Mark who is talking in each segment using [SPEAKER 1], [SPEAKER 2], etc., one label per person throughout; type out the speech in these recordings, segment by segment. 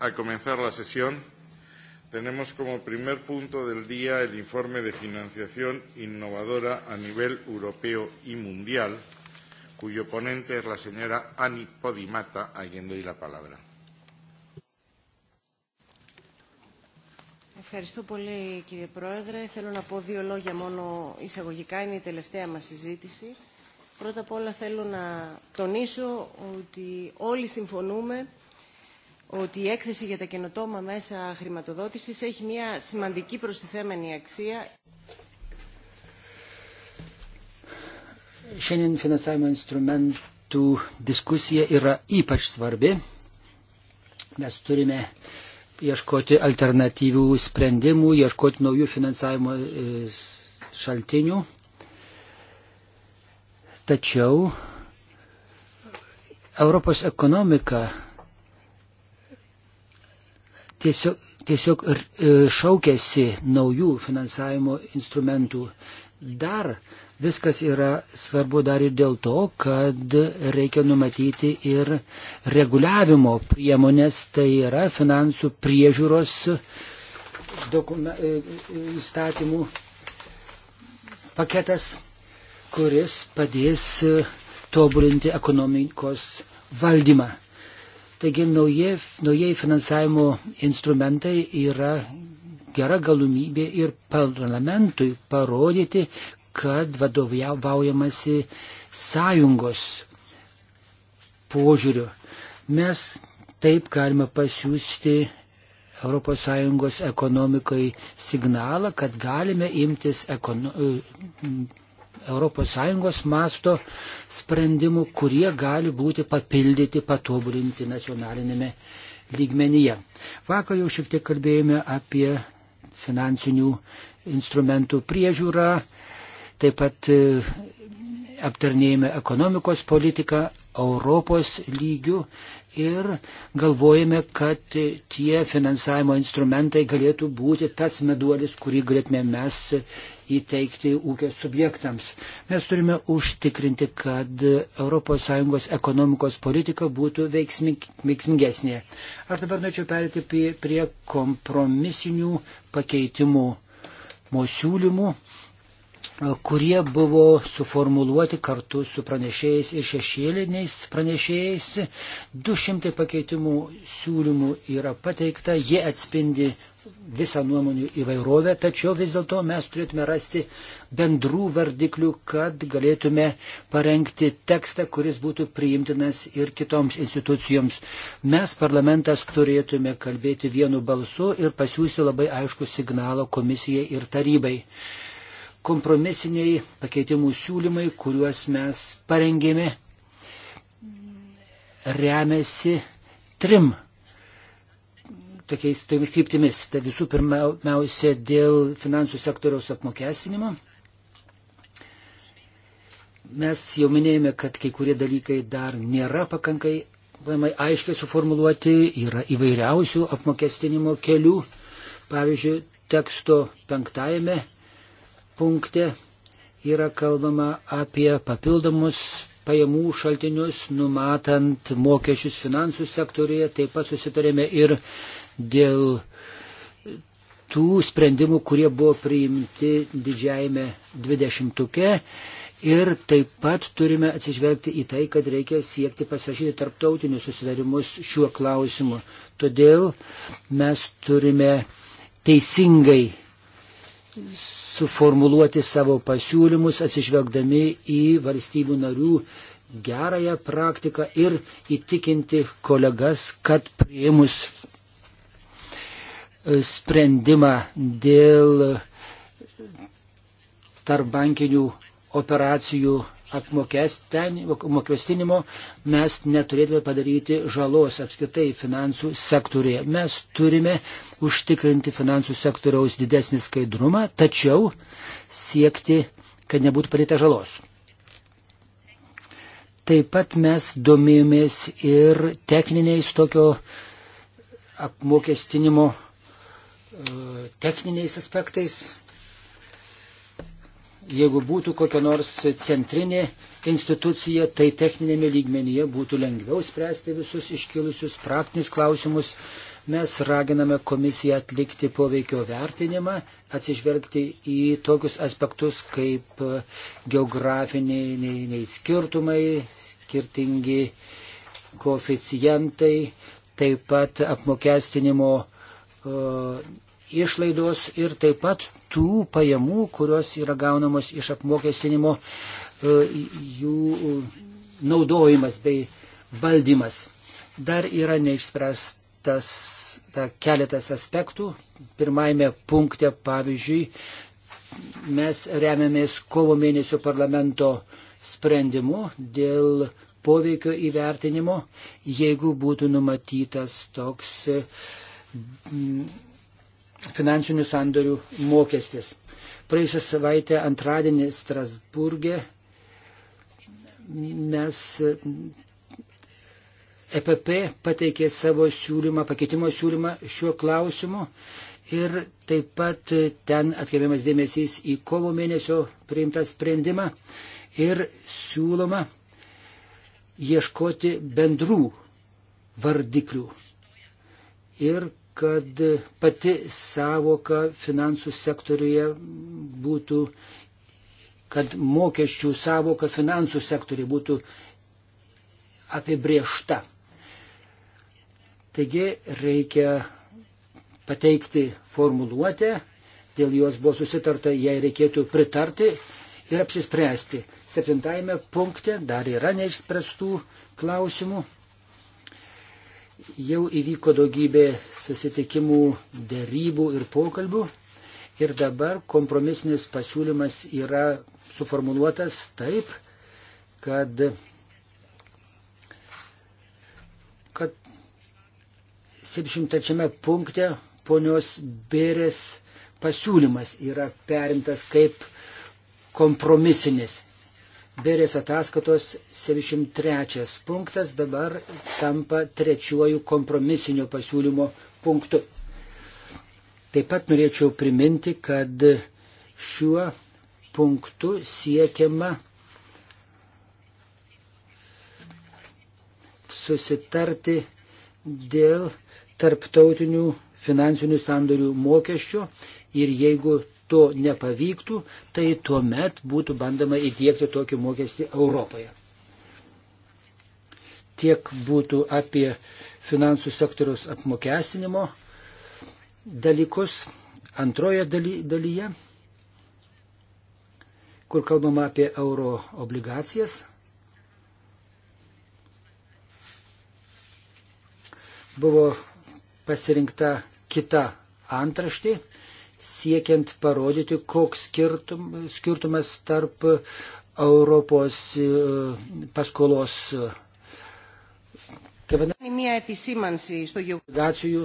[SPEAKER 1] a comenzar la sesión. Tenemos como primer punto del día el informe de financiación innovadora a nivel europeo y mundial, cuyo ponente es la señora Ani Podimata, a quien doy la palabra.
[SPEAKER 2] Ευχαριστώ πολύ κύριε Πρόεδρε. Θέλω να πω δύο λόγια μόνο εισαγωγικά.
[SPEAKER 3] Είναι η τελευταία μας συζήτηση. Πρώτα απ' όλα θέλω να τονίσω ότι όλοι συμφωνούμε ότι η έκθεση για τα καινοτόμα μέσα χρηματοδότησης έχει μια σημαντική προστιθέμενη αξία.
[SPEAKER 4] Šiandien finansavimo instrumentų diskusija yra ypač svarbi. Mes turime ieškoti alternatyvių sprendimų, ieškoti naujų finansavimo e, šaltinių. Tačiau Europos ekonomika tiesiog, tiesiog e, šaukėsi naujų finansavimo instrumentų. Dar viskas yra svarbu dar ir dėl to, kad reikia numatyti ir reguliavimo priemonės, tai yra finansų priežiūros e, e, įstatymų paketas, kuris padės tobulinti ekonomikos valdymą. Taigi nauji, naujai finansavimo instrumentai yra gera galimybė ir parlamentui parodyti, kad vadovaujamasi sąjungos požiūriu. Mes taip galime pasiūsti ES ekonomikai signalą, kad galime imtis ekono... ES masto sprendimų, kurie gali būti papildyti, patobulinti nacionalinėme lygmenyje. Vakar jau šiek tiek kalbėjome apie finansinių instrumentų priežiūrą, taip pat e, aptarnėjame ekonomikos politiką Europos lygių ir galvojame, kad tie finansavimo instrumentai galėtų būti tas meduolis, kurį galėtume mes įteikti ūkio subjektams. Mes turime užtikrinti, kad ES ekonomikos politika būtų veiksmingesnė. Aš dabar norėčiau perėti prie, prie kompromisinių pakeitimų mūsiūlymų kurie buvo suformuluoti kartu su pranešėjais ir šešėliniais pranešėjais. 200 pakeitimų siūlymų yra pateikta, jie atspindi visą nuomonių įvairovę, tačiau vis dėlto mes turėtume rasti bendrų vardiklių, kad galėtume parengti tekstą, kuris būtų priimtinas ir kitoms institucijoms. Mes, parlamentas, turėtume kalbėti vienu balsu ir pasiūsti labai aišku signalą komisijai ir tarybai kompromisiniai pakeitimų siūlymai, kuriuos mes parengėme, remiasi trim tokiais tomis kryptimis. Tai visų pirmiausia dėl finansų sektoriaus apmokestinimo. Mes jau minėjome, kad kai kurie dalykai dar nėra pakankai labai aiškiai suformuluoti, yra įvairiausių apmokestinimo kelių. Pavyzdžiui, teksto penktajame punkte yra kalbama apie papildomus pajamų šaltinius, numatant mokesčius finansų sektorėje, taip pat susitarėme ir dėl tų sprendimų, kurie buvo priimti didžiajame dvidešimtuke. Ir taip pat turime atsižvelgti į tai, kad reikia siekti pasirašyti tarptautinius susidarimus šiuo klausimu. Todėl mes turime teisingai suformuluoti savo pasiūlymus, atsižvelgdami į valstybių narių gerąją praktiką ir įtikinti kolegas, kad prieimus sprendimą dėl tarbankinių operacijų apmokestinimo, mes neturėtume padaryti žalos apskritai finansų sektorėje. Mes turime užtikrinti finansų sektoriaus didesnį skaidrumą, tačiau siekti, kad nebūtų padaryta žalos. Taip pat mes domėjomės ir techniniais tokio apmokestinimo techniniais aspektais. Jeigu būtų kokia nors centrinė institucija, tai techninėme lygmenyje būtų lengviau spręsti visus iškilusius praktinius klausimus. Mes raginame komisiją atlikti poveikio vertinimą, atsižvelgti į tokius aspektus kaip geografiniai nei, nei skirtumai, skirtingi koeficientai, taip pat apmokestinimo uh, E, išlaidos ir taip pat tų pajamų, kurios yra gaunamos iš apmokestinimo e, jų naudojimas bei valdymas. Dar yra neišspręstas ta, keletas aspektų. Pirmajame punkte, pavyzdžiui, mes remiamės kovo mėnesio parlamento sprendimu dėl poveikio įvertinimo, jeigu būtų numatytas toks uh, Mm, finansinių sandorių mokestis. Praėjusią savaitę antradienį Strasburgė mes mm, EPP pateikė savo siūlymą, pakeitimo siūlymą šiuo klausimu ir taip pat ten atkreipiamas dėmesys į kovo mėnesio priimtą sprendimą ir siūloma ieškoti bendrų vardiklių ir kad pati savoka finansų sektoriuje būtų, kad mokesčių savoka finansų sektoriuje būtų apibriešta. Taigi reikia pateikti formuluotę, dėl jos buvo susitarta, jai reikėtų pritarti ir apsispręsti. Septintajame punkte dar yra neišspręstų klausimų. Jau įvyko daugybė susitikimų, dėrybų ir pokalbių. Ir dabar kompromisinis pasiūlymas yra suformuluotas taip, kad, kad 73 punkte ponios Bėrės pasiūlymas yra perimtas kaip kompromisinis. Berės ataskaitos 73 punktas dabar tampa trečiuoju kompromisinio pasiūlymo punktu. Taip pat norėčiau priminti, kad šiuo punktu siekiama susitarti dėl tarptautinių finansinių sandorių mokesčių ir jeigu to nepavyktų, tai tuomet būtų bandama įdėkti tokį mokestį Europoje. Tiek būtų apie finansų sektoriaus apmokestinimo dalykus. Antroje daly, dalyje, kur kalbama apie euro obligacijas, buvo pasirinkta kita antraštė siekiant parodyti, koks skirtum, skirtumas tarp Europos e, paskolos e, tai obligacijų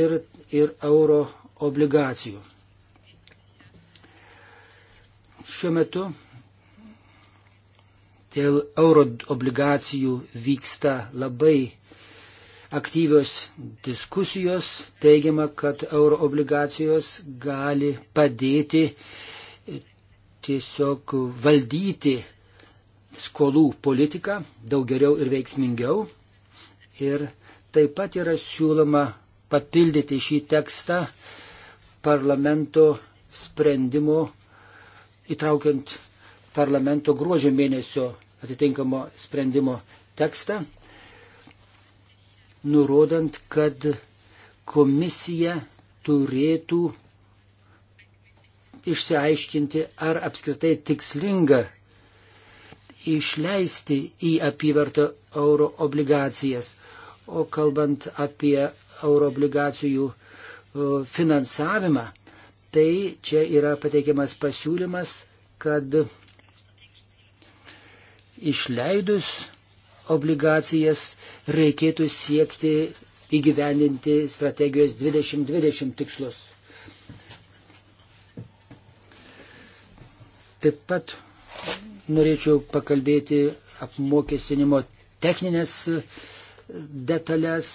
[SPEAKER 4] ir, ir euro obligacijų. Šiuo metu dėl euro obligacijų vyksta labai aktyvios diskusijos, teigiama, kad euro obligacijos gali padėti tiesiog valdyti skolų politiką daug geriau ir veiksmingiau. Ir taip pat yra siūloma papildyti šį tekstą parlamento sprendimo, įtraukiant parlamento gruožio mėnesio atitinkamo sprendimo tekstą nurodant, kad komisija turėtų išsiaiškinti, ar apskritai tikslinga išleisti į apyvartą euro obligacijas. O kalbant apie euro obligacijų e, finansavimą, tai čia yra pateikiamas pasiūlymas, kad išleidus obligacijas reikėtų siekti įgyvendinti strategijos 2020 tikslus. Taip pat norėčiau pakalbėti apmokestinimo techninės detalės.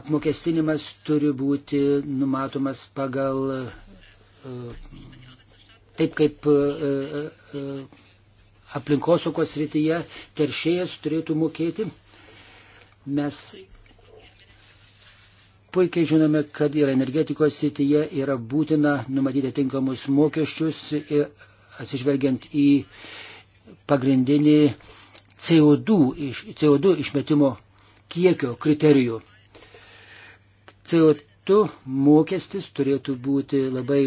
[SPEAKER 4] Apmokestinimas turi būti numatomas pagal e, taip kaip e, e, aplinkosaugos rytyje teršėjas turėtų mokėti. Mes puikiai žinome, kad ir energetikos srityje yra būtina numatyti tinkamus mokesčius, atsižvelgiant į pagrindinį CO2, iš, CO2 išmetimo kiekio kriterijų. CO2 mokestis turėtų būti labai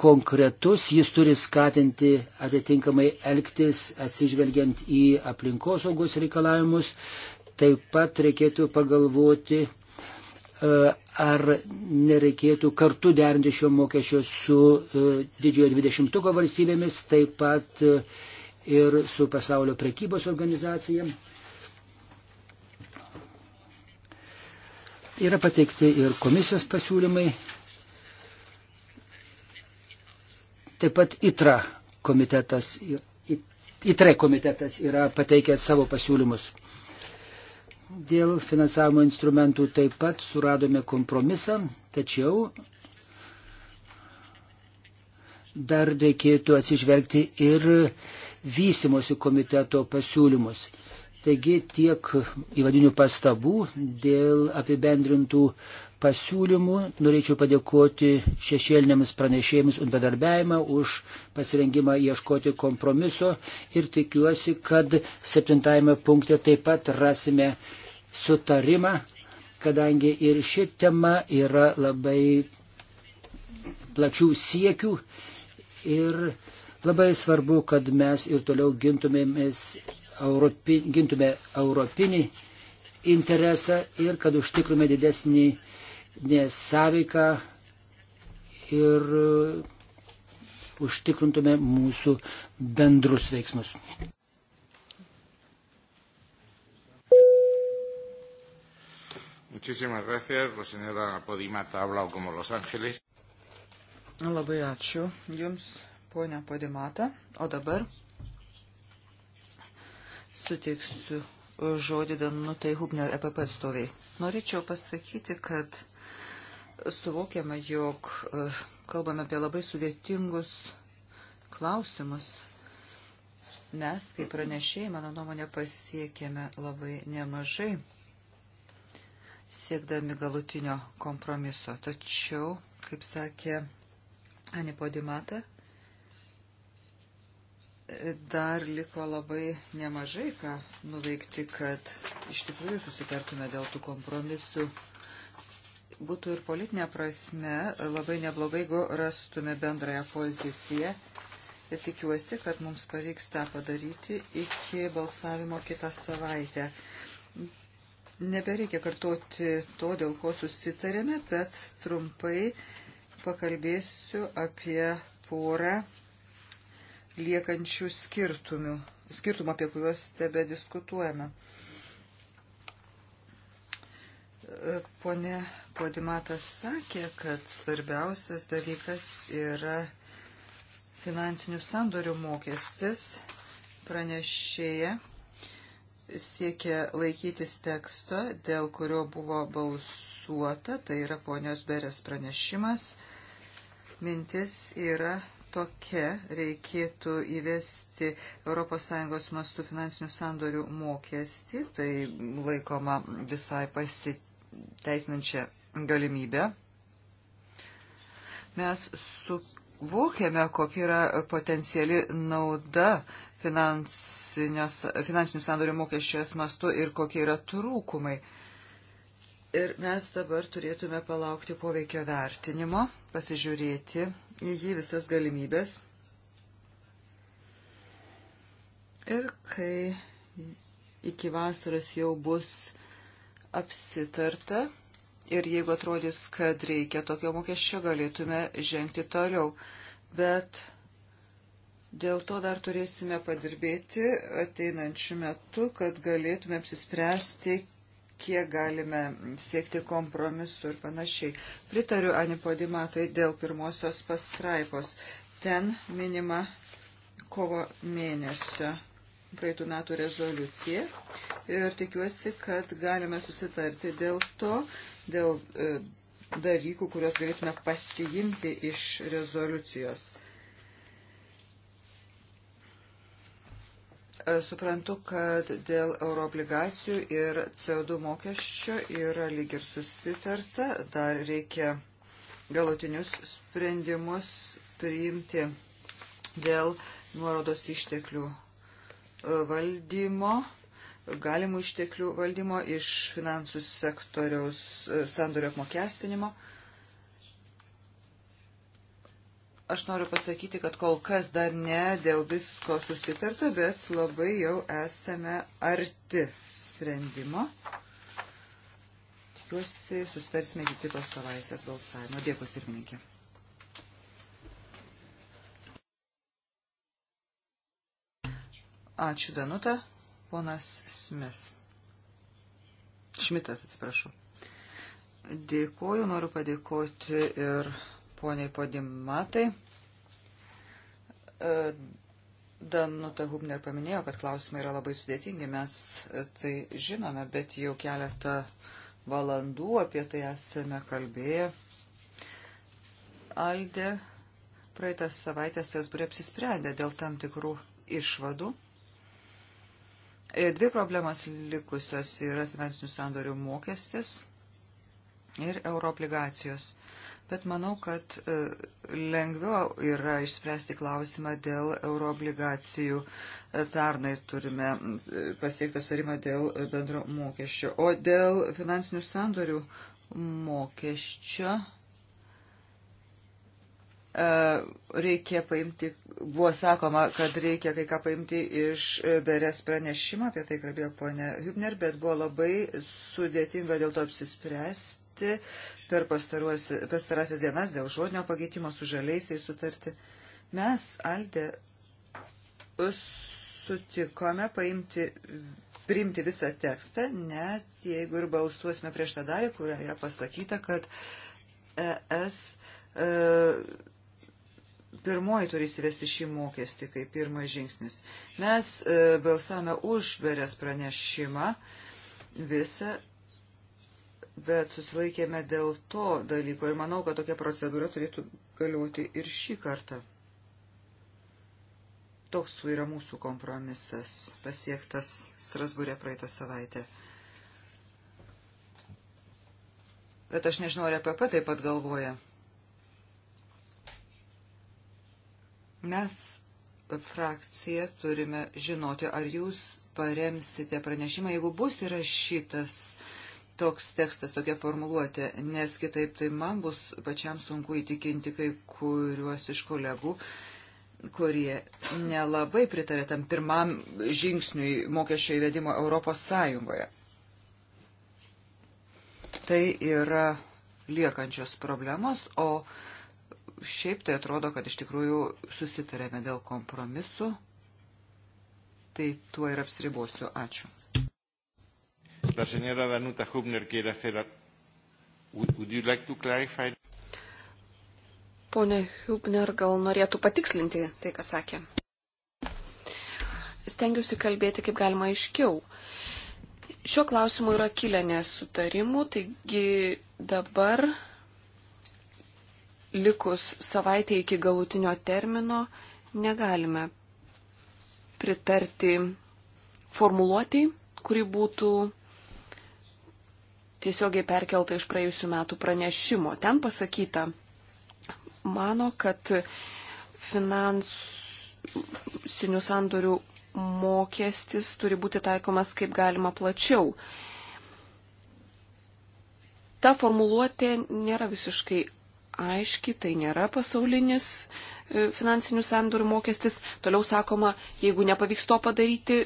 [SPEAKER 4] konkretus, jis turi skatinti atitinkamai elgtis atsižvelgiant į aplinkosaugos reikalavimus. Taip pat reikėtų pagalvoti, e, ar nereikėtų kartu derinti šio mokesčio su e, didžiojo dvidešimtuko valstybėmis, taip pat e, ir su pasaulio prekybos organizacija. Yra pateikti ir komisijos pasiūlymai Taip pat ITRA komitetas, ITRE komitetas yra pateikęs savo pasiūlymus. Dėl finansavimo instrumentų taip pat suradome kompromisą, tačiau dar reikėtų atsižvelgti ir vystimosi komiteto pasiūlymus. Taigi tiek įvadinių pastabų dėl apibendrintų pasiūlymų. Norėčiau padėkoti šešėlinėms pranešėjams už bedarbiavimą, už pasirengimą ieškoti kompromiso ir tikiuosi, kad septintajame punkte taip pat rasime sutarimą, kadangi ir ši tema yra labai plačių siekių ir labai svarbu, kad mes ir toliau gintumėmės europi, gintume europinį interesą ir kad užtikrume didesnį nesavyką ir e, užtikrintume mūsų bendrus veiksmus.
[SPEAKER 1] Muchísimas gracias. La señora Podimata ha hablado como Los Ángeles.
[SPEAKER 2] Labai ačiū Jums, ponia Podimata. O dabar sutiksiu žodį Danutai Hubner EPP stoviai. Norėčiau pasakyti, kad suvokiama, jog e, kalbame apie labai sudėtingus klausimus. Mes, kaip pranešėjai, mano nuomonė, pasiekėme labai nemažai, siekdami galutinio kompromiso. Tačiau, kaip sakė Ani Podimata, dar liko labai nemažai ką nuveikti, kad iš tikrųjų susitartume dėl tų kompromisų būtų ir politinė prasme labai neblogai, jeigu rastume bendrąją poziciją. Ir tikiuosi, kad mums pavyks tą padaryti iki balsavimo kitą savaitę. Nebereikia kartoti to, dėl ko susitarėme, bet trumpai pakalbėsiu apie porą liekančių skirtumų, skirtumų apie kuriuos tebe diskutuojame. Pone Podimatas sakė, kad svarbiausias dalykas yra finansinių sandorių mokestis pranešėja siekia laikytis teksto, dėl kurio buvo balsuota, tai yra ponios Berės pranešimas. Mintis yra tokia, reikėtų įvesti ES mastų finansinių sandorių mokestį, tai laikoma visai pasitikėjimu teisinančią galimybę. Mes suvokėme, kokia yra potenciali nauda finansinių sandorių mokesčios mastu ir kokie yra trūkumai. Ir mes dabar turėtume palaukti poveikio vertinimo, pasižiūrėti į jį visas galimybės. Ir kai iki vasaros jau bus apsitarta ir jeigu atrodys, kad reikia tokio mokesčio, galėtume žengti toliau. Bet dėl to dar turėsime padirbėti ateinančių metų, kad galėtume apsispręsti, kiek galime siekti kompromisų ir panašiai. Pritariu Anipodimatai dėl pirmosios pastraipos. Ten minima kovo mėnesio praeitų metų rezoliuciją ir tikiuosi, kad galime susitarti dėl to, dėl e, dalykų, kuriuos galėtume pasiimti iš rezoliucijos. E, suprantu, kad dėl euroobligacijų ir CO2 mokesčio yra lyg ir susitarta, dar reikia galutinius sprendimus priimti dėl nuorodos išteklių valdymo, galimų išteklių valdymo, iš finansų sektoriaus e, sandorio apmokestinimo. Aš noriu pasakyti, kad kol kas dar ne dėl visko susitarta, bet labai jau esame arti sprendimo. Tikiuosi, susitarsime iki kitos savaitės balsavimo. Dėkui, pirmininkė. Ačiū, Danuta. Ponas Smith. Šmitas, atsiprašau. Dėkuoju, noriu padėkoti ir poniai Podimatai. E, Danuta Hubner paminėjo, kad klausimai yra labai sudėtingi, mes tai žinome, bet jau keletą valandų apie tai esame kalbėję. Aldė praeitą savaitę Strasbūrė apsisprendė dėl tam tikrų išvadų E, dvi problemas likusios yra finansinių sandorių mokestis ir euroobligacijos. Bet manau, kad e, lengviau yra išspręsti klausimą dėl euroobligacijų. E, pernai turime pasiektą sarimą dėl bendro mokesčio. O dėl finansinių sandorių mokesčio E, reikia paimti, buvo sakoma, kad reikia kai ką paimti iš Berės pranešimą, apie tai kalbėjo ponė Hübner, bet buvo labai sudėtinga dėl to apsispręsti per pastarąsias dienas dėl žodinio pakeitimo su žaliaisiais sutarti. Mes, Aldė, sutikome paimti, priimti visą tekstą, net jeigu ir balsuosime prieš tą dalį, kurioje pasakyta, kad ES uh, e, pirmoji turi įsivesti šį mokestį kaip pirmas žingsnis. Mes e, balsavome už berės pranešimą visą, bet susilaikėme dėl to dalyko ir manau, kad tokia procedūra turėtų galioti ir šį kartą. Toks yra mūsų kompromisas pasiektas Strasbūrė praeitą savaitę. Bet aš nežinau, ar EPP taip pat galvoja. Mes frakcija turime žinoti, ar jūs paremsite pranešimą, jeigu bus įrašytas toks tekstas, tokia formuluotė, nes kitaip tai man bus pačiam sunku įtikinti kai kuriuos iš kolegų, kurie nelabai pritarė tam pirmam žingsniui mokesčio įvedimo Europos Sąjungoje. Tai yra liekančios problemos, o šiaip tai atrodo, kad iš tikrųjų susitarėme dėl kompromisu. Tai tuo ir apsiribosiu. Ačiū.
[SPEAKER 1] La señora Danuta Hubner quiere hacer. Would you like to clarify?
[SPEAKER 3] Pone Hubner gal norėtų patikslinti tai, ką sakė. Stengiuosi kalbėti kaip galima aiškiau. Šiuo klausimu yra kilę nesutarimų, taigi dabar likus savaitė iki galutinio termino negalime pritarti formuluotėjai, kuri būtų tiesiogiai perkelta iš praėjusių metų pranešimo. Ten pasakyta, mano, kad finansinių sandorių mokestis turi būti taikomas kaip galima plačiau. Ta formuluotė nėra visiškai aiški, tai nėra pasaulinis e, finansinių sandorių mokestis. Toliau sakoma, jeigu nepavyks to padaryti,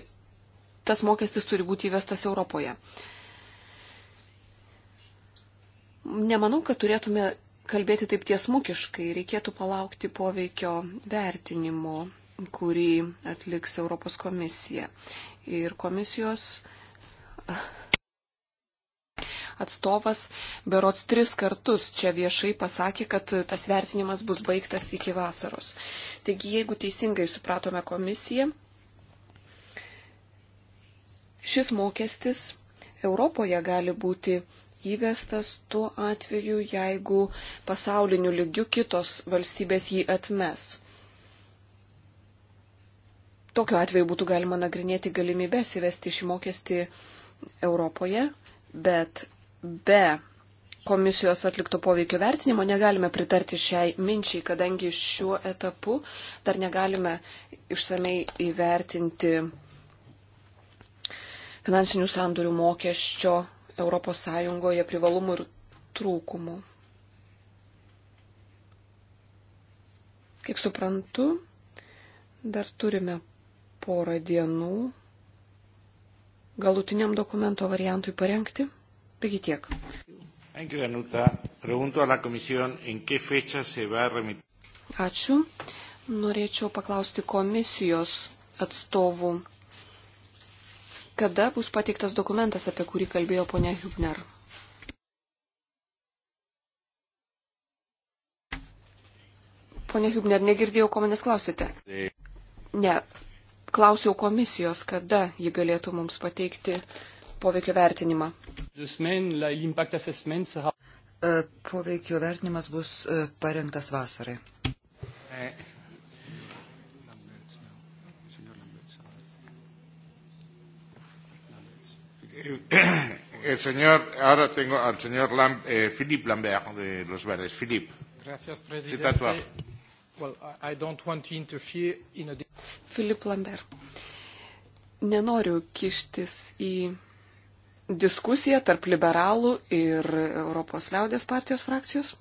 [SPEAKER 3] tas mokestis turi būti įvestas Europoje. Nemanau, kad turėtume kalbėti taip tiesmukiškai, reikėtų palaukti poveikio vertinimo, kurį atliks Europos komisija. Ir komisijos atstovas berots tris kartus čia viešai pasakė, kad tas vertinimas bus baigtas iki vasaros. Taigi, jeigu teisingai supratome komisiją, šis mokestis Europoje gali būti įvestas tuo atveju, jeigu pasauliniu lygiu kitos valstybės jį atmes. Tokiu atveju būtų galima nagrinėti galimybės įvesti šį mokestį Europoje, bet be komisijos atlikto poveikio vertinimo negalime pritarti šiai minčiai, kadangi šiuo etapu dar negalime išsamei įvertinti finansinių sandorių mokesčio ES privalumų ir trūkumų. Kaip suprantu, dar turime porą dienų galutiniam dokumento variantui parengti. Taigi tiek. Ačiū. Norėčiau paklausti komisijos atstovų, kada bus pateiktas dokumentas, apie kurį kalbėjo ponia Hübner. Pone Hübner, negirdėjau, ko manęs klausėte. E. Ne, klausiau komisijos, kada ji galėtų mums pateikti poveikio vertinimą.
[SPEAKER 2] E, poveikio vertinimas bus e, parengtas vasarai.
[SPEAKER 1] E, el señor, ahora tengo al señor Lam, eh, Philippe Lambert de Los Verdes. Philippe. Gracias, presidente. C'est à toi. Well, I don't want to interfere in a... Philippe Lambert.
[SPEAKER 3] Nenoriu kištis į diskusija tarp liberalų ir Europos liaudės partijos frakcijos.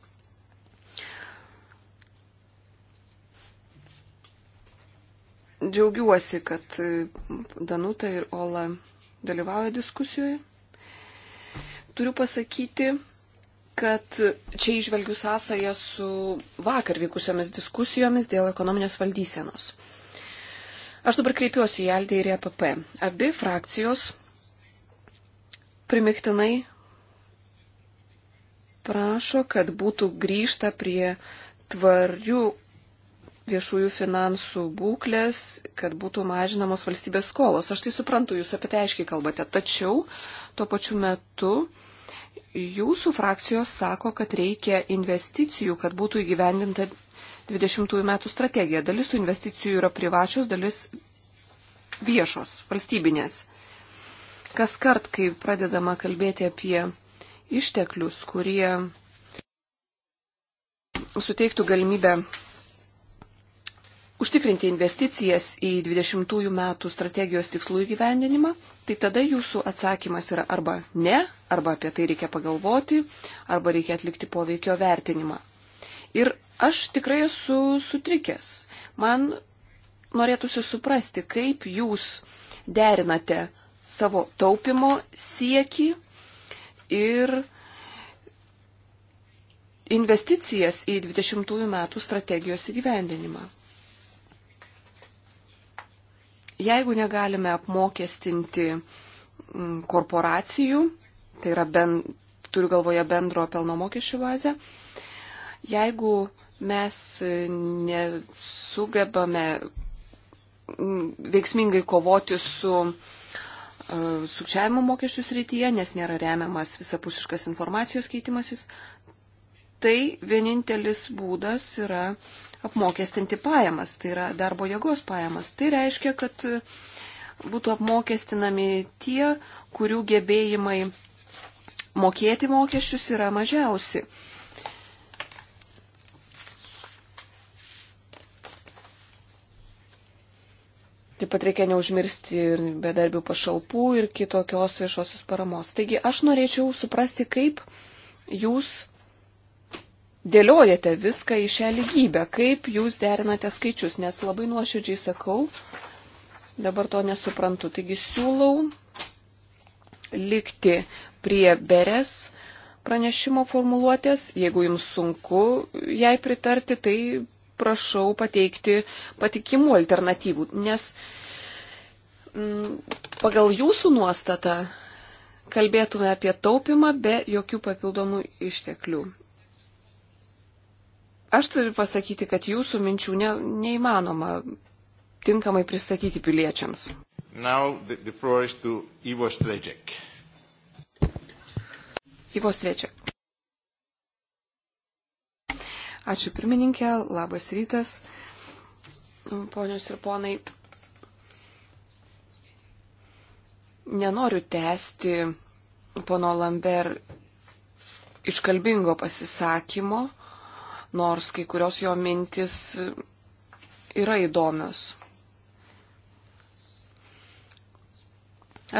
[SPEAKER 3] Džiaugiuosi, kad Danuta ir Ola dalyvauja diskusijoje. Turiu pasakyti, kad čia išvelgiu sąsąją su vakar vykusiamis diskusijomis dėl ekonominės valdysenos. Aš dabar kreipiuosi į Aldį ir EPP. Abi frakcijos primiktinai prašo, kad būtų grįžta prie tvarių viešųjų finansų būklės, kad būtų mažinamos valstybės skolos. Aš tai suprantu, jūs apie tai aiškiai kalbate. Tačiau tuo pačiu metu jūsų frakcijos sako, kad reikia investicijų, kad būtų įgyvendinta 20 metų strategija. Dalis tų investicijų yra privačios, dalis viešos, valstybinės. Kas kart, kai pradedama kalbėti apie išteklius, kurie suteiktų galimybę užtikrinti investicijas į 20 metų strategijos tikslų įgyvendinimą, tai tada jūsų atsakymas yra arba ne, arba apie tai reikia pagalvoti, arba reikia atlikti poveikio vertinimą. Ir aš tikrai esu sutrikęs. Man norėtųsi suprasti, kaip jūs derinate savo taupimo siekį ir investicijas į 20 metų strategijos įgyvendinimą. Jeigu negalime apmokestinti mm, korporacijų, tai yra ben, turiu galvoje bendro pelno mokesčių bazę, jeigu mes nesugebame mm, veiksmingai kovoti su E, sukčiavimo mokesčių srityje, nes nėra remiamas visapusiškas informacijos keitimasis, tai vienintelis būdas yra apmokestinti pajamas, tai yra darbo jėgos pajamas. Tai reiškia, kad būtų apmokestinami tie, kurių gebėjimai mokėti mokesčius yra mažiausi. Taip pat reikia neužmirsti ir bedarbių pašalpų ir kitokios viešosios paramos. Taigi aš norėčiau suprasti, kaip jūs dėliojate viską į šią lygybę, kaip jūs derinate skaičius, nes labai nuoširdžiai sakau, dabar to nesuprantu. Taigi siūlau likti prie beres pranešimo formuluotės, jeigu jums sunku jai pritarti, tai prašau pateikti patikimų alternatyvų, nes m, mm, pagal jūsų nuostatą kalbėtume apie taupimą be jokių papildomų išteklių. Aš turiu pasakyti, kad jūsų minčių ne, neįmanoma tinkamai pristatyti piliečiams.
[SPEAKER 1] Now the, the floor is to Ivo Strejček.
[SPEAKER 3] Ivo Strejček. Ačiū pirmininkė, labas rytas, ponios ir ponai. Nenoriu tęsti pono Lambert iškalbingo pasisakymo, nors kai kurios jo mintis yra įdomios.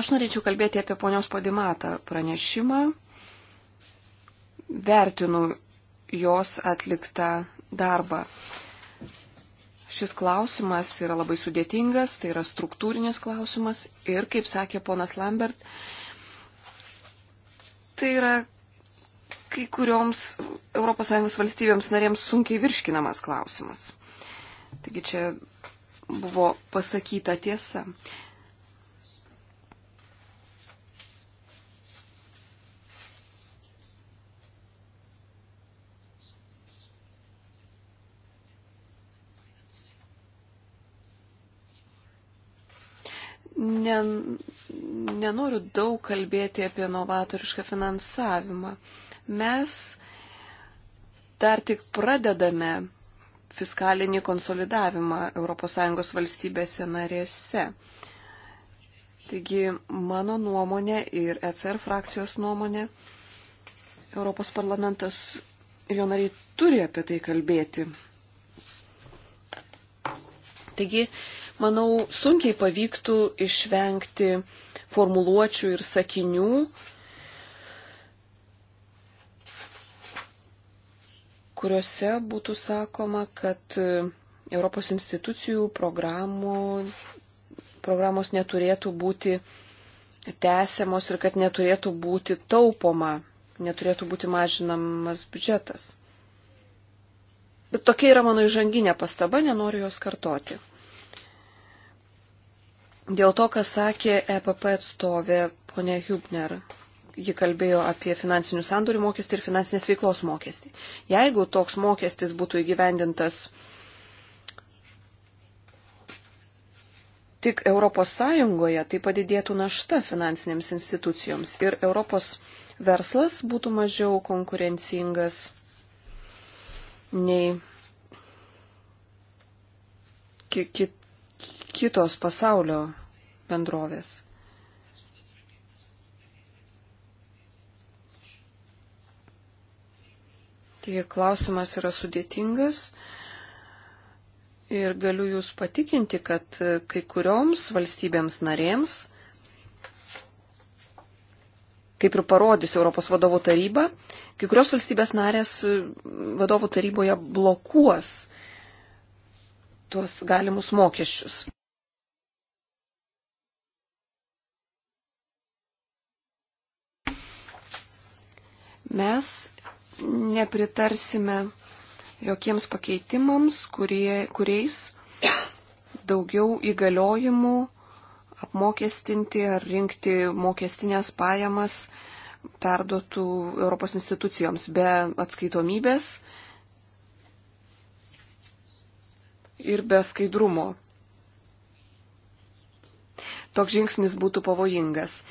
[SPEAKER 3] Aš norėčiau kalbėti apie ponios Podimatą pranešimą. Vertinu jos atliktą darbą. Šis klausimas yra labai sudėtingas, tai yra struktūrinis klausimas ir, kaip sakė ponas Lambert, tai yra kai kurioms ES valstybėms narėms sunkiai virškinamas klausimas. Taigi čia buvo pasakyta tiesa. Nen, nenoriu daug kalbėti apie novatorišką finansavimą. Mes dar tik pradedame fiskalinį konsolidavimą ES valstybėse narėse. Taigi mano nuomonė ir ECR frakcijos nuomonė, Europos parlamentas ir jo nariai turi apie tai kalbėti. Taigi manau, sunkiai pavyktų išvengti formuluočių ir sakinių, kuriuose būtų sakoma, kad e, Europos institucijų programų, programos neturėtų būti tęsiamos ir kad neturėtų būti taupoma, neturėtų būti mažinamas biudžetas. Bet tokia yra mano įžanginė pastaba, nenoriu jos kartoti. Dėl to, kas sakė EPP atstovė ponė Hubner, ji kalbėjo apie finansinių sandorių mokestį ir finansinės veiklos mokestį. Jeigu toks mokestis būtų įgyvendintas tik ES, tai padidėtų našta finansinėms institucijoms ir Europos verslas būtų mažiau konkurencingas nei kit kitos pasaulio bendrovės. Taigi klausimas yra sudėtingas ir galiu Jūs patikinti, kad kai kurioms valstybėms narėms, kaip ir parodys Europos vadovų taryba, kai kurios valstybės narės vadovų taryboje blokuos tuos galimus mokesčius. Mes nepritarsime jokiems pakeitimams, kurie, kuriais daugiau įgaliojimų apmokestinti ar rinkti mokestinės pajamas perduotų Europos institucijoms be atskaitomybės ir be skaidrumo. Toks žingsnis būtų pavojingas.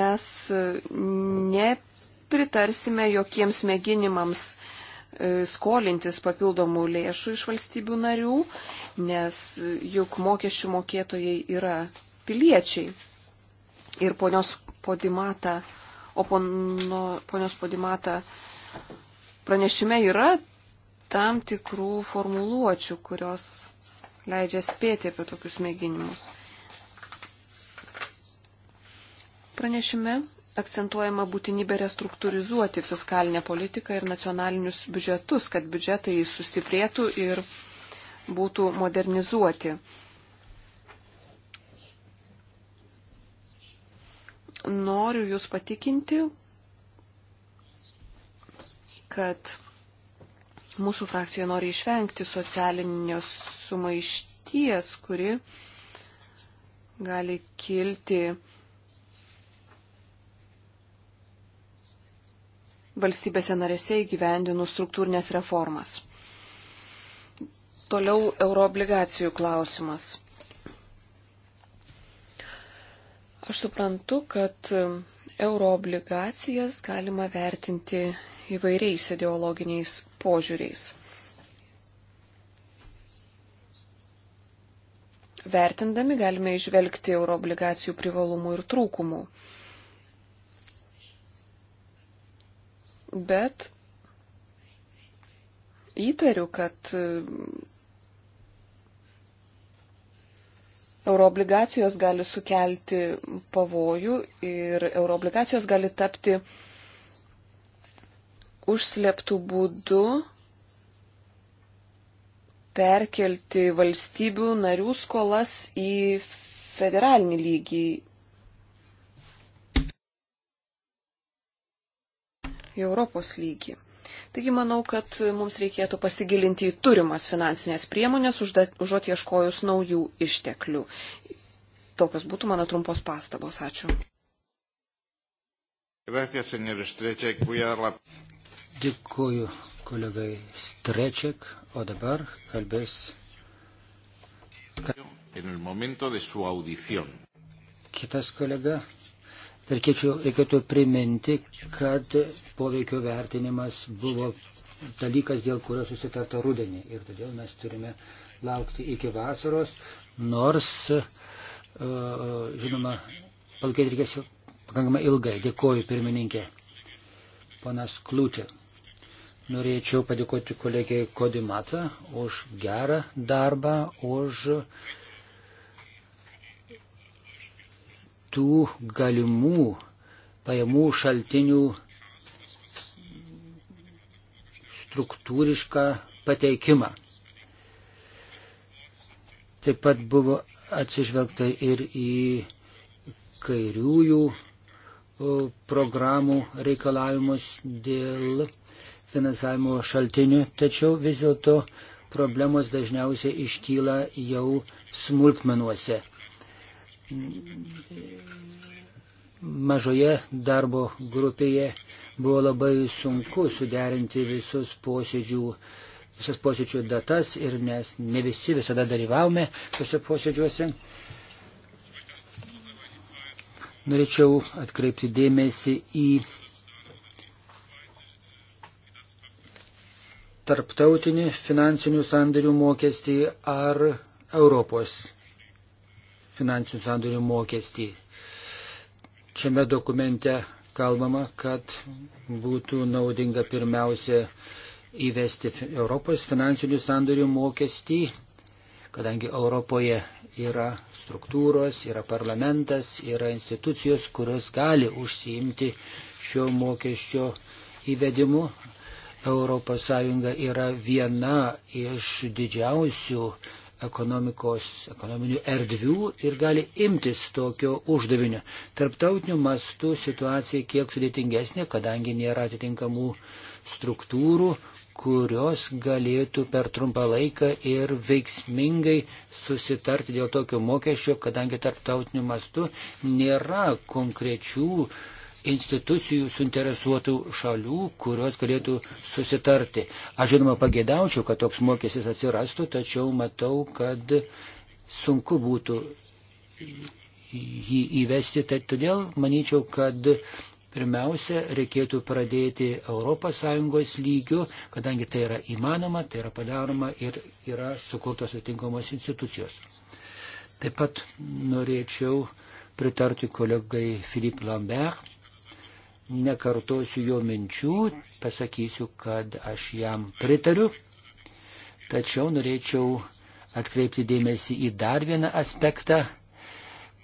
[SPEAKER 3] Mes e, ne pritarsime jokiems mėginimams e, skolintis papildomų lėšų iš valstybių narių, nes e, juk mokesčių mokėtojai yra piliečiai. Ir ponios podimata, o pono, ponios podimata pranešime yra tam tikrų formuluočių, kurios leidžia spėti apie tokius mėginimus. Pranešime akcentuojama būtinybė restruktūrizuoti fiskalinę politiką ir nacionalinius biudžetus, kad biudžetai sustiprėtų ir būtų modernizuoti. Noriu Jūs patikinti, kad mūsų frakcija nori išvengti socialinio sumaišties, kuri gali kilti valstybėse narėse įgyvendinus struktūrinės reformas. Toliau euroobligacijų klausimas. Aš suprantu, kad euroobligacijas galima vertinti įvairiais ideologiniais požiūriais. Vertindami galime išvelgti euroobligacijų privalumų ir trūkumų. bet įtariu, kad e, euroobligacijos gali sukelti pavojų ir euroobligacijos gali tapti užsleptų būdų perkelti valstybių narių skolas į federalinį lygį, į Europos lygį. Taigi manau, kad mums reikėtų pasigilinti į turimas finansinės priemonės, užuot ieškojus naujų išteklių. Tokios būtų mano trumpos
[SPEAKER 4] pastabos. Ačiū. Dėkuoju kolegai Strečiak, o dabar kalbės. Kitas kolega Tarkiečiau, reikėtų priminti, kad poveikio vertinimas buvo dalykas, dėl kurio susitarta rudenį. Ir todėl mes turime laukti iki vasaros, nors, e, e, žinoma, palkėti reikės pakankamai ilgai. Dėkoju, pirmininkė. Ponas Kliūtė. Norėčiau padėkoti kolegijai Kodimata už gerą darbą, už tų galimų pajamų šaltinių struktūrišką pateikimą. Taip pat buvo atsižvelgta ir į kairiųjų programų reikalavimus dėl finansavimo šaltinių, tačiau vis dėlto problemos dažniausiai iškyla jau smulkmenuose mažoje darbo grupėje buvo labai sunku suderinti visus posėdžių, visas posėdžių datas ir mes ne visi visada dalyvavome tuose posėdžiuose. Norėčiau atkreipti dėmesį į tarptautinį finansinių sandarių mokestį ar Europos finansinių sandorių mokestį. Šiame dokumente kalbama, kad būtų naudinga pirmiausia įvesti Europos finansinių sandorių mokestį, kadangi Europoje yra struktūros, yra parlamentas, yra institucijos, kurios gali užsiimti šio mokesčio įvedimu. ES yra viena iš didžiausių ekonominių erdvių ir gali imtis tokio uždavinio. Tarptautiniu mastu situacija kiek sudėtingesnė, kadangi nėra atitinkamų struktūrų, kurios galėtų per trumpą laiką ir veiksmingai susitarti dėl tokio mokesčio, kadangi tarptautiniu mastu nėra konkrečių uh, institucijų, suinteresuotų šalių, kurios galėtų susitarti. Aš žinoma pagėdaučiau, kad toks mokestis atsirastų, tačiau matau, kad sunku būtų jį įvesti. Tad todėl manyčiau, kad pirmiausia reikėtų pradėti ES lygių, kadangi tai yra įmanoma, tai yra padaroma ir yra sukurtos atitinkamos institucijos. Taip pat norėčiau pritarti kolegai Filip Lambert nekartosiu jo minčių, pasakysiu, kad aš jam pritariu, tačiau norėčiau atkreipti dėmesį į dar vieną aspektą.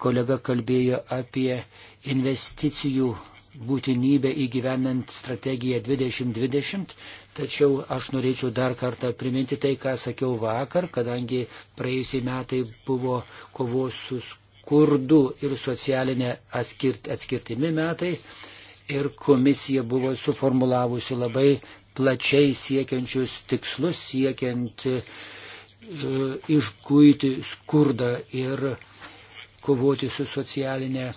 [SPEAKER 4] Kolega kalbėjo apie investicijų būtinybę įgyvenant strategiją 2020, tačiau aš norėčiau dar kartą priminti tai, ką sakiau vakar, kadangi praėjusiai metai buvo kovos su skurdu ir socialinė atskirt, atskirtimi metai ir komisija buvo suformulavusi labai plačiai siekiančius tikslus, siekiant e, išguiti skurdą ir kovoti su socialinė,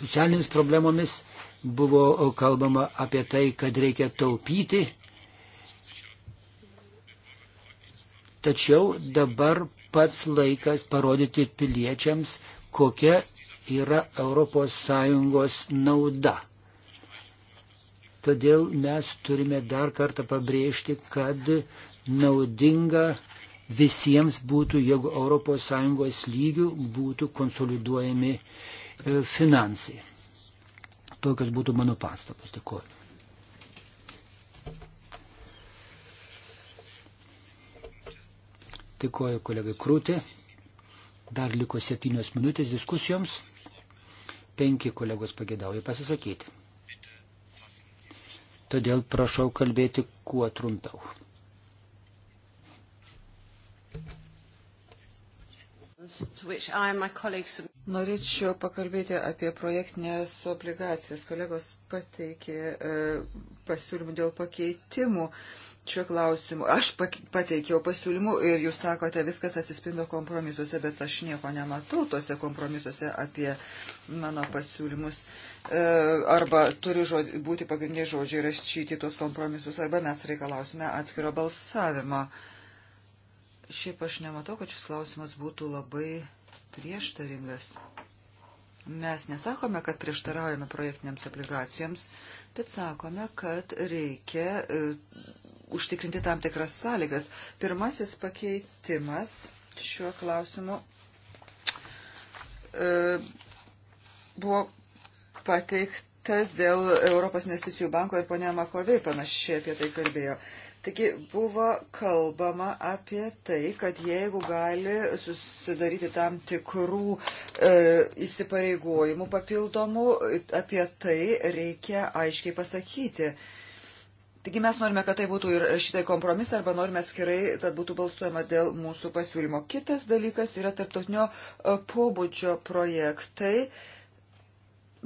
[SPEAKER 4] socialinėmis problemomis. Buvo kalbama apie tai, kad reikia taupyti Tačiau dabar pats laikas parodyti piliečiams, kokia yra ES nauda. Todėl mes turime dar kartą pabrėžti, kad naudinga visiems būtų, jeigu ES lygių būtų konsoliduojami e, finansai. Tokios būtų mano pastabos. Dėkuoju. Dėkuoju kolegai Krūtė. Dar liko septynios minutės diskusijoms. Penki kolegos pagėdauja pasisakyti. Todėl prašau kalbėti kuo trumpiau.
[SPEAKER 2] Norėčiau pakalbėti apie projektinės obligacijas. Kolegos pateikė e, pasiūlymų dėl pakeitimų. E, šiuo klausimu. Aš pateikiau pasiūlymų ir jūs sakote, viskas atsispindo kompromisuose, bet aš nieko nematau tuose kompromisuose apie mano pasiūlymus. E, arba turi žodži, būti pagrindiniai žodžiai rašyti tuos kompromisus, arba mes reikalausime atskiro balsavimo. Šiaip aš nematau, kad šis klausimas būtų labai prieštaringas. Mes nesakome, kad prieštaraujame projektiniams obligacijoms, bet sakome, kad reikia e, užtikrinti tam tikras sąlygas. Pirmasis pakeitimas šiuo klausimu e, buvo pateiktas dėl Europos investicijų banko ir ponia Makovei panašiai apie tai kalbėjo. Taigi buvo kalbama apie tai, kad jeigu gali susidaryti tam tikrų e, įsipareigojimų papildomų, apie tai reikia aiškiai pasakyti. E, Taigi mes norime, kad tai būtų ir šitai kompromisai arba norime atskirai, kad būtų balsuojama dėl mūsų pasiūlymo. Kitas dalykas yra tarptautinio e, pobūdžio projektai.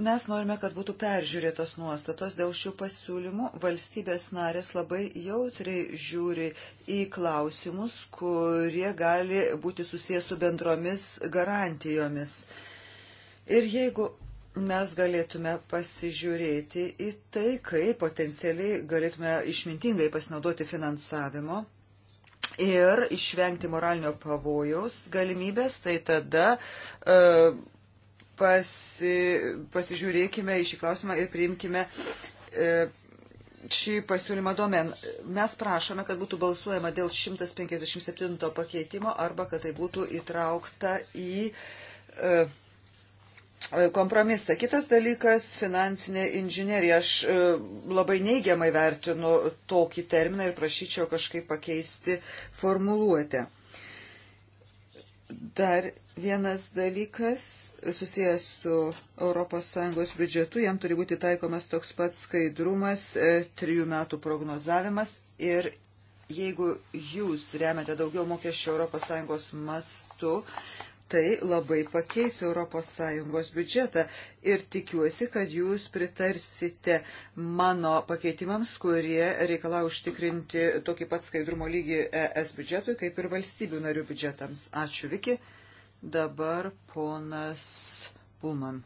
[SPEAKER 2] Mes norime, kad būtų peržiūrėtos nuostatos dėl šių pasiūlymų. Valstybės narės labai jautriai žiūri į klausimus, kurie gali būti susijęs su bendromis garantijomis. Ir jeigu mes galėtume pasižiūrėti į tai, kaip potencialiai galėtume išmintingai pasinaudoti finansavimo ir išvengti moralinio pavojaus galimybės, tai tada e, pasi, pasižiūrėkime į šį klausimą ir priimkime e, šį pasiūlymą domen. Mes prašome, kad būtų balsuojama dėl 157 pakeitimo arba kad tai būtų įtraukta į. E, kompromisą. Kitas dalykas - finansinė inžinierija. Aš e, labai neigiamai vertinu tokį terminą ir prašyčiau kažkaip pakeisti formuluotę. Dar vienas dalykas susijęs su ES biudžetu, jam turi būti taikomas toks pats skaidrumas, e, trijų metų prognozavimas ir jeigu jūs remiate daugiau mokesčių ES mastu, tai labai pakeis ES biudžetą ir tikiuosi, kad jūs pritarsite mano pakeitimams, kurie reikalauja užtikrinti tokį pat skaidrumo lygį ES biudžetui, kaip ir valstybių narių biudžetams. Ačiū, Viki. Dabar ponas Pulman.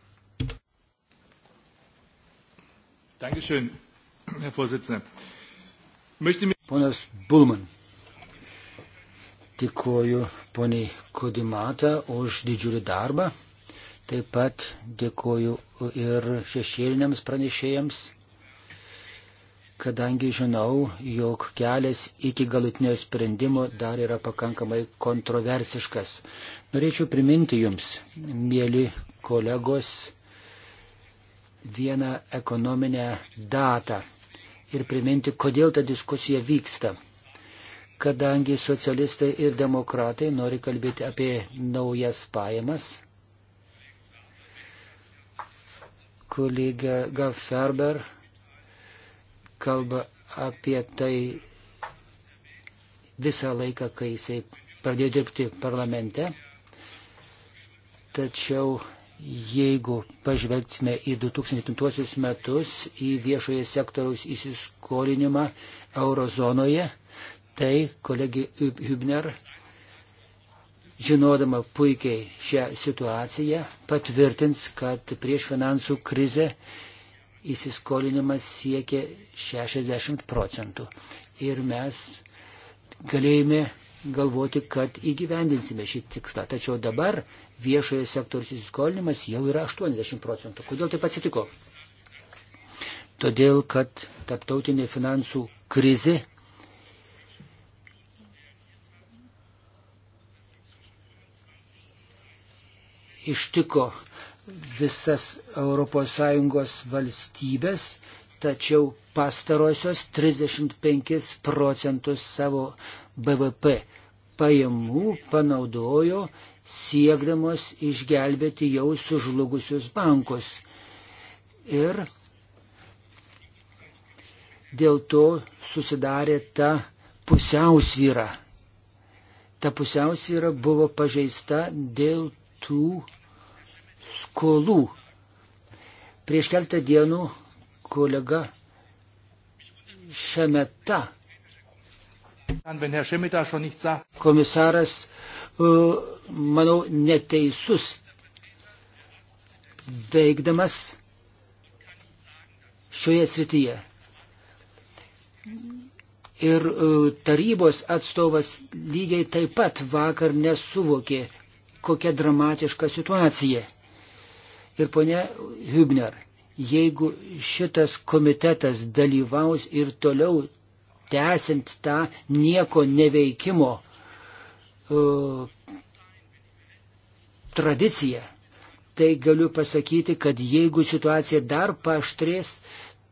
[SPEAKER 4] Dankeschön, Herr Vorsitzender. Ponas Bulman. Dėkuoju poniai Kudimata už didžiulį darbą. Taip pat dėkuoju ir šešėliniams pranešėjams, kadangi žinau, jog kelias iki galutinio sprendimo dar yra pakankamai kontroversiškas. Norėčiau priminti Jums, mėly kolegos, vieną ekonominę datą ir priminti, kodėl ta diskusija vyksta kadangi socialistai ir demokratai nori kalbėti apie naujas pajamas. Kolega Gafferber kalba apie tai visą laiką, kai jisai pradėjo dirbti parlamente. Tačiau jeigu pažvelgsime į 2007 metus, į viešoje sektoriaus įsiskolinimą eurozonoje, tai kolegė Hübner, žinodama puikiai šią situaciją, patvirtins, kad prieš finansų krizę įsiskolinimas siekia 60 procentų. Ir mes galėjome galvoti, kad įgyvendinsime šį tikslą. Tačiau dabar viešojo sektoriaus įsiskolinimas jau yra 80 procentų. Kodėl taip atsitiko? Todėl, kad taptautinė finansų krizė ištiko visas ES valstybės, tačiau pastarosios 35 procentus savo BVP pajamų panaudojo siekdamos išgelbėti jau sužlugusius bankus. Ir dėl to susidarė ta pusiausvyra. Ta pusiausvyra buvo pažeista dėl tų skolų. Prieš keltą dienų kolega Šemeta. Komisaras, e, manau, neteisus veikdamas šioje srityje. Ir e, tarybos atstovas lygiai taip pat vakar nesuvokė kokia dramatiška situacija. Ir ponia Hübner, jeigu šitas komitetas dalyvaus ir toliau tęsint tą nieko neveikimo uh, tradiciją, tai galiu pasakyti, kad jeigu situacija dar paštrės,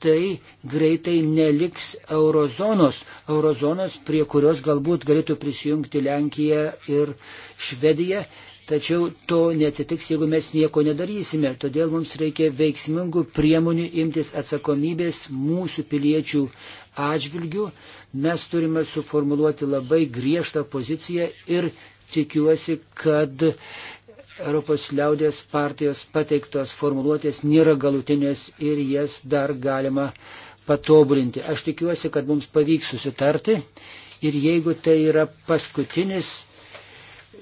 [SPEAKER 4] tai greitai neliks eurozonos, eurozonos, prie kurios galbūt galėtų prisijungti Lenkija ir Švedija, Tačiau to neatsitiks, jeigu mes nieko nedarysime. Todėl mums reikia veiksmingų priemonių imtis atsakomybės mūsų piliečių atžvilgių. Mes turime suformuluoti labai griežtą poziciją ir tikiuosi, kad Europos liaudės partijos pateiktos formuluotės nėra galutinės ir jas dar galima patobulinti. Aš tikiuosi, kad mums pavyks susitarti ir jeigu tai yra paskutinis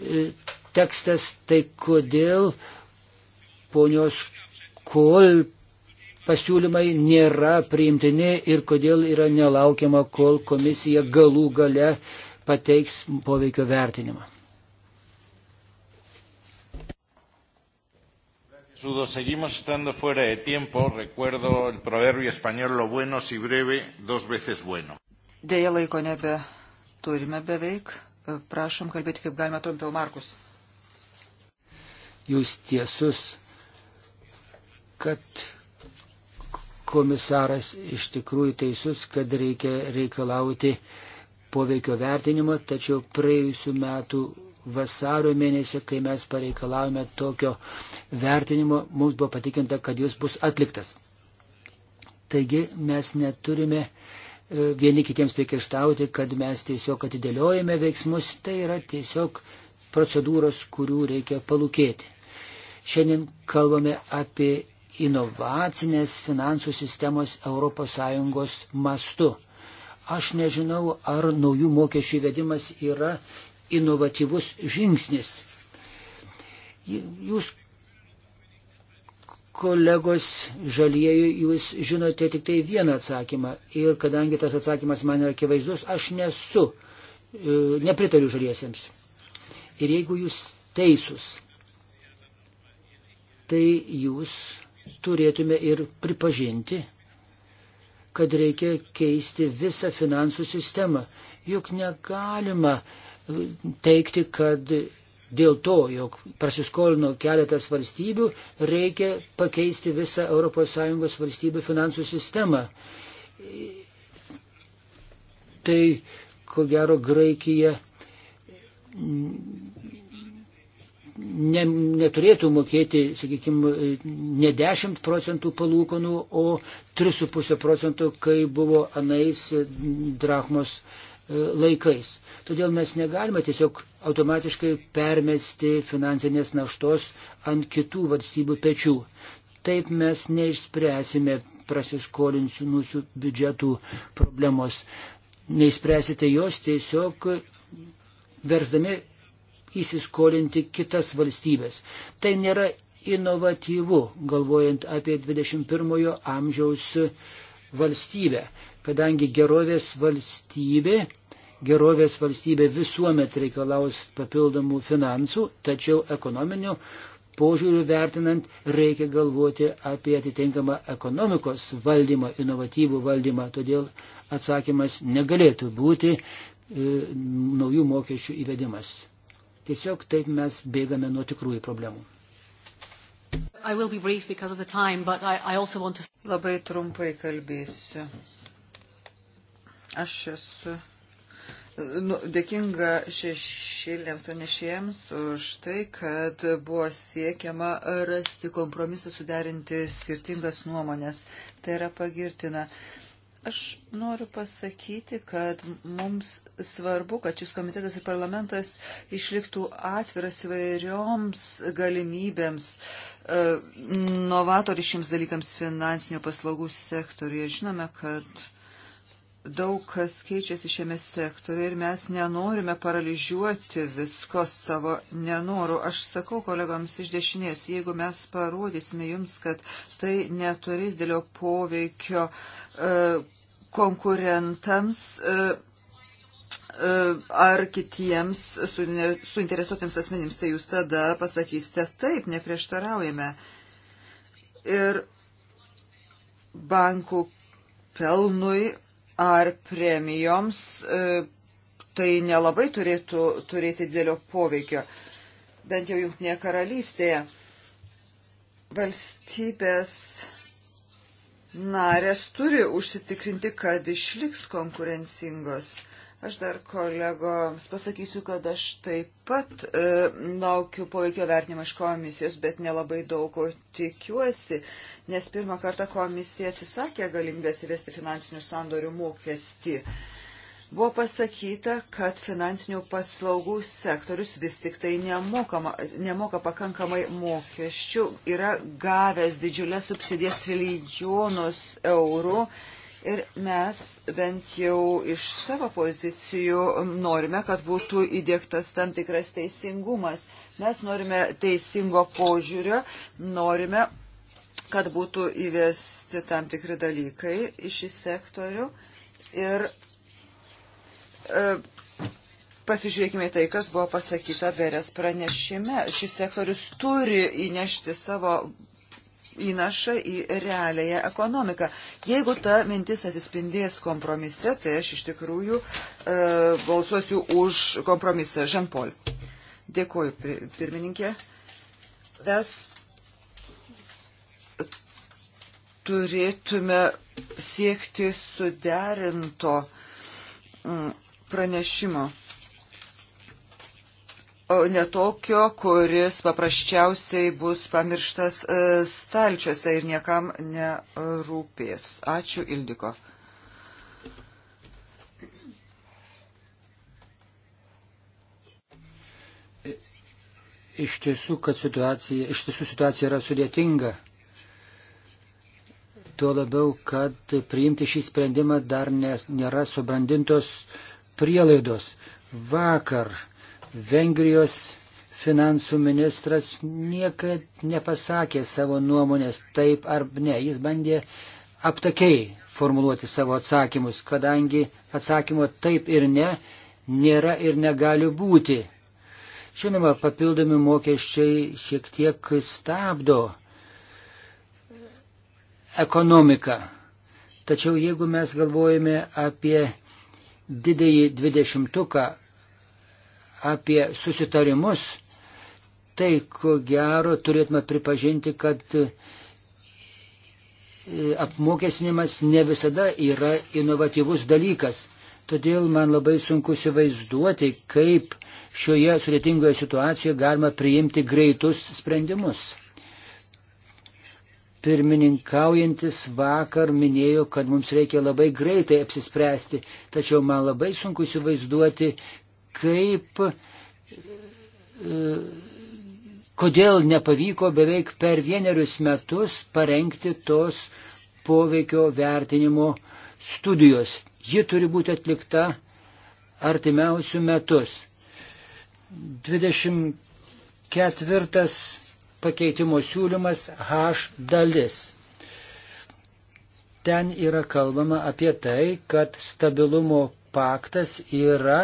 [SPEAKER 4] e, tekstas, tai kodėl ponios kol pasiūlymai nėra priimtini ir kodėl yra nelaukiama, kol komisija galų gale pateiks poveikio vertinimą.
[SPEAKER 1] Sudo, seguimos estando fuera de tiempo. Recuerdo el proverbio español lo bueno si breve, dos veces bueno.
[SPEAKER 2] Deja laiko nebe turime beveik. Prašom kalbėti kaip galima trumpiau, Markus
[SPEAKER 4] jūs tiesus, kad komisaras iš tikrųjų teisus, kad reikia reikalauti poveikio vertinimo, tačiau praėjusiu metu vasario mėnesį, kai mes pareikalavome tokio vertinimo, mums buvo patikinta, kad jis bus atliktas. Taigi mes neturime e, vieni kitiems priekaištauti, kad mes tiesiog atidėliojame veiksmus, tai yra tiesiog procedūros, kurių reikia palūkėti. Šiandien kalbame apie inovacinės finansų sistemos ES mastu. Aš nežinau, ar naujų mokesčių įvedimas yra inovatyvus žingsnis. Jūs, kolegos žalieji, jūs žinote tik tai vieną atsakymą. Ir kadangi tas atsakymas man yra akivaizdus, aš nesu, e, nepritariu žaliesiems. Ir jeigu jūs teisūs, tai jūs turėtume ir pripažinti, kad reikia keisti visą finansų sistemą. Juk negalima teikti, kad dėl to, jog prasiskolino keletas valstybių, reikia pakeisti visą ES valstybių finansų sistemą. Tai, ko gero, Graikija ne, neturėtų mokėti, sakykime, ne 10 procentų palūkanų, o 3,5 procentų, kai buvo anais drachmos e, laikais. Todėl mes negalime tiesiog automatiškai permesti finansinės naštos ant kitų valstybių pečių. Taip mes neišspręsime prasiskolinusių biudžetų problemos. Neįspręsite jos tiesiog versdami įsiskolinti kitas valstybės. Tai nėra inovatyvu, galvojant apie 21-ojo amžiaus valstybę, kadangi gerovės valstybė, gerovės valstybė visuomet reikalaus papildomų finansų, tačiau ekonominių požiūrių vertinant reikia galvoti apie atitinkamą ekonomikos valdymą, inovatyvų valdymą, todėl atsakymas negalėtų būti e, naujų mokesčių įvedimas. Tiesiog taip mes bėgame nuo tikrųjų problemų.
[SPEAKER 2] Time, I, I to... Labai trumpai kalbėsiu. Aš esu nu, dėkinga šešėlėms pranešėjams už tai, kad buvo siekiama rasti kompromisą, suderinti skirtingas nuomonės. Tai yra pagirtina. Aš noriu pasakyti, kad mums svarbu, kad šis komitetas ir parlamentas išliktų atviras įvairioms galimybėms, e, novatoriškiams dalykams finansinio paslaugų sektoriuje. Žinome, kad daug kas keičiasi šiame sektoriu ir mes nenorime paralyžiuoti visko savo nenoru. Aš sakau kolegams iš dešinės, jeigu mes parodysime jums, kad tai neturės dėlio poveikio e, konkurentams. E, e ar kitiems suinteresuotiems asmenims, tai jūs tada pasakysite taip, neprieštaraujame. Ir bankų pelnui ar premijoms e, tai nelabai turėtų turėti didelio poveikio, bent jau Junktinėje karalystėje. Valstybės narės turi užsitikrinti, kad išliks konkurencingos. Aš dar kolegoms pasakysiu, kad aš taip pat e, laukiu poveikio vertinimo iš komisijos, bet nelabai daug ko tikiuosi, nes pirmą kartą komisija atsisakė galimybės įvesti finansinių sandorių mokestį. Buvo pasakyta, kad finansinių paslaugų sektorius vis tik tai nemokama, nemoka pakankamai mokesčių, yra gavęs didžiulę subsidijas trilijonus eurų Ir mes bent jau iš savo pozicijų norime, kad būtų įdėktas tam tikras teisingumas. Mes norime teisingo požiūrio, norime, kad būtų įvesti tam tikri dalykai iš šį sektorių. Ir e, pasižiūrėkime tai, kas buvo pasakyta Berės pranešime. Šis sektorius turi įnešti savo įnašą į realiąją ekonomiką. Jeigu ta mintis atsispindės kompromise, tai aš iš tikrųjų e, balsuosiu už kompromisą. Žanpol. Dėkuoju, pirmininkė. Mes turėtume siekti suderinto mm, pranešimo netokio, kuris paprasčiausiai bus pamirštas e, stalčiuose ir niekam nerūpės.
[SPEAKER 4] Ačiū, Ildiko. Iš tiesų, kad situacija, iš tiesų situacija yra sudėtinga. Tuo labiau, kad priimti šį sprendimą dar nes, nėra subrandintos prielaidos. Vakar uh, Vengrijos finansų ministras niekad nepasakė savo nuomonės taip ar ne. Jis bandė aptakiai formuluoti savo atsakymus, kadangi atsakymo taip ir ne nėra ir negali būti. Žinoma, papildomi mokesčiai šiek tiek stabdo ekonomiką. Tačiau jeigu mes galvojame apie didįjį dvidešimtuką apie susitarimus, tai ko gero turėtume pripažinti, kad e, apmokesnimas ne visada yra inovatyvus dalykas. Todėl man labai sunku įsivaizduoti, kaip šioje sudėtingoje situacijoje galima priimti greitus sprendimus. Pirmininkaujantis vakar minėjo, kad mums reikia labai greitai apsispręsti, tačiau man labai sunku įsivaizduoti, kaip, e, kodėl nepavyko beveik per vienerius metus parengti tos poveikio vertinimo studijos. Ji turi būti atlikta artimiausių metus. 24 pakeitimo siūlymas H dalis ten yra kalbama apie tai, kad stabilumo paktas yra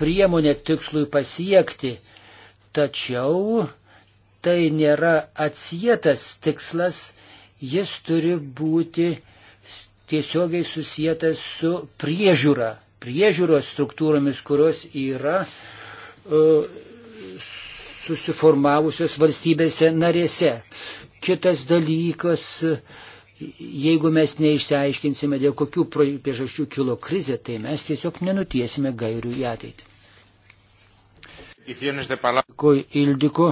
[SPEAKER 4] priemonė tikslui pasiekti, tačiau tai nėra atsietas tikslas, jis turi būti tiesiogiai susijęs su priežiūra, priežiūros struktūromis, kurios yra uh, susiformavusios valstybėse narėse. Kitas dalykas uh, Jeigu mes neišsiaiškinsime, dėl kokių priežasčių kilo krizė, tai mes tiesiog nenutiesime gairių į ateitį.
[SPEAKER 1] Dėkui
[SPEAKER 4] Ildiko.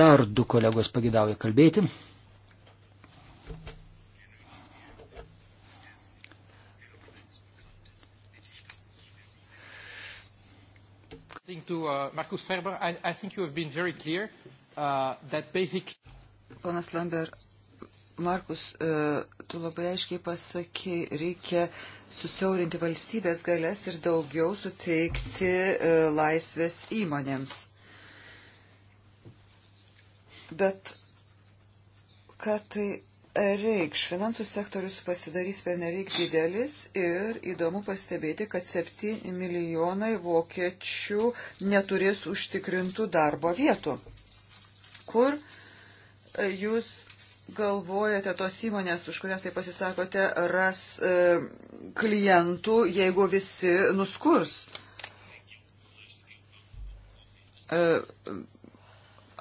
[SPEAKER 4] Dar du kolegos pagidauja kalbėti.
[SPEAKER 1] To, uh, Markus Ferber, I, I think you have been very clear
[SPEAKER 2] uh, that basically. Ponas Lambert, Markus, e, tu labai aiškiai pasakai, reikia susiaurinti valstybės galės ir daugiau suteikti e, laisvės įmonėms. Bet ką tai reikš? Finansų sektorius pasidarys pernelyg didelis ir įdomu pastebėti, kad 7 milijonai vokiečių neturės užtikrintų darbo vietų. Kur e, jūs galvojate, tos įmonės, už kurias tai pasisakote, ras e, klientų, jeigu visi nuskurs? E,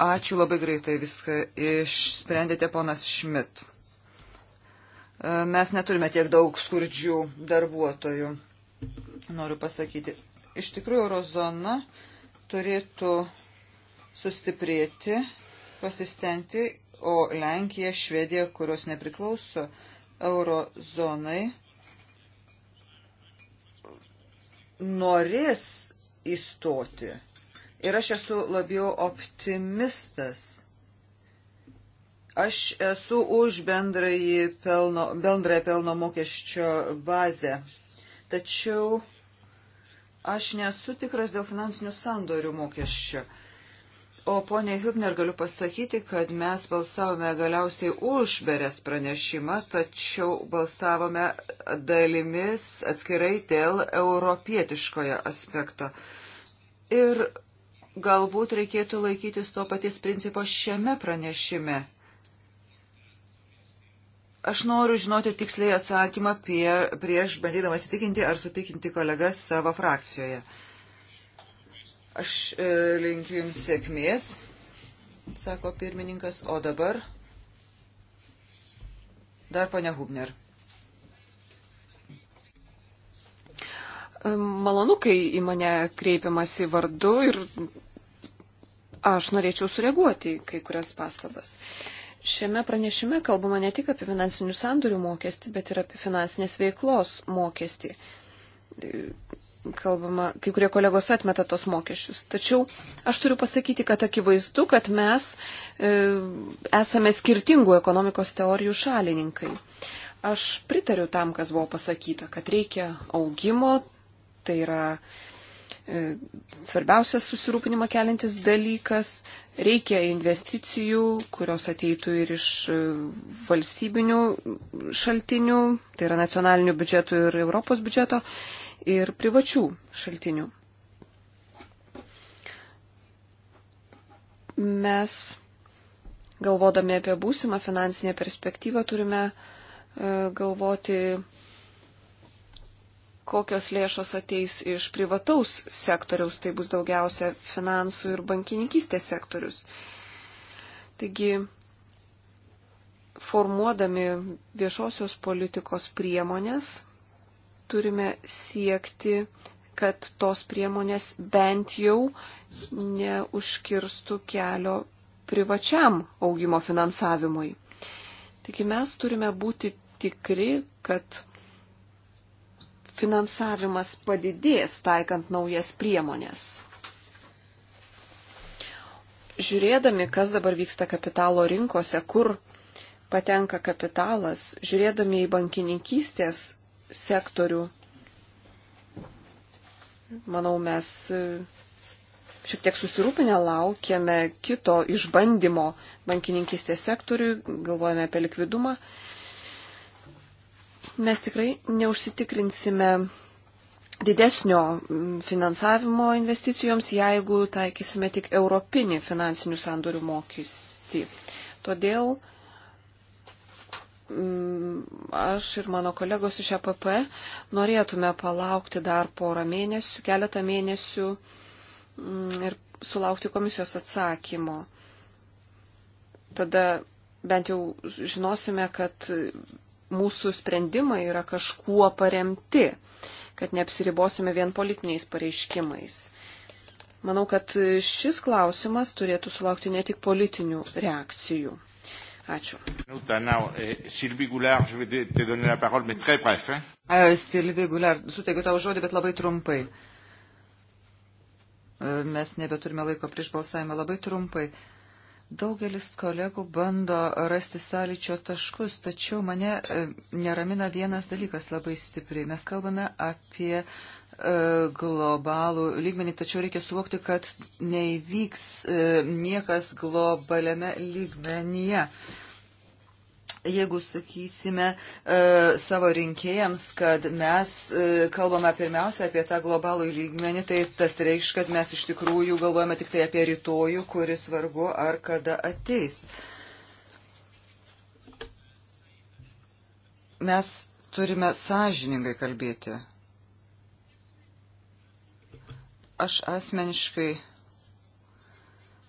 [SPEAKER 2] ačiū labai greitai viską išsprendėte, ponas Šmit. E, mes neturime tiek daug skurdžių darbuotojų, noriu pasakyti. Iš tikrųjų, eurozona turėtų sustiprėti, pasistengti o Lenkija, Švedija, kurios nepriklauso eurozonai, norės įstoti. Ir aš esu labiau optimistas. Aš esu už bendrąjį pelno, bendrąją pelno mokesčio bazę. Tačiau aš nesu tikras dėl finansinių sandorių mokesčio. Uh, O poniai Hübner galiu pasakyti, kad mes balsavome galiausiai už Berės pranešimą, tačiau balsavome dalimis atskirai dėl europietiškojo aspekto. Ir galbūt reikėtų laikytis to paties principo šiame pranešime. Aš noriu žinoti tiksliai atsakymą prie, prieš bandydamas įtikinti ar supykinti kolegas savo frakcijoje. Uh, Aš e, linkiu Jums sėkmės, sako pirmininkas, o dabar dar ponia Hubner.
[SPEAKER 3] E, malonu, kai į mane kreipiamasi vardu ir aš norėčiau sureaguoti kai kurias pastabas. Šiame pranešime kalbama ne tik apie finansinių sandorių mokestį, bet ir apie finansinės veiklos mokestį kalbama, kai kurie kolegos atmeta tos mokesčius. Tačiau aš turiu pasakyti, kad akivaizdu, kad mes e, esame skirtingų ekonomikos teorijų šalininkai. Aš pritariu tam, kas buvo pasakyta, kad reikia augimo, tai yra e, svarbiausias susirūpinimą keliantis dalykas, reikia investicijų, kurios ateitų ir iš e, valstybinių šaltinių, tai yra nacionalinių biudžetų ir Europos biudžeto. E, ir privačių šaltinių. Mes, galvodami apie būsimą finansinę perspektyvą, turime e, galvoti, kokios lėšos ateis iš privataus sektoriaus, tai bus daugiausia finansų ir bankininkystės sektorius. Taigi, formuodami viešosios politikos priemonės, turime siekti, kad tos priemonės bent jau neužkirstų kelio privačiam augimo finansavimui. Taigi mes turime būti tikri, kad finansavimas padidės taikant naujas priemonės. Žiūrėdami, kas dabar vyksta kapitalo rinkose, kur patenka kapitalas, žiūrėdami į bankininkystės sektorių. Manau, mes šiek tiek susirūpinę laukiame kito išbandymo bankininkistės sektoriui, galvojame apie likvidumą. Mes tikrai neužsitikrinsime didesnio finansavimo investicijoms, jeigu taikysime tik europinį finansinių sandorių mokestį. Todėl Mm, aš ir mano kolegos iš EPP norėtume palaukti dar porą mėnesių, keletą mėnesių mm, ir sulaukti komisijos atsakymo. Tada bent jau žinosime, kad mūsų sprendimai yra kažkuo paremti, kad neapsiribosime vien politiniais pareiškimais. Manau, kad šis klausimas turėtų sulaukti ne tik
[SPEAKER 2] politinių reakcijų. Ačiū. Eh, Silvi Gular, suteikiu tavo žodį, bet labai trumpai. E, mes nebeturime laiko prieš balsavimą labai trumpai. Daugelis kolegų bando rasti sąlyčio taškus, tačiau mane e, neramina vienas dalykas labai stipriai. Mes kalbame apie e, globalų lygmenį, tačiau reikia suvokti, kad neįvyks niekas globaliame lygmenyje. Jeigu sakysime e, savo rinkėjams, kad mes e, kalbame pirmiausia apie tą globalų lygmenį, tai tas reikš, kad mes iš tikrųjų galvojame tik tai apie rytojų, kuris vargu ar kada ateis. Mes turime sąžiningai kalbėti. Aš asmeniškai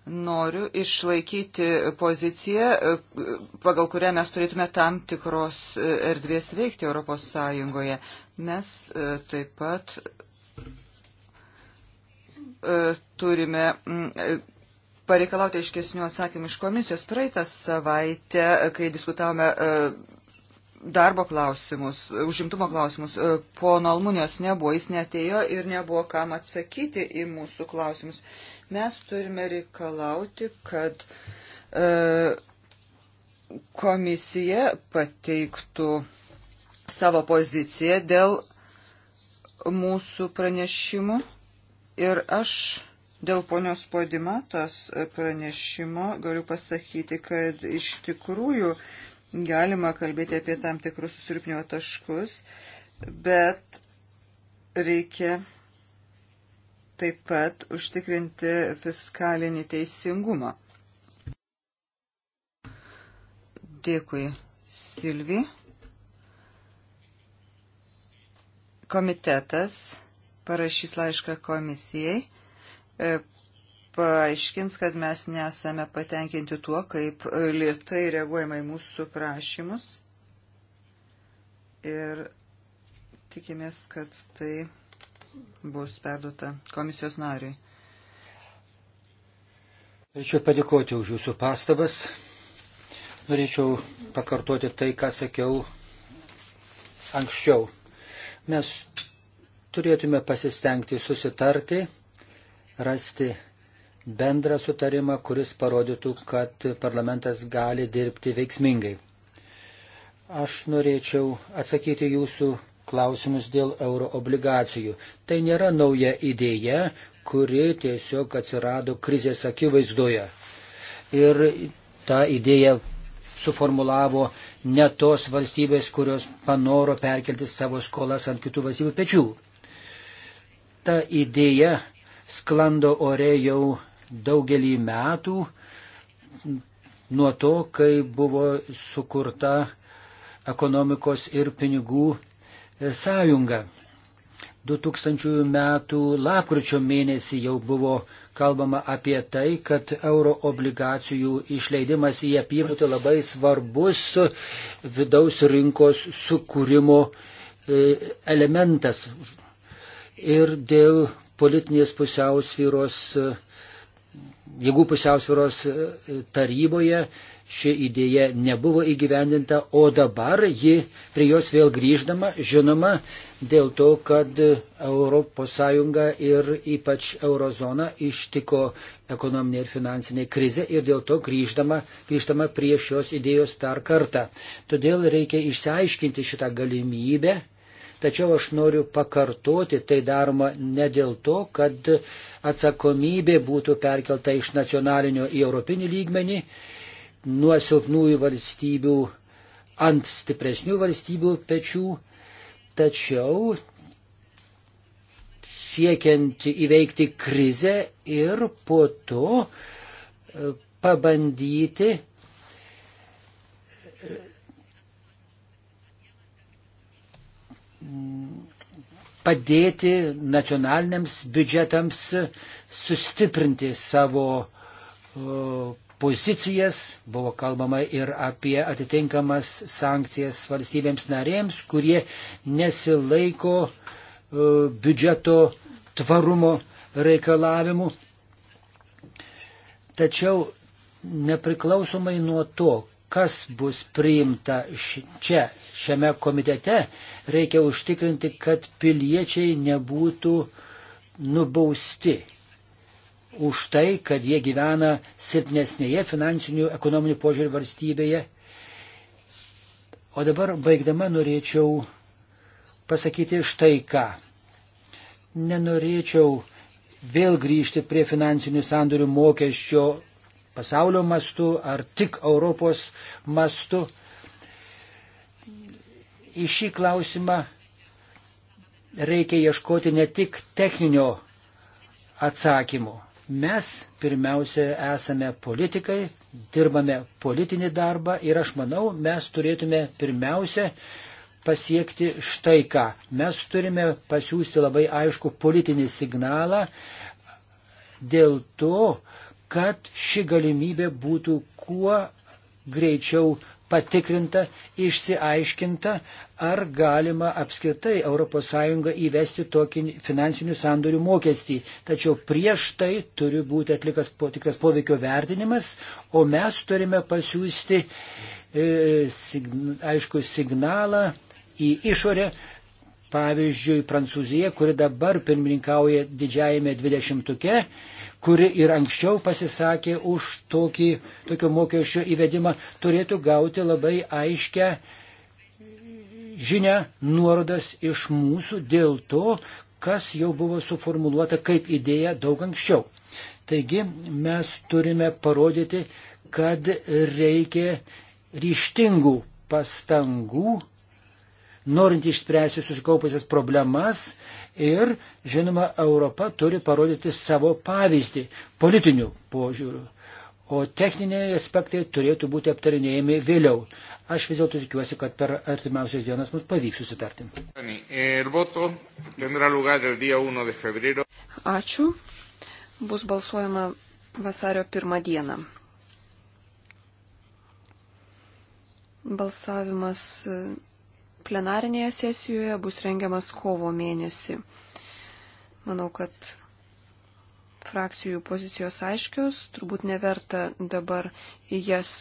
[SPEAKER 2] noriu išlaikyti poziciją, pagal kurią mes turėtume tam tikros e, erdvės veikti Europos Sąjungoje. Mes e, taip pat e, turime pareikalauti aiškesnių atsakymų iš komisijos. Praeitą savaitę, kai diskutavome darbo klausimus, užimtumo klausimus, pono Almunijos nebuvo, jis netėjo ir nebuvo kam atsakyti į mūsų klausimus. Mes turime reikalauti, kad e, komisija pateiktų savo poziciją dėl mūsų pranešimų ir aš dėl ponios podimatos pranešimo galiu pasakyti, kad iš tikrųjų galima kalbėti apie tam tikrus susirpnio taškus, bet reikia taip pat užtikrinti fiskalinį teisingumą. Dėkui, Silvi. Komitetas parašys laišką komisijai, e, paaiškins, kad mes nesame patenkinti tuo, kaip lietai reaguojama į mūsų prašymus. Ir tikimės, kad tai bus perduota komisijos nariui.
[SPEAKER 4] Norėčiau padėkoti už jūsų pastabas. Norėčiau pakartoti tai, ką sakiau anksčiau. Mes turėtume pasistengti susitarti, rasti bendrą sutarimą, kuris parodytų, kad parlamentas gali dirbti veiksmingai. Aš norėčiau atsakyti jūsų klausimus dėl euro obligacijų. Tai nėra nauja idėja, kuri tiesiog atsirado krizės akivaizdoje. Ir tą idėją suformulavo ne tos valstybės, kurios panoro perkelti savo skolas ant kitų valstybių pečių. Ta idėja sklando ore jau daugelį metų nuo to, kai buvo sukurta ekonomikos ir pinigų sąjungą. 2000 metų lapkričio mėnesį jau buvo kalbama apie tai, kad euro obligacijų išleidimas į apyvartą labai svarbus vidaus rinkos sukūrimo e, elementas. Ir dėl politinės pusiausvyros, e, jėgų pusiausvyros e, taryboje ši idėja nebuvo įgyvendinta, o dabar ji prie jos vėl grįždama, žinoma, dėl to, kad ES ir ypač eurozona ištiko ekonominė ir finansinė krizė ir dėl to grįždama, grįžtama prie šios idėjos dar kartą. Todėl reikia išsiaiškinti šitą galimybę, tačiau aš noriu pakartoti, tai daroma ne dėl to, kad atsakomybė būtų perkelta iš nacionalinio į europinį lygmenį, nuo silpnųjų valstybių ant stipresnių valstybių pečių, tačiau siekiant įveikti krizę ir po to e, pabandyti e, padėti nacionaliniams biudžetams sustiprinti savo e, pozicijas, buvo kalbama ir apie atitinkamas sankcijas valstybėms narėms, kurie nesilaiko e, biudžeto tvarumo reikalavimų. Tačiau nepriklausomai nuo to, kas bus priimta čia, šiame komitete, reikia užtikrinti, kad piliečiai nebūtų nubausti už tai, kad jie gyvena silpnesnėje finansinių ekonominių požiūrį valstybėje. O dabar baigdama norėčiau pasakyti štai ką. Nenorėčiau vėl grįžti prie finansinių sandorių mokesčio pasaulio mastu ar tik Europos mastu. Į šį klausimą reikia ieškoti ne tik techninio atsakymo. Mes pirmiausia esame politikai, dirbame politinį darbą ir aš manau, mes turėtume pirmiausia pasiekti štai ką. Mes turime pasiūsti labai aišku politinį signalą dėl to, kad ši galimybė būtų kuo greičiau patikrinta, išsiaiškinta, ar galima apskritai ES įvesti tokį finansinių sandorių mokestį. Tačiau prieš tai turi būti atlikas po, tikras poveikio vertinimas, o mes turime pasiūsti e, sign, aišku signalą į išorę. Pavyzdžiui, Prancūzija, kuri dabar pirmininkauja didžiajame dvidešimtuke, kuri ir anksčiau pasisakė už tokį, tokio mokesčio įvedimą, turėtų gauti labai aiškę žinę nuorodas iš mūsų dėl to, kas jau buvo suformuoluota kaip idėja daug anksčiau. Taigi mes turime parodyti, kad reikia ryštingų pastangų, norint išspręsti susikaupusias problemas ir, žinoma, Europa turi parodyti savo pavyzdį politinių požiūrių o techniniai aspektai turėtų būti aptarinėjami vėliau. Aš vis dėlto tikiuosi, kad per artimiausias dienas mums pavyks susitarti.
[SPEAKER 3] Ačiū. Bus balsuojama vasario pirmą dieną. Balsavimas e, plenarinėje sesijoje bus rengiamas kovo mėnesį. Manau, kad frakcijų pozicijos aiškios, turbūt neverta dabar į jas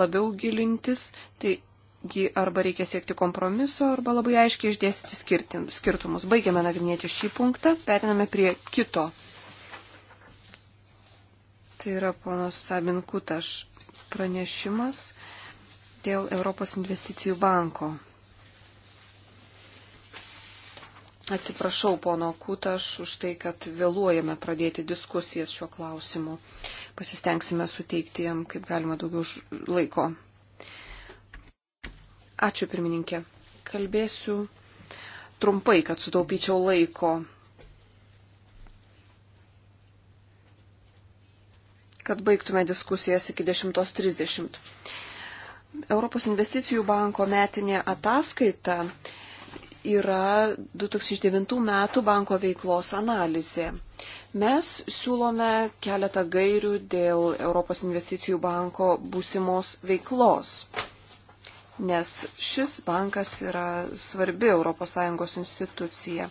[SPEAKER 3] labiau gilintis, taigi arba reikia siekti kompromiso, arba labai aiškiai išdėstyti skirtumus. Baigiame nagrinėti šį punktą, periname prie kito. Tai yra ponos Sabin Kutaš pranešimas dėl Europos investicijų banko. Atsiprašau, pono Kutaš, už tai, kad vėluojame pradėti diskusijas šiuo klausimu. Pasistengsime suteikti jam kaip galima daugiau laiko. Ačiū, pirmininkė. Kalbėsiu trumpai, kad sutaupyčiau laiko. kad baigtume diskusijas iki 10.30. Europos investicijų banko metinė ataskaita yra 2009 metų banko veiklos analizė. Mes siūlome keletą gairių dėl Europos investicijų banko būsimos veiklos, nes šis bankas yra svarbi ES institucija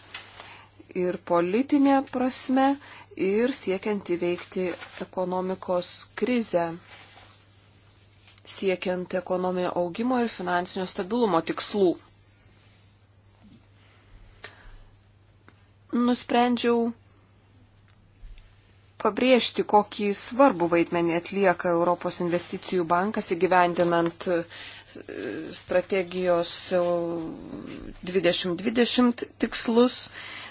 [SPEAKER 3] ir politinė prasme, ir siekiant įveikti ekonomikos krizę siekiant ekonominio augimo ir finansinio stabilumo tikslų. nusprendžiau pabrėžti, kokį svarbų vaidmenį atlieka Europos investicijų bankas įgyvendinant e, strategijos 2020 e, tikslus,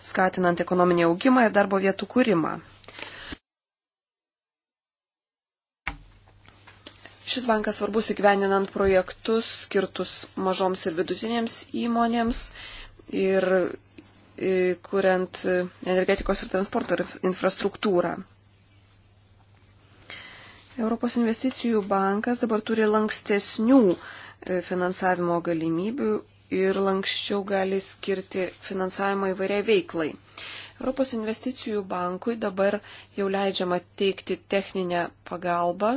[SPEAKER 3] skatinant ekonominį augimą ir darbo vietų kūrimą. Šis bankas svarbus įgyvendinant projektus skirtus mažoms ir vidutinėms įmonėms ir E, kuriant e, energetikos ir transporto infrastruktūrą. Europos investicijų bankas dabar turi lankstesnių e, finansavimo galimybių ir lankščiau gali skirti finansavimą įvairiai veiklai. Europos investicijų bankui dabar jau leidžiama teikti techninę pagalbą.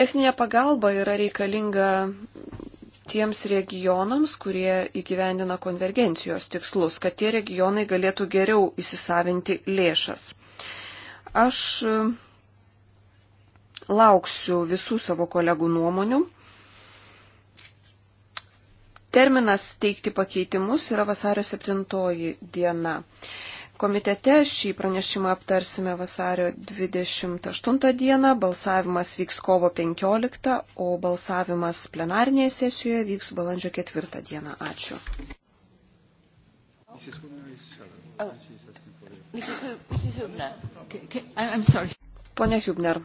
[SPEAKER 3] Techninė pagalba yra reikalinga tiems regionams, kurie įgyvendina konvergencijos tikslus, kad tie regionai galėtų geriau įsisavinti lėšas. Aš e, lauksiu visų savo kolegų nuomonių. Terminas teikti pakeitimus yra vasario 7 diena. Komitete šį pranešimą aptarsime vasario 28 dieną, balsavimas vyks kovo 15, o balsavimas plenarinėje sesijoje vyks balandžio 4 dieną. Ačiū. Pone Hubner,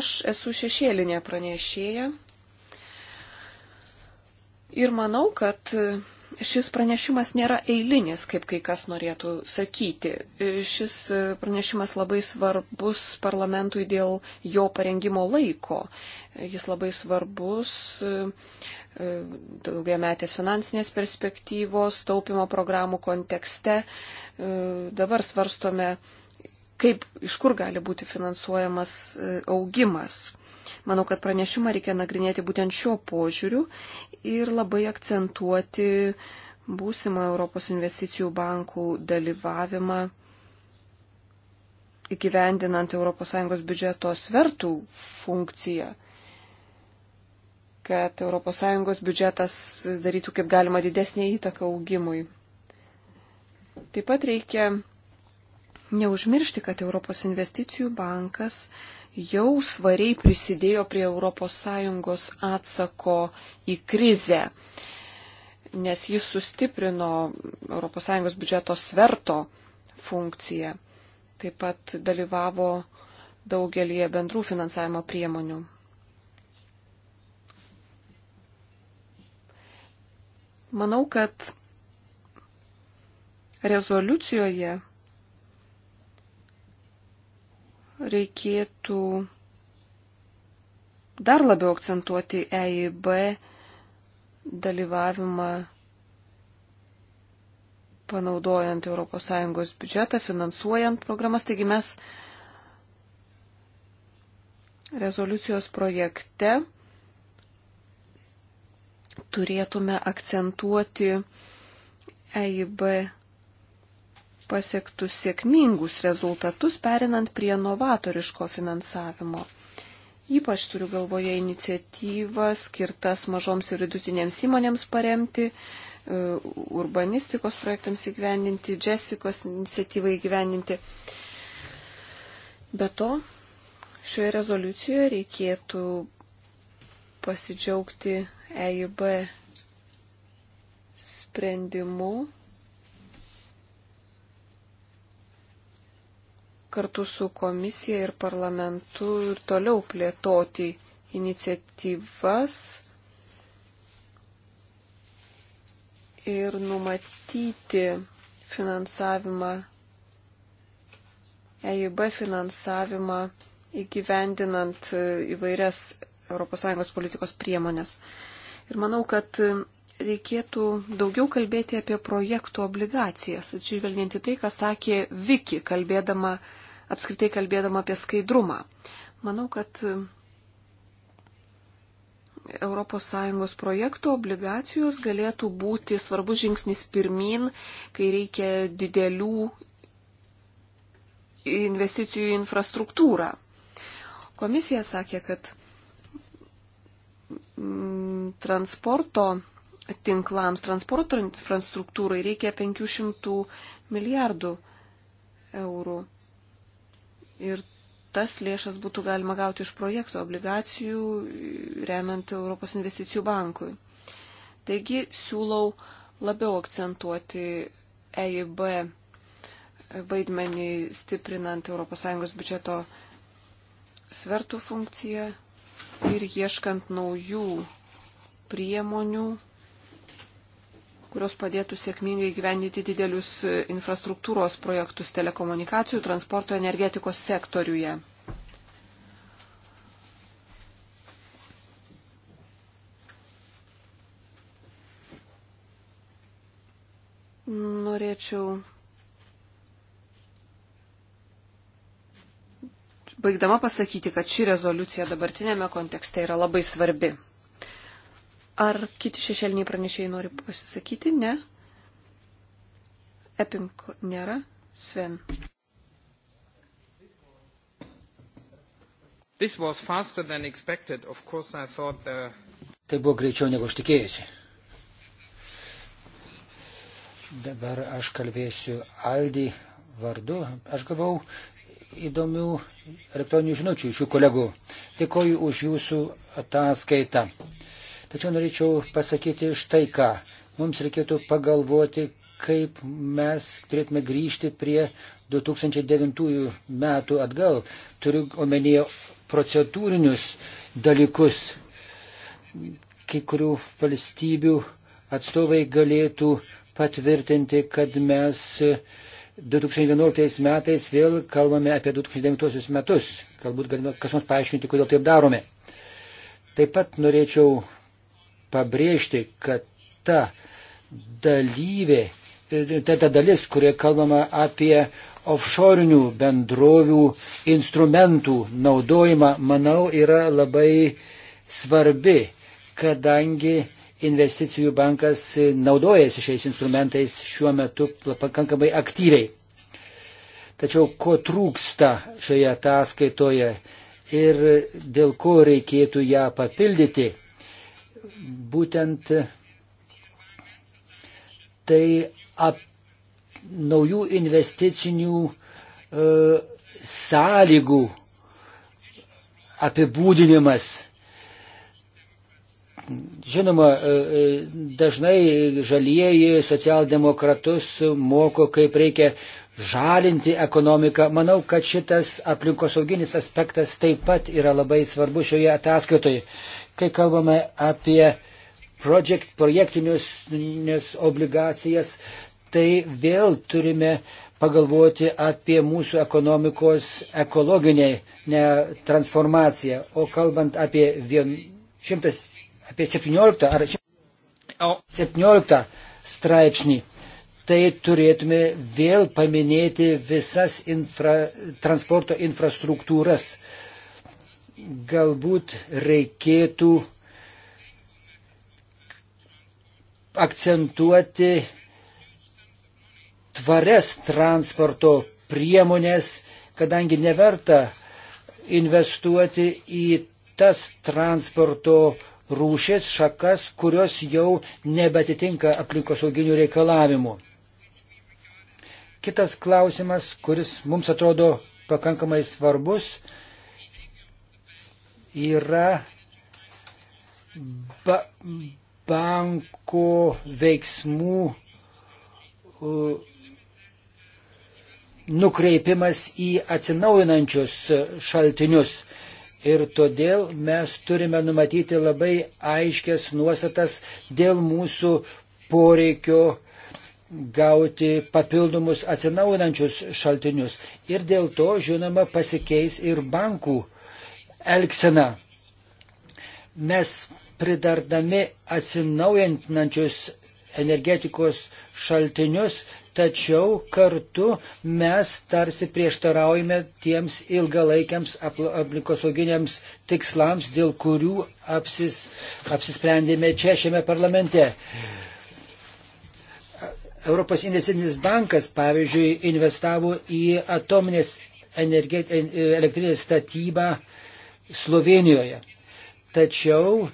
[SPEAKER 3] aš esu šešėlinė pranešėja ir manau, kad šis pranešimas nėra eilinis, kaip kai kas norėtų sakyti. Šis pranešimas labai svarbus parlamentui dėl jo parengimo laiko. Jis labai svarbus e, daugiametės finansinės perspektyvos, taupimo programų kontekste. E, dabar svarstome, kaip, iš kur gali būti finansuojamas e, augimas. Manau, kad pranešimą reikia nagrinėti būtent šiuo požiūriu ir labai akcentuoti būsimą Europos investicijų bankų dalyvavimą įgyvendinant ES biudžeto svertų funkciją kad ES biudžetas darytų kaip galima didesnį įtaką augimui. Taip pat reikia neužmiršti, kad Europos investicijų bankas jau svariai prisidėjo prie ES atsako į krizę, nes jis sustiprino ES biudžeto sverto funkciją. Taip pat dalyvavo daugelį bendrų finansavimo priemonių. Manau, kad rezoliucijoje reikėtų dar labiau akcentuoti EIB dalyvavimą panaudojant ES biudžetą, finansuojant programas. Taigi mes rezoliucijos projekte turėtume akcentuoti EIB pasiektus sėkmingus rezultatus perinant prie novatoriško finansavimo. Ypač turiu galvoje iniciatyvas skirtas mažoms ir vidutinėms įmonėms paremti, e, urbanistikos projektams įgyvendinti, Jessicos iniciatyvai įgyvendinti. Be to, šioje rezoliucijoje reikėtų pasidžiaugti EIB sprendimu kartu su komisija ir parlamentu ir toliau plėtoti iniciatyvas ir numatyti finansavimą, EIB finansavimą įgyvendinant e, įvairias ES politikos priemonės. Ir manau, kad e, reikėtų daugiau kalbėti apie projektų obligacijas, atsižvelgiant į tai, ką sakė Viki, kalbėdama apskritai kalbėdama apie skaidrumą. Manau, kad ES projektų obligacijos galėtų būti svarbus žingsnis pirmin, kai reikia didelių investicijų į infrastruktūrą. Komisija sakė, kad mm, transporto tinklams, transporto infrastruktūrai reikia 500 milijardų eurų ir tas lėšas būtų galima gauti iš projektų obligacijų, remiant Europos investicijų bankui. Taigi siūlau labiau akcentuoti EIB vaidmenį stiprinant ES biudžeto svertų funkciją ir ieškant naujų priemonių kurios padėtų sėkmingai gyvendyti didelius e, infrastruktūros projektus telekomunikacijų, transporto, energetikos sektoriuje. Norėčiau baigdama pasakyti, kad ši rezoliucija dabartinėme kontekste yra labai svarbi. Ar kiti šešėliniai pranešėjai nori pasisakyti? Ne. Epinko nėra. Sven.
[SPEAKER 1] Course,
[SPEAKER 4] the... Tai buvo greičiau negu aš tikėjusi. Dabar aš kalbėsiu Aldį vardu. Aš gavau įdomių elektroninių žinučių iš jų kolegų. Dėkoju už jūsų ataskaitą. Uh, Tačiau norėčiau pasakyti štai ką. Mums reikėtų pagalvoti, kaip mes turėtume grįžti prie 2009 metų atgal. Turiu omenyje procedūrinius dalykus, kai kurių valstybių atstovai galėtų patvirtinti, kad mes 2011 metais vėl kalbame apie 2009 metus. Galbūt galime kas nors paaiškinti, kodėl taip darome. Taip pat norėčiau pabrėžti, kad ta dalyvė, ta, ta dalis, kurioje kalbama apie offshore'inių bendrovių instrumentų naudojimą, manau, yra labai svarbi, kadangi investicijų bankas naudojasi šiais instrumentais šiuo metu pakankamai aktyviai. Tačiau ko trūksta šioje ataskaitoje ir dėl ko reikėtų ją papildyti, būtent tai ap, naujų investicinių e, sąlygų apibūdinimas. Žinoma, e, e, dažnai žalieji socialdemokratus moko, kaip reikia žalinti ekonomiką. Manau, kad šitas aplinkosauginis aspektas taip pat yra labai svarbus šioje ataskaitoje kai kalbame apie project, projektinius obligacijas, tai vėl turime pagalvoti apie mūsų ekonomikos ekologinę transformaciją. O kalbant apie, vien, šimtas, apie 17 ar 17 straipsnį, tai turėtume vėl paminėti visas infra, transporto infrastruktūras, galbūt reikėtų akcentuoti tvarias transporto priemonės, kadangi neverta investuoti į tas transporto rūšis, šakas, kurios jau nebetitinka aplinkosauginių reikalavimų. Kitas klausimas, kuris mums atrodo pakankamai svarbus, yra ba banko veiksmų nukreipimas į atsinaujinančius šaltinius. Ir todėl mes turime numatyti labai aiškias nuostatas dėl mūsų poreikio gauti papildomus atsinaujinančius šaltinius. Ir dėl to, žinoma, pasikeis ir bankų elgseną. Mes pridardami atsinaujantinačius energetikos šaltinius, tačiau kartu mes tarsi prieštaraujame tiems ilgalaikiams aplinkosauginiams tikslams, dėl kurių apsis, apsisprendėme čia šiame parlamente. Europos investicinis bankas, pavyzdžiui, investavo į atominės elektrinės statybą Slovenijoje. Tačiau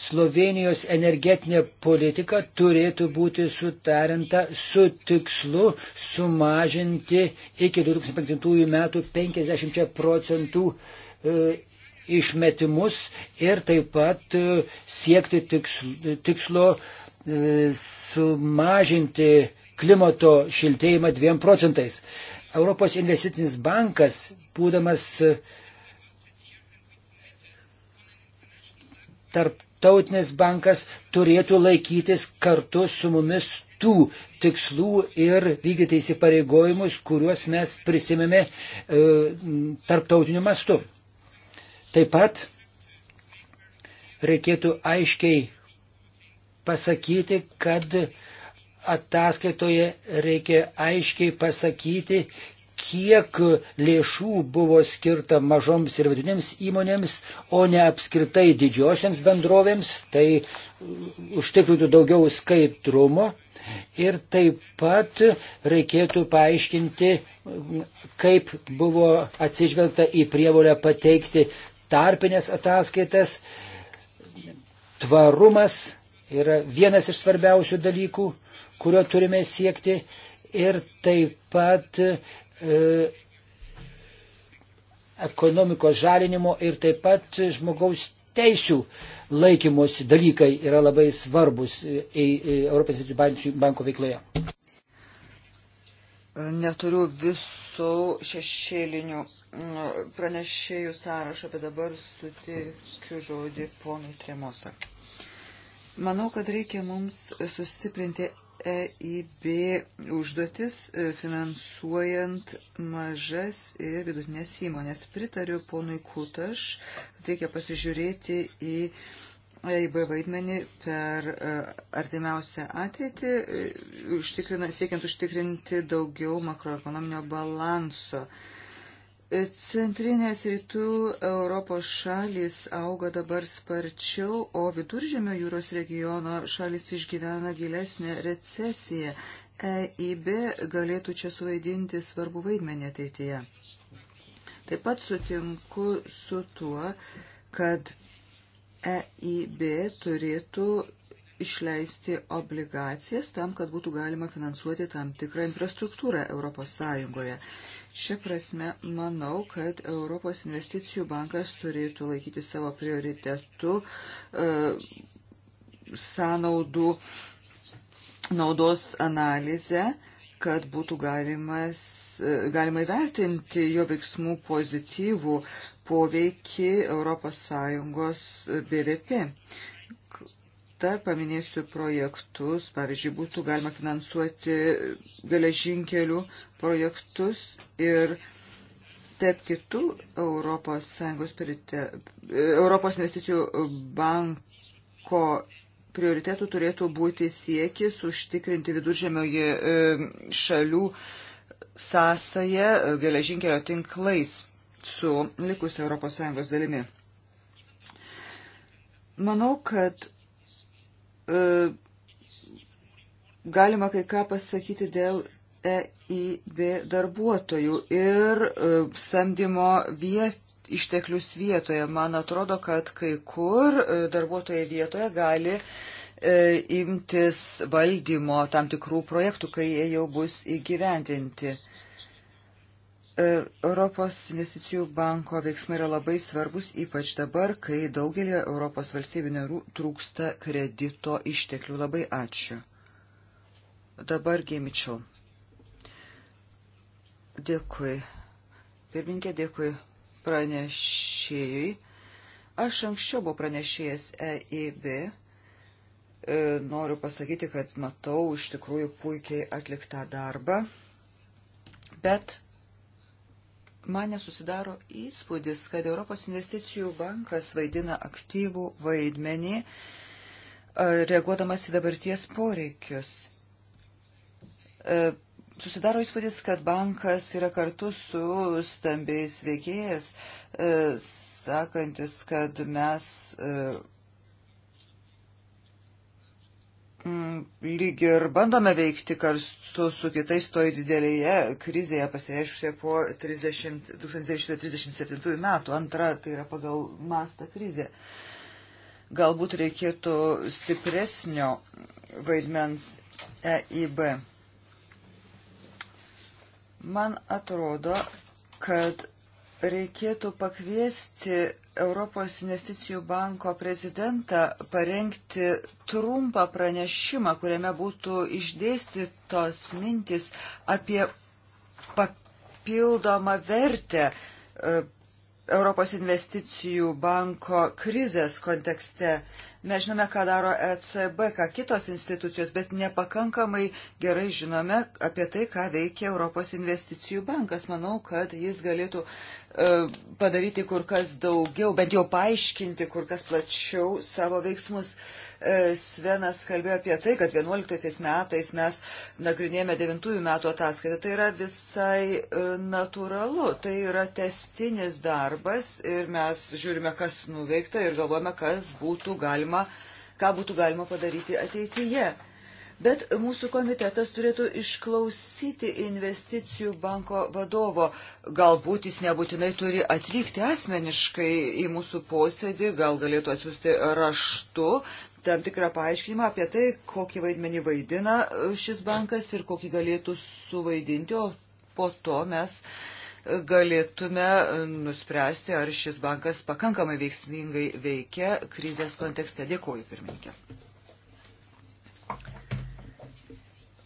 [SPEAKER 4] Slovenijos energetinė politika turėtų būti sutarinta su tikslu sumažinti iki 2005 metų 50 procentų e, išmetimus ir taip pat e, siekti tikslo, tikslo e, sumažinti klimato šiltėjimą 2 procentais. Europos investicinis bankas, būdamas uh, tarptautinis bankas turėtų laikytis kartu su mumis tų tikslų ir vykdyti įsipareigojimus, kuriuos mes prisimėme e, tarptautiniu mastu. Taip pat reikėtų aiškiai pasakyti, kad ataskaitoje reikia aiškiai pasakyti, kiek lėšų buvo skirta mažoms ir vidutinėms įmonėms, o ne apskritai didžiosiams bendrovėms, tai uh, užtikrintų daugiau skaidrumo. Ir taip pat reikėtų paaiškinti, kaip buvo atsižvelgta į prievolę pateikti tarpinės ataskaitas. Tvarumas yra vienas iš svarbiausių dalykų, kurio turime siekti ir taip pat E, ekonomikos žalinimo ir taip pat žmogaus teisų laikymosi dalykai yra labai svarbus e, e, Europos Centrinio banko veikloje.
[SPEAKER 2] Neturiu visų šešėlinių nu, pranešėjų sąrašą, bet dabar sutikiu žodį ponui Tremosa. Manau, kad reikia mums sustiprinti EIB užduotis e, finansuojant mažas ir vidutinės įmonės. Pritariu ponui Kutaš, kad reikia pasižiūrėti į EIB vaidmenį per e, artimiausią ateitį, e, siekiant užtikrinti daugiau makroekonominio balanso. Centrinės rytų Europos šalis auga dabar sparčiau, o viduržėmio jūros regiono šalis išgyvena gilesnę recesiją. EIB galėtų čia suvaidinti svarbu vaidmenį ateityje. Taip pat sutinku su tuo, kad EIB turėtų išleisti obligacijas tam, kad būtų galima finansuoti tam tikrą infrastruktūrą Europos Sąjungoje. Šia prasme, manau, kad Europos investicijų bankas turėtų laikyti savo prioritetų e, sąnaudų naudos analizę kad būtų galimas, e, galima įvertinti jo veiksmų pozityvų poveikį ES BVP kartą paminėsiu projektus, pavyzdžiui, būtų galima finansuoti geležinkelių projektus ir tarp kitų Europos, Sąjungos, Europos investicijų banko prioritetų turėtų būti siekis užtikrinti viduržėmioje e, šalių sąsąją geležinkelio tinklais su likusia ES dalimi. Manau, kad E, galima kai ką pasakyti dėl EIB darbuotojų ir e, samdymo vietų išteklius vietoje. Man atrodo, kad kai kur e, darbuotojai vietoje gali e, imtis valdymo tam tikrų projektų, kai jie jau bus įgyvendinti. E, Europos investicijų banko veiksmai yra labai svarbus, ypač dabar, kai daugelį Europos valstybių narų trūksta kredito išteklių. Labai ačiū. Dabar Gimičel. Dėkui. Pirminkė, dėkui pranešėjui. Aš anksčiau buvau pranešėjęs EIB. E, noriu pasakyti, kad matau iš tikrųjų puikiai atliktą darbą, bet man nesusidaro įspūdis, kad Europos investicijų bankas vaidina aktyvų vaidmenį, reaguodamas į dabarties poreikius. E, susidaro įspūdis, kad bankas yra kartu su stambiais veikėjas, e, sakantis, kad mes e, Mm, lyg ir bandome veikti kartu su kitais toj didelėje krizėje pasireiškusioje po 30, 1937 metų. Antra, tai yra pagal mastą krizė. Galbūt reikėtų stipresnio vaidmens EIB. Man atrodo, kad reikėtų pakviesti Europos investicijų banko prezidentą parengti trumpą pranešimą, kuriame būtų išdėstytos mintis apie papildomą vertę e, Europos investicijų banko krizės kontekste. Mes žinome, ką daro ECB, ką kitos institucijos, bet nepakankamai gerai žinome apie tai, ką veikia Europos investicijų bankas. Manau, kad jis galėtų e, padaryti kur kas daugiau, bent jau paaiškinti kur kas plačiau savo veiksmus. Uh, E, Svenas kalbėjo apie tai, kad 11 metais mes nagrinėjame 9 metų ataskaitą. Tai yra visai e, natūralu, tai yra testinis darbas ir mes žiūrime, kas nuveikta ir galvojame, kas būtų galima, ką būtų galima padaryti ateityje. Bet mūsų komitetas turėtų išklausyti investicijų banko vadovo. Galbūt jis nebūtinai turi atvykti asmeniškai į mūsų posėdį, gal galėtų atsiųsti raštu, tam tikrą paaiškinimą apie tai, kokį vaidmenį vaidina e, šis bankas ir kokį galėtų suvaidinti, o po to mes e, galėtume e, nuspręsti, ar šis bankas pakankamai veiksmingai veikia krizės kontekste. Dėkuoju, pirmininkė.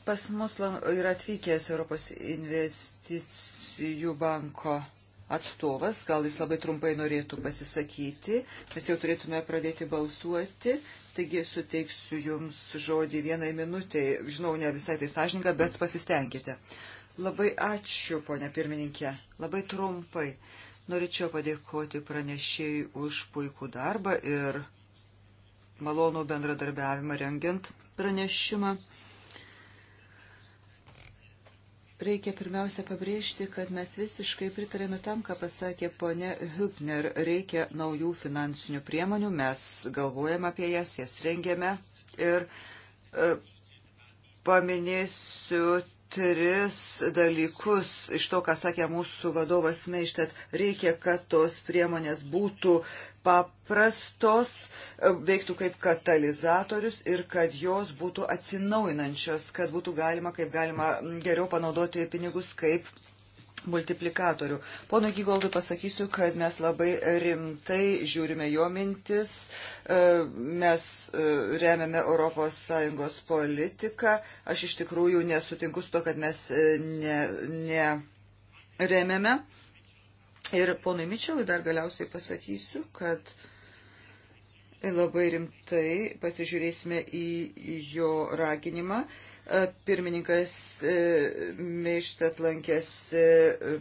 [SPEAKER 2] Pas mus yra atvykęs Europos investicijų banko atstovas, gal jis labai trumpai norėtų pasisakyti, mes jau turėtume pradėti balsuoti, Taigi suteiksiu Jums žodį vienai minutiai. Žinau, ne visai tai sąžininga, bet pasistengkite. Labai ačiū, ponia pirmininkė. Labai trumpai. Norėčiau padėkoti pranešėjai už puikų darbą ir malonų bendradarbiavimą rengiant pranešimą. Reikia pirmiausia pabrėžti, kad mes visiškai pritarėme tam, ką pasakė ponė Hübner. Reikia naujų finansinių priemonių, mes galvojame apie jas, jas rengiame. Ir e, paminėsiu tris dalykus iš to, ką sakė mūsų vadovas Meištet. Reikia, kad tos priemonės būtų paprastos, veiktų kaip katalizatorius ir kad jos būtų atsinaujinančios, kad būtų galima, kaip galima geriau panaudoti pinigus, kaip multiplikatorių. Pono Gygoldui pasakysiu, kad mes labai rimtai žiūrime jo mintis, e, mes e, remiame ES politiką. Aš iš tikrųjų nesutinku su to, kad mes e, ne, ne remiame. Ir ponui Mičelui dar galiausiai pasakysiu, kad labai rimtai pasižiūrėsime į jo raginimą E, pirmininkas e, Meištat lankėsi e,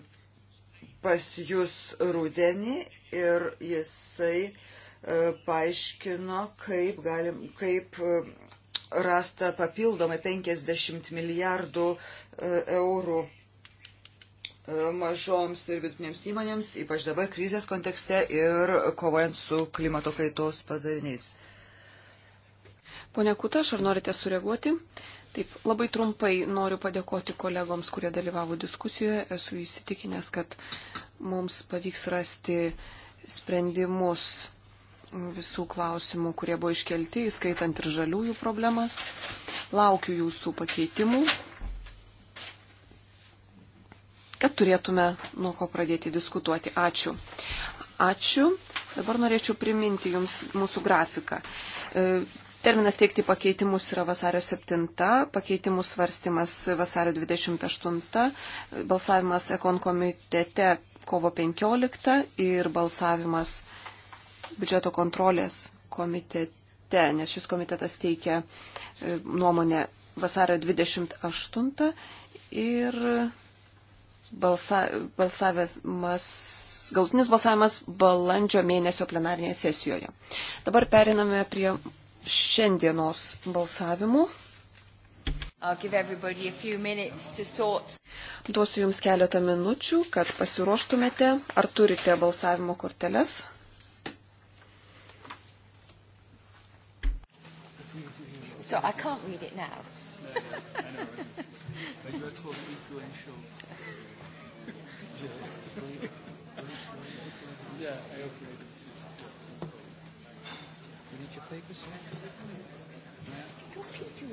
[SPEAKER 2] pas jūs rudenį ir jisai paaiškino, kaip, galim, kaip rasta papildomai 50 milijardų eurų mažoms ir vidutinėms įmonėms, ypač dabar krizės kontekste ir kovojant su klimato kaitos padariniais.
[SPEAKER 3] Pone Kutaš, ar norite sureaguoti? Taip, labai trumpai noriu padėkoti kolegoms, kurie dalyvavo diskusijoje. Esu įsitikinęs, kad mums pavyks rasti sprendimus visų klausimų, kurie buvo iškelti, įskaitant ir žaliųjų problemas. Laukiu jūsų pakeitimų, kad turėtume nuo ko pradėti diskutuoti. Ačiū. Ačiū. Dabar norėčiau priminti Jums mūsų grafiką. E, Terminas teikti pakeitimus yra vasario 7, pakeitimų svarstymas vasario 28, balsavimas ekon komitete kovo 15 ir balsavimas biudžeto kontrolės komitete, nes šis komitetas teikia e, nuomonę vasario 28 ir balsa, balsavimas, galutinis balsavimas balandžio mėnesio plenarinėje sesijoje. Dabar periname prie šiandienos balsavimu. Duosiu Jums keletą minučių, kad pasiruoštumėte, ar turite balsavimo korteles.
[SPEAKER 5] So I can't read it now. no, I know. But you are totally influential.
[SPEAKER 4] yeah, I okay. You need to take this one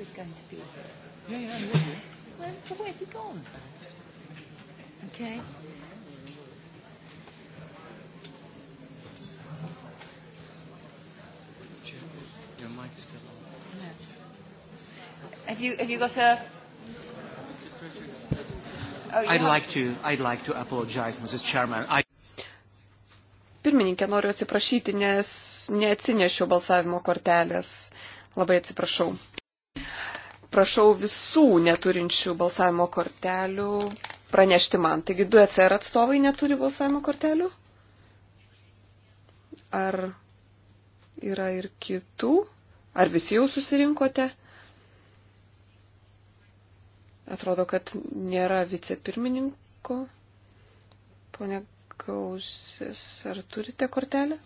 [SPEAKER 5] was going to be here. Yeah, yeah, he was here. Well, so where's he gone? Okay. Your mic is still on. No. Have you have you got a?
[SPEAKER 3] Oh, I'd like
[SPEAKER 4] to I'd like to apologize,
[SPEAKER 5] Mrs. Chairman. I
[SPEAKER 3] pirmininkė, noriu atsiprašyti, nes neatsinešiau balsavimo kortelės. Labai atsiprašau. Prašau visų neturinčių balsavimo kortelių pranešti man. Taigi du ECR atstovai neturi balsavimo kortelių? Ar yra ir kitų? Ar visi jau susirinkote? Atrodo, kad nėra vicepirmininko. Pone Gausės, ar turite kortelę?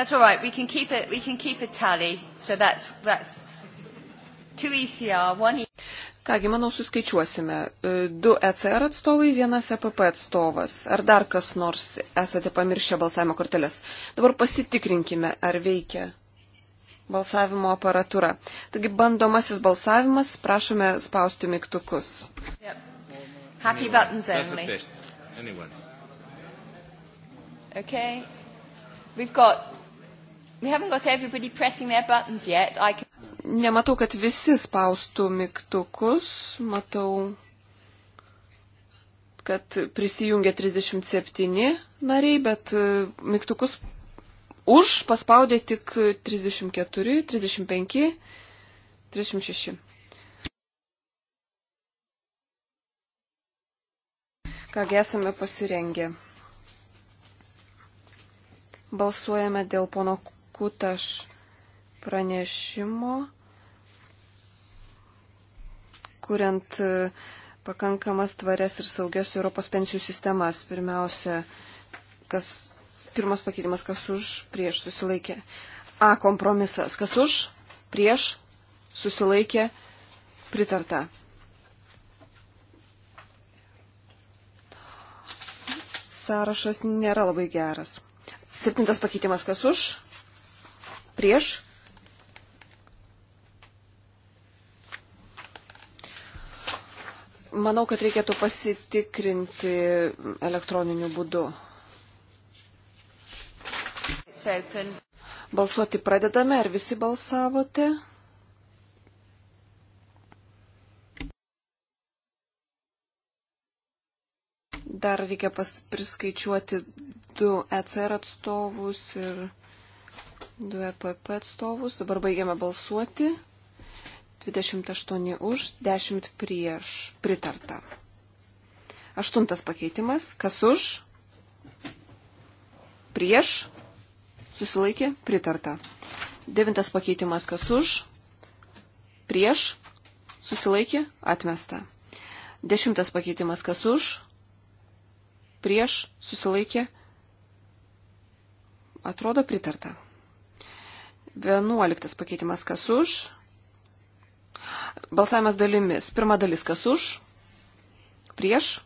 [SPEAKER 5] That's all right. We can keep it. We can keep a tally. So that's that's two ECR, one. E
[SPEAKER 3] Kągi, manau, suskaičiuosime. E, du ECR atstovai, vienas EPP atstovas. Ar dar kas nors esate pamiršę balsavimo korteles? Dabar pasitikrinkime, ar veikia balsavimo aparatūra. Taigi bandomasis balsavimas, prašome spausti mygtukus.
[SPEAKER 5] Yep. Happy buttons only. Okay. We've got Can...
[SPEAKER 3] Nematau, kad visi spaustų mygtukus. Matau, kad prisijungia 37 nariai, bet e, mygtukus už paspaudė tik 34, 35, 36. Kągi esame pasirengę. Balsuojame dėl pono Kutaš pranešimo, kuriant pakankamas tvarias ir saugias Europos pensijų sistemas. Pirmiausia, kas, pirmas pakeitimas, kas už, prieš susilaikė. A kompromisas, kas už, prieš susilaikė, pritarta. Sąrašas nėra labai geras. Septintas pakeitimas, kas už, prieš. Manau, kad reikėtų pasitikrinti elektroniniu būdu. Balsuoti pradedame, ar visi balsavote? Dar reikia priskaičiuoti du ECR atstovus ir du EPP atstovus. Dabar baigiame balsuoti. 28 už, 10 prieš. Pritarta. Aštuntas pakeitimas. Kas už? Prieš. Susilaikė. Pritarta. Devintas pakeitimas. Kas už? Prieš. Susilaikė. Atmesta. Dešimtas pakeitimas. Kas už? Prieš. Susilaikė. Atrodo pritarta. Vienuoliktas pakeitimas kas už. Balsavimas dalimis. Pirma dalis kas už. Prieš.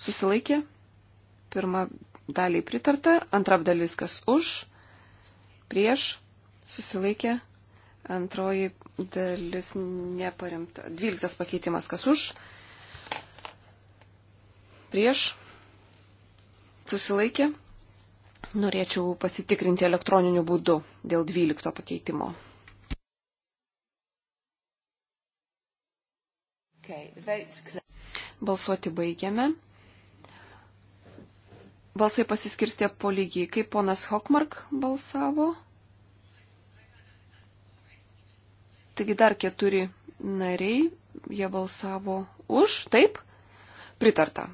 [SPEAKER 3] Susilaikė. Pirma daliai pritarta. Antra dalis kas už. Prieš. Susilaikė. Antroji dalis neparemta. Dvyliktas pakeitimas kas už. Prieš. Susilaikė. Norėčiau pasitikrinti elektroniniu būdu dėl 12 pakeitimo. Balsuoti baigiame. Balsai pasiskirstė po lygiai, kaip ponas Hokmark balsavo. Taigi dar keturi nariai, jie balsavo už, taip, pritarta.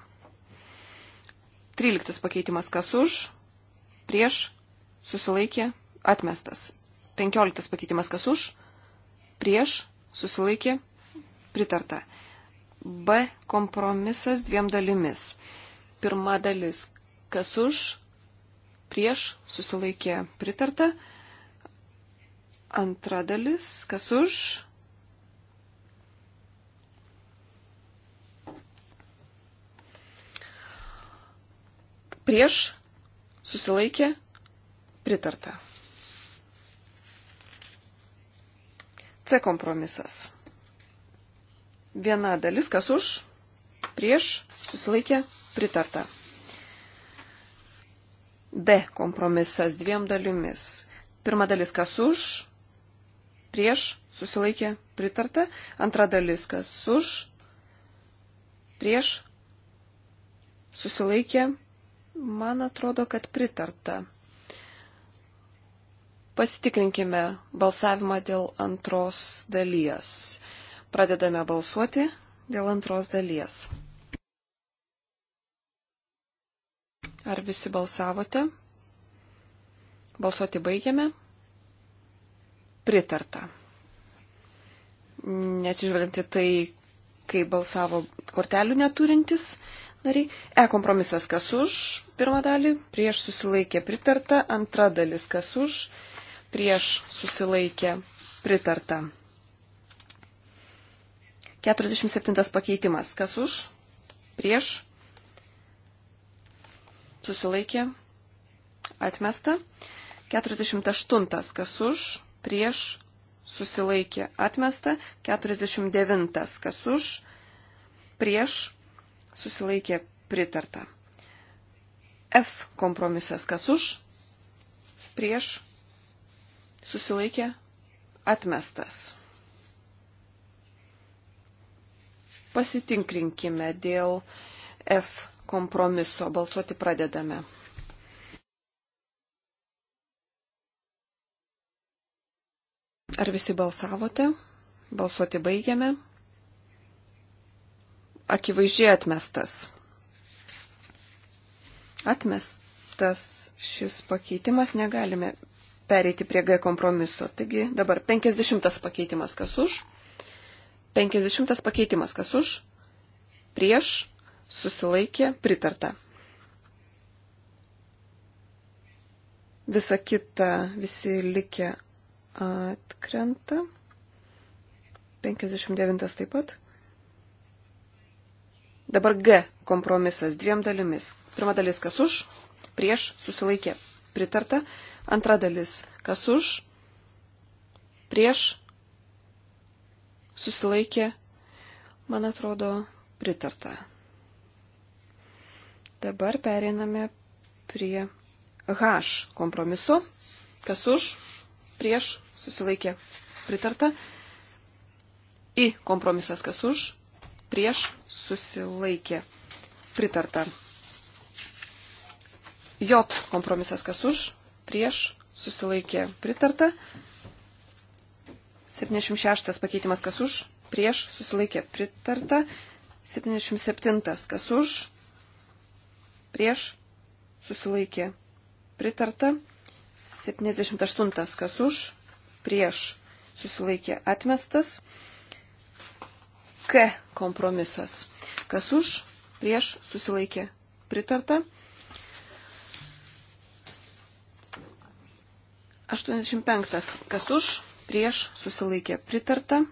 [SPEAKER 3] Tryliktas pakeitimas, kas už, prieš, susilaikė, atmestas. 15 pakeitimas kas už, prieš, susilaikė, pritarta. B kompromisas dviem dalimis. Pirma dalis kas už, prieš, susilaikė, pritarta. Antra dalis kas už, prieš susilaikė, pritarta. C kompromisas. Viena dalis, kas už, prieš, susilaikė, pritarta. D kompromisas dviem dalimis. Pirma dalis, kas už, prieš, susilaikė, pritarta. Antra dalis, kas už, prieš, susilaikė, pritarta Man atrodo, kad pritarta. Pasitikrinkime balsavimą dėl antros dalies. Pradedame balsuoti dėl antros dalies. Ar visi balsavote? Balsuoti baigiame. Pritarta. Nesižvelgiant į tai, kai balsavo kortelių neturintis, nariai. E kompromisas kas už, pirmą dalį, prieš susilaikė pritarta, antra dalis kas už, prieš susilaikė pritarta. 47 pakeitimas kas už, prieš susilaikė atmesta. 48 kas už, prieš susilaikė atmesta. 49 kas už, prieš susilaikė pritarta. F kompromisas kas už, prieš, susilaikė atmestas. Pasitinkrinkime dėl F kompromiso. Balsuoti pradedame. Ar visi balsavote? Balsuoti baigiame akivaizdžiai atmestas. Atmestas šis pakeitimas negalime pereiti prie G kompromiso. Taigi dabar 50 pakeitimas kas už, 50 pakeitimas kas už, prieš, susilaikė, pritarta. Visa kita, visi likę atkrenta. 59 taip pat. Dabar G kompromisas dviem dalimis. Pirma dalis kas už, prieš susilaikė pritarta. Antra dalis kas už, prieš susilaikė, man atrodo, pritarta. Dabar pereiname prie H kompromiso. Kas už, prieš susilaikė pritarta. I kompromisas kas už, prieš susilaikė pritarta. J kompromisas kas už, prieš susilaikė pritarta. 76 pakeitimas kas už, prieš susilaikė pritarta. 77 kas už, prieš susilaikė pritarta. 78 kas už, prieš susilaikė atmestas. K kompromisas. Kas už, prieš, susilaikė, pritarta. 85. Kas už, prieš, susilaikė, pritarta.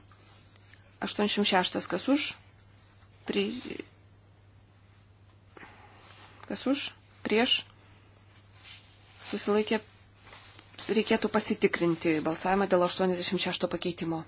[SPEAKER 3] 86. Kas už, pri... kas už, prieš, susilaikė, reikėtų pasitikrinti balsavimą dėl 86 pakeitimo.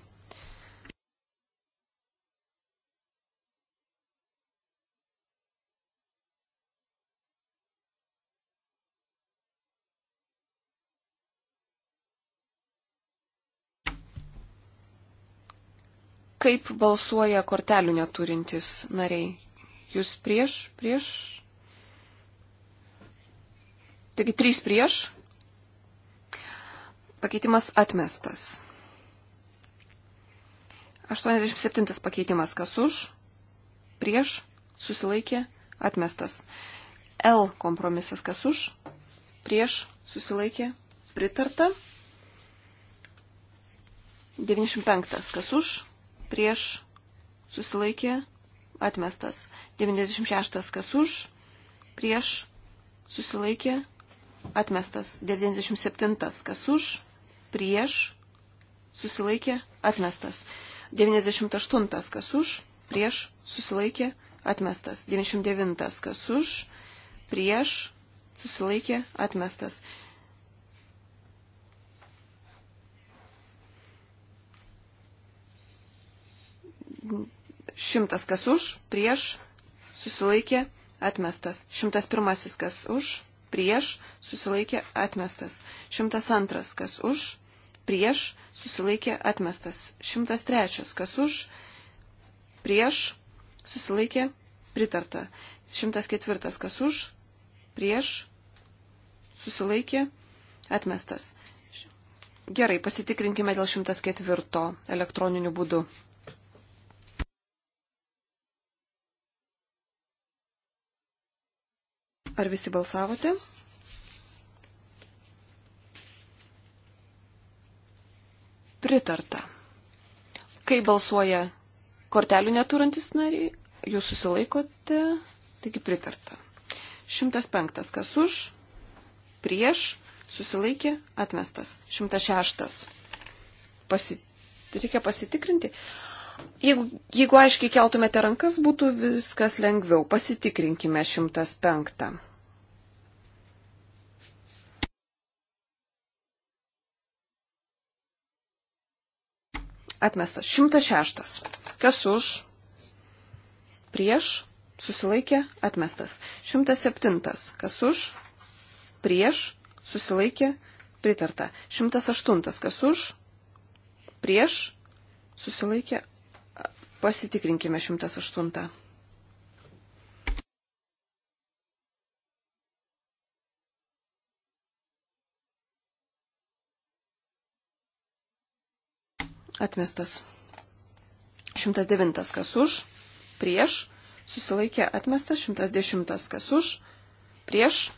[SPEAKER 3] Kaip balsuoja kortelių neturintys nariai? Jūs prieš, prieš? Taigi trys prieš. Pakeitimas atmestas. 87 pakeitimas kas už, prieš, susilaikė, atmestas. L kompromisas kas už, prieš, susilaikė, pritarta. 95 kas už, prieš susilaikė atmestas. 96 kas už, prieš susilaikė atmestas. 97 kas už, prieš susilaikė atmestas. 98 kas už, prieš susilaikė atmestas. 99 kas už, prieš susilaikė atmestas. 100 kas už, prieš, susilaikė, atmestas. 101 kas už, prieš, susilaikė, atmestas. 102 kas už, prieš, susilaikė, atmestas. 103 kas už, prieš, susilaikė, pritarta. 104 kas už, prieš, susilaikė, atmestas. Gerai, pasitikrinkime dėl 104 elektroniniu būdu. Ar visi balsavote? Pritarta. Kai balsuoja kortelių neturantis nariai, jūs susilaikote, taigi pritarta. 105. Kas už? Prieš? Susilaikė? Atmestas. 106. Pasi... Reikia pasitikrinti. Jeigu, jeigu aiškiai keltumėte rankas, būtų viskas lengviau. Pasitikrinkime 105. Atmestas. 106. Kas už? Prieš. Susilaikė. Atmestas. 107. Kas už? Prieš. Susilaikė. Pritarta. 108. Kas už? Prieš. Susilaikė. Pasitikrinkime 108. atmestas. 109 kas už, prieš, susilaikė atmestas. 110 kas už, prieš,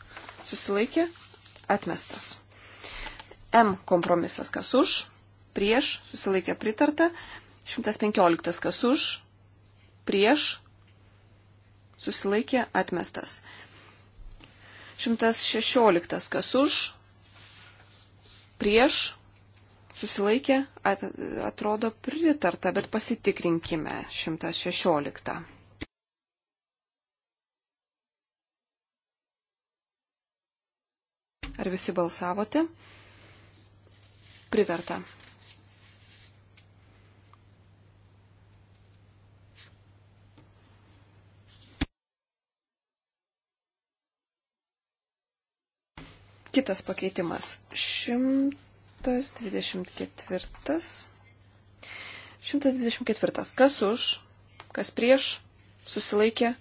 [SPEAKER 3] susilaikė atmestas. M kompromisas kas už, prieš, susilaikė pritarta. 115 kas už, prieš, susilaikė atmestas. 116 kas už, prieš, susilaikė, at, atrodo pritarta, bet pasitikrinkime 116. Ar visi balsavote? Pritarta. Kitas pakeitimas. 100. 124. 124. Kas už, kas prieš, susilaikė,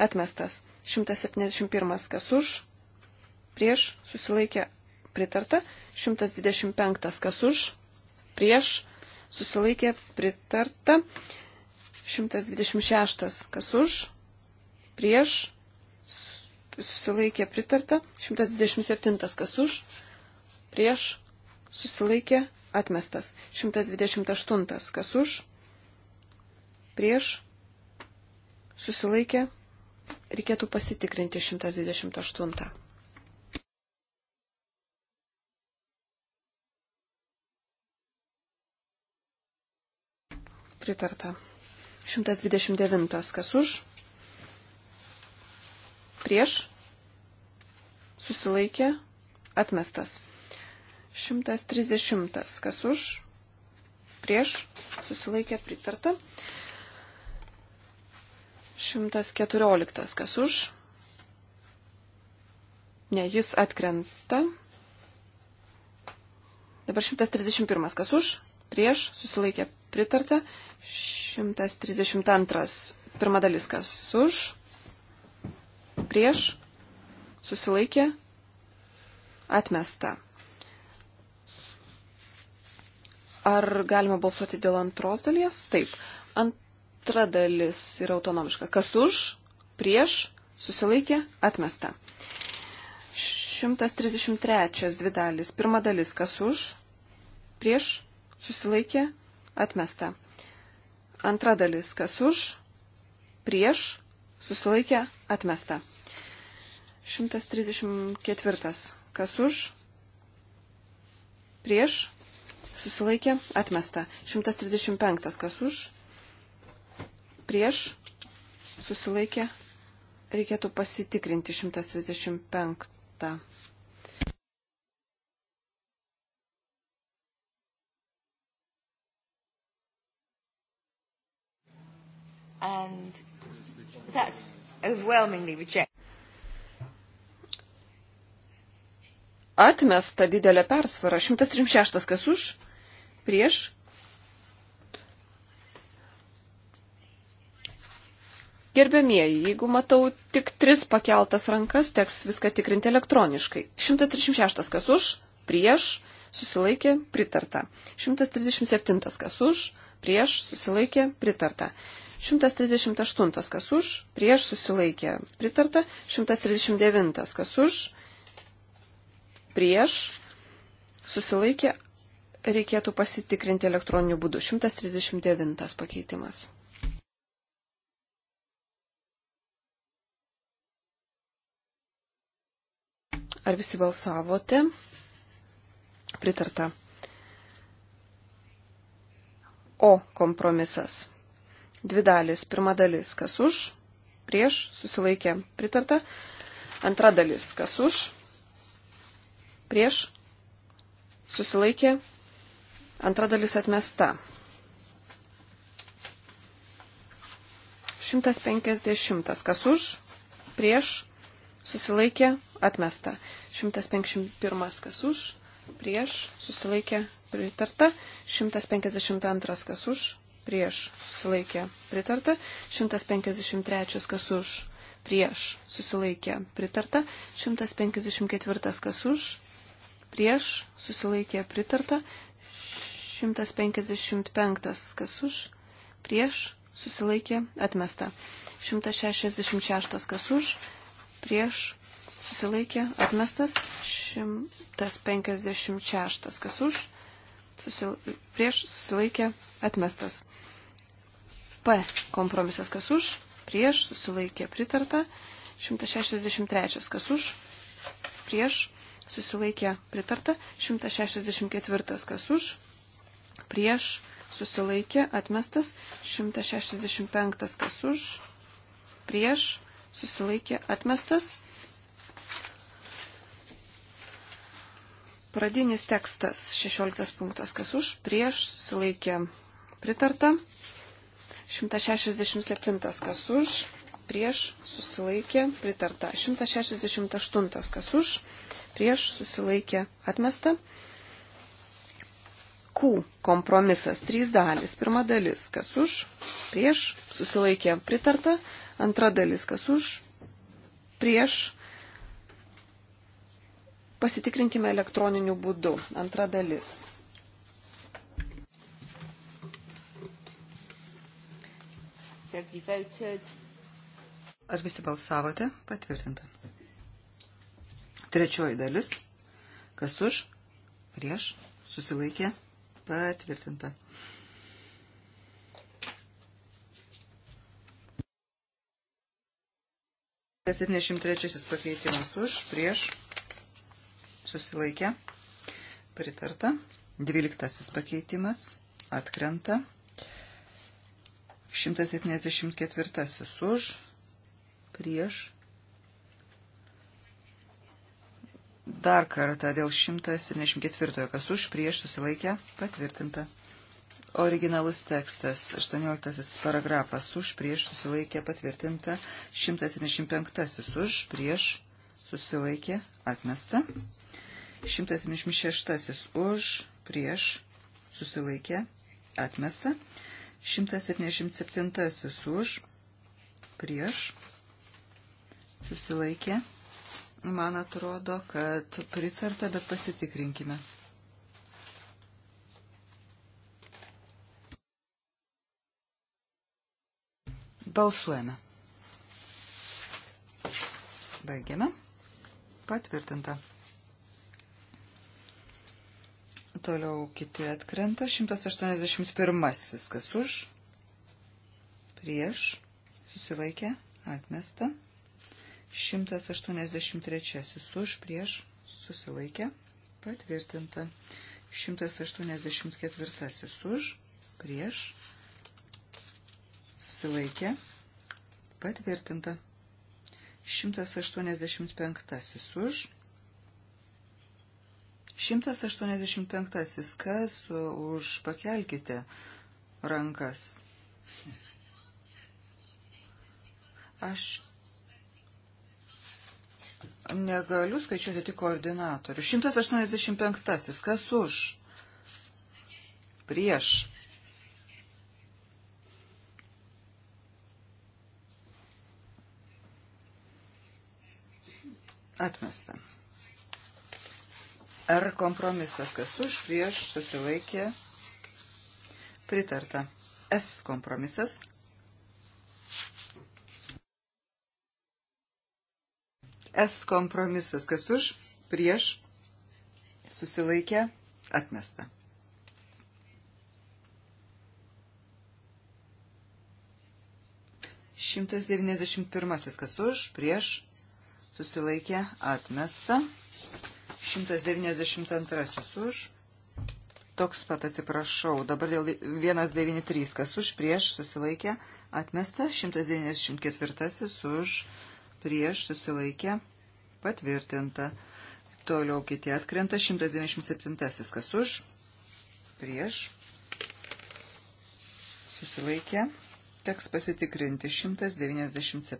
[SPEAKER 3] atmestas. 171. Kas už, prieš, susilaikė, pritarta. 125. Kas už, prieš, susilaikė, pritarta. 126. Kas už, prieš, susilaikė, pritarta. 127. Kas už, prieš, susilaikė, atmestas. 128. Kas už, prieš, susilaikė, reikėtų pasitikrinti 128. Pritarta. 129. Kas už? Prieš? Susilaikė? Atmestas. 130. Kas už? Prieš? Susilaikė pritarta. 114. Kas už? Ne, jis atkrenta. Dabar 131. Kas už? Prieš? Susilaikė pritarta. 132. Pirma dalis. Kas už? Prieš? Susilaikė atmesta. Ar galima balsuoti dėl antros dalies? Taip. Antra dalis yra autonomiška. Kas už, prieš, susilaikė, atmesta. 133 dvi dalis. Pirma dalis, kas už, prieš, susilaikė, atmesta. Antra dalis, kas už, prieš, susilaikė, atmesta. 134. Kas už, prieš, susilaikė, atmesta. 135, kas už, prieš, susilaikė, reikėtų pasitikrinti 135.
[SPEAKER 5] And that's overwhelmingly rejected.
[SPEAKER 3] atmesta didelė persvara. 136 kas už, prieš. Gerbėmieji, jeigu matau tik tris pakeltas rankas, teks viską tikrinti elektroniškai. 136 kas už, prieš, susilaikė, pritarta. 137 kas už, prieš, susilaikė, pritarta. 138 kas už, prieš, susilaikė, pritarta. 139 kas už, prieš, susilaikė, reikėtų pasitikrinti elektroniniu būdu. 139 pakeitimas. Ar visi balsavote? Pritarta. O kompromisas. Dvi dalis. Pirma dalis, kas už, prieš, susilaikė, pritarta. Antra dalis, kas už, prieš, susilaikė, pritarta Antra dalis atmesta. 150. Kas už, prieš, susilaikė, atmesta. 151. Kas už, prieš, susilaikė, pritarta. 152. Kas už, prieš, susilaikė, pritarta. 153. Kas už, prieš, susilaikė, pritarta. 154. Kas už, prieš, susilaikė, pritarta. 155. Kas už? Prieš? Susilaikė? Atmesta. 166. Kas už? Prieš? Susilaikė? Atmestas. 156. Kas už? Susil... Prieš? Susilaikė? Atmestas. P. Kompromisas. Kas už? Prieš? Susilaikė? Pritarta. 163. Kas už? Prieš? Susilaikė? Pritarta. 164. Kas už? prieš susilaikė atmestas 165 kas už, prieš susilaikė atmestas. Pradinis tekstas 16 punktas kas už, prieš susilaikė pritarta. 167 kas už, prieš susilaikė pritarta. 168 kas už, prieš susilaikė atmesta. Q kompromisas, trys dalis. Pirma dalis, kas už, prieš, susilaikė pritarta. Antra dalis, kas už, prieš. Pasitikrinkime elektroniniu būdu. Antra dalis.
[SPEAKER 2] Ar visi balsavote? Patvirtinta. Trečioji dalis. Kas už? Prieš? Susilaikė? Patvirtinta. Kas 73 pakeitimas už, prieš, susilaikė, pritarta. 12 pakeitimas atkrenta. 174 už, prieš, Dar kartą dėl 174, kas už, prieš susilaikė, patvirtinta. Originalus tekstas, 18 paragrafas, už, prieš susilaikė, patvirtinta. 175, už, prieš susilaikė, atmesta. 176, už, prieš susilaikė, atmesta. 177, už, prieš susilaikė, atmesta Man atrodo, kad pritarta, bet pasitikrinkime. Balsuojame. Baigiame. Patvirtinta. Toliau kiti atkrenta. 181. Kas už? Prieš. Susilaikė. Atmesta. 183 už prieš susilaikė patvirtinta. 184 už prieš susilaikė patvirtinta. 185 už 185. Kas už pakelkite rankas? Aš negaliu skaičiuoti tik koordinatorių. 185. Kas už? Prieš. Atmesta. Ar kompromisas, kas už, prieš, susilaikė, pritarta. S kompromisas, S kompromisas, kas už, prieš, susilaikę, atmesta. Šimtas devyniasdešimt pirmasis, kas už, prieš, susilaikė, atmesta. Šimtas devyniasdešimt antrasis už, toks pat atsiprašau, dabar dėl vienas devyni trys, kas už, prieš, susilaikė, atmesta. Šimtas devyniasdešimt ketvirtasis už, prieš prieš susilaikė patvirtinta. Toliau kiti atkrenta 197. Kas už? Prieš susilaikė. Teks pasitikrinti 197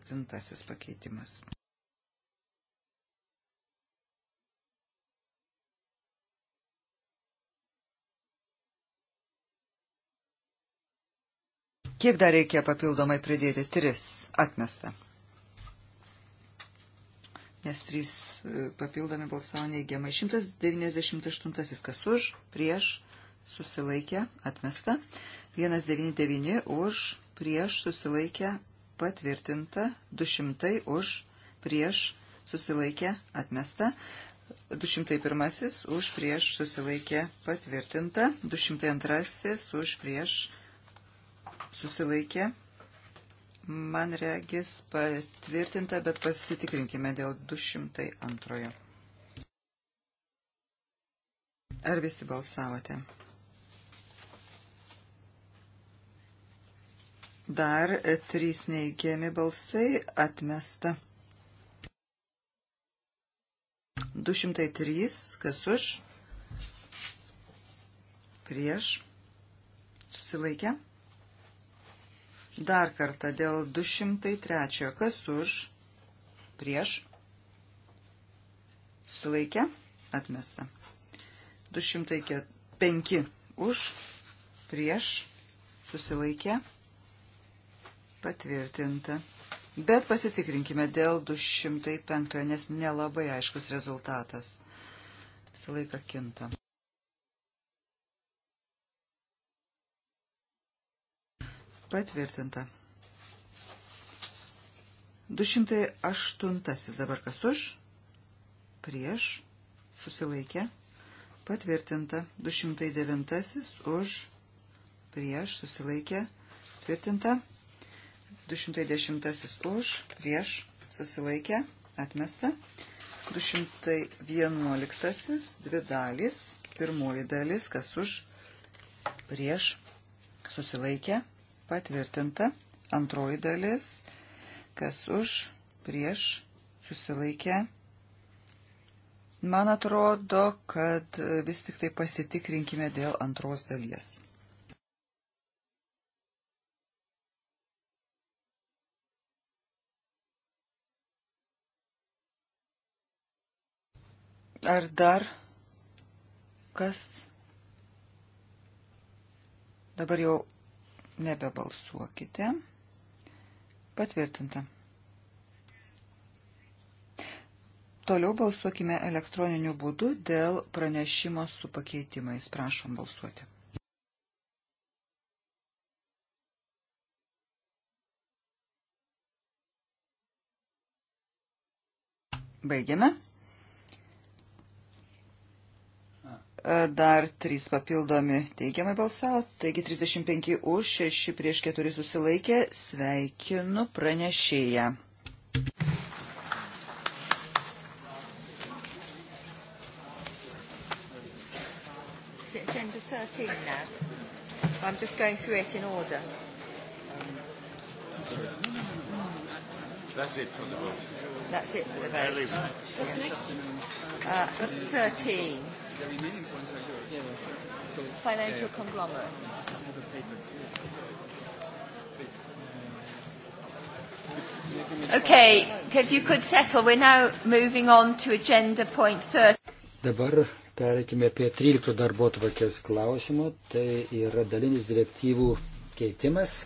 [SPEAKER 2] pakeitimas. Kiek dar reikia papildomai pridėti? Tris. Atmesta nes trys e, papildomi balsavo neigiamai. 198 kas už, prieš, susilaikė, atmesta. 199 už, prieš, susilaikė, patvirtinta. 200 už, prieš, susilaikė, atmesta. 201 už, prieš, susilaikė, patvirtinta. 202 už, prieš, susilaikė, atmesta Man regis patvirtinta, bet pasitikrinkime dėl 202. Ar visi balsavote? Dar trys neįgėmi balsai atmesta. 203, kas už, prieš, susilaikę. Dar kartą dėl 203. Kas už? Prieš? Susilaikė? Atmesta. 205 už? Prieš? Susilaikė? Patvirtinta. Bet pasitikrinkime dėl 205, nes nelabai aiškus rezultatas. Visą laiką kinta. Patvirtinta. 208 dabar kas už, prieš, susilaikė, patvirtinta. 209 už, prieš, susilaikė, tvirtinta. 210 už, prieš, susilaikė, atmesta. 211, dvi dalys, pirmoji dalis, kas už, prieš, susilaikė, patvirtinta. Antroji dalis, kas už, prieš, susilaikė. Man atrodo, kad vis tik tai pasitikrinkime dėl antros dalies. Ar dar kas? Dabar jau Nebebalsuokite. Patvirtinta. Toliau balsuokime elektroniniu būdu dėl pranešimo su pakeitimais. Prašom balsuoti. Baigiame. dar 3 papildomi teigiamai balsavo, taigi 35 už, 6 prieš 4 susilaikė, sveikinu pranešėją.
[SPEAKER 5] agenda 13 now. I'm just going through it in order.
[SPEAKER 1] That's it for the vote. That's it for the vote. What's next?
[SPEAKER 5] Uh, 13. The remaining points are yours. Yeah, yeah. So, Financial yeah, yeah. conglomerates. I have a paper. Okay, if you could settle, we're now moving on to agenda point 30.
[SPEAKER 4] Dabar pereikime prie 13 darbo tvarkės klausimo. Tai yra dalinis direktyvų keitimas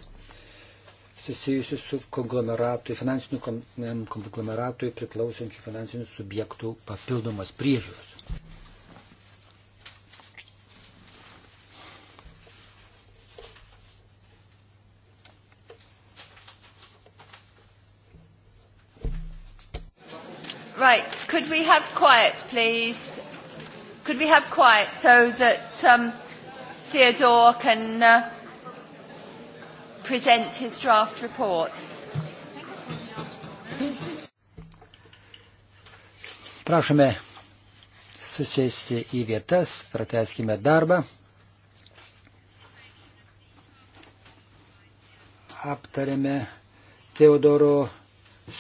[SPEAKER 4] susijusius su konglomeratui, finansinių konglomeratui priklausančių finansinių subjektų papildomas priežiūros.
[SPEAKER 5] Right, could we have quiet, please? Could we have quiet so that um, Theodore can uh, present his draft report?
[SPEAKER 4] Prašome susėsti į vietas, prateskime darbą. Aptarėme Teodoro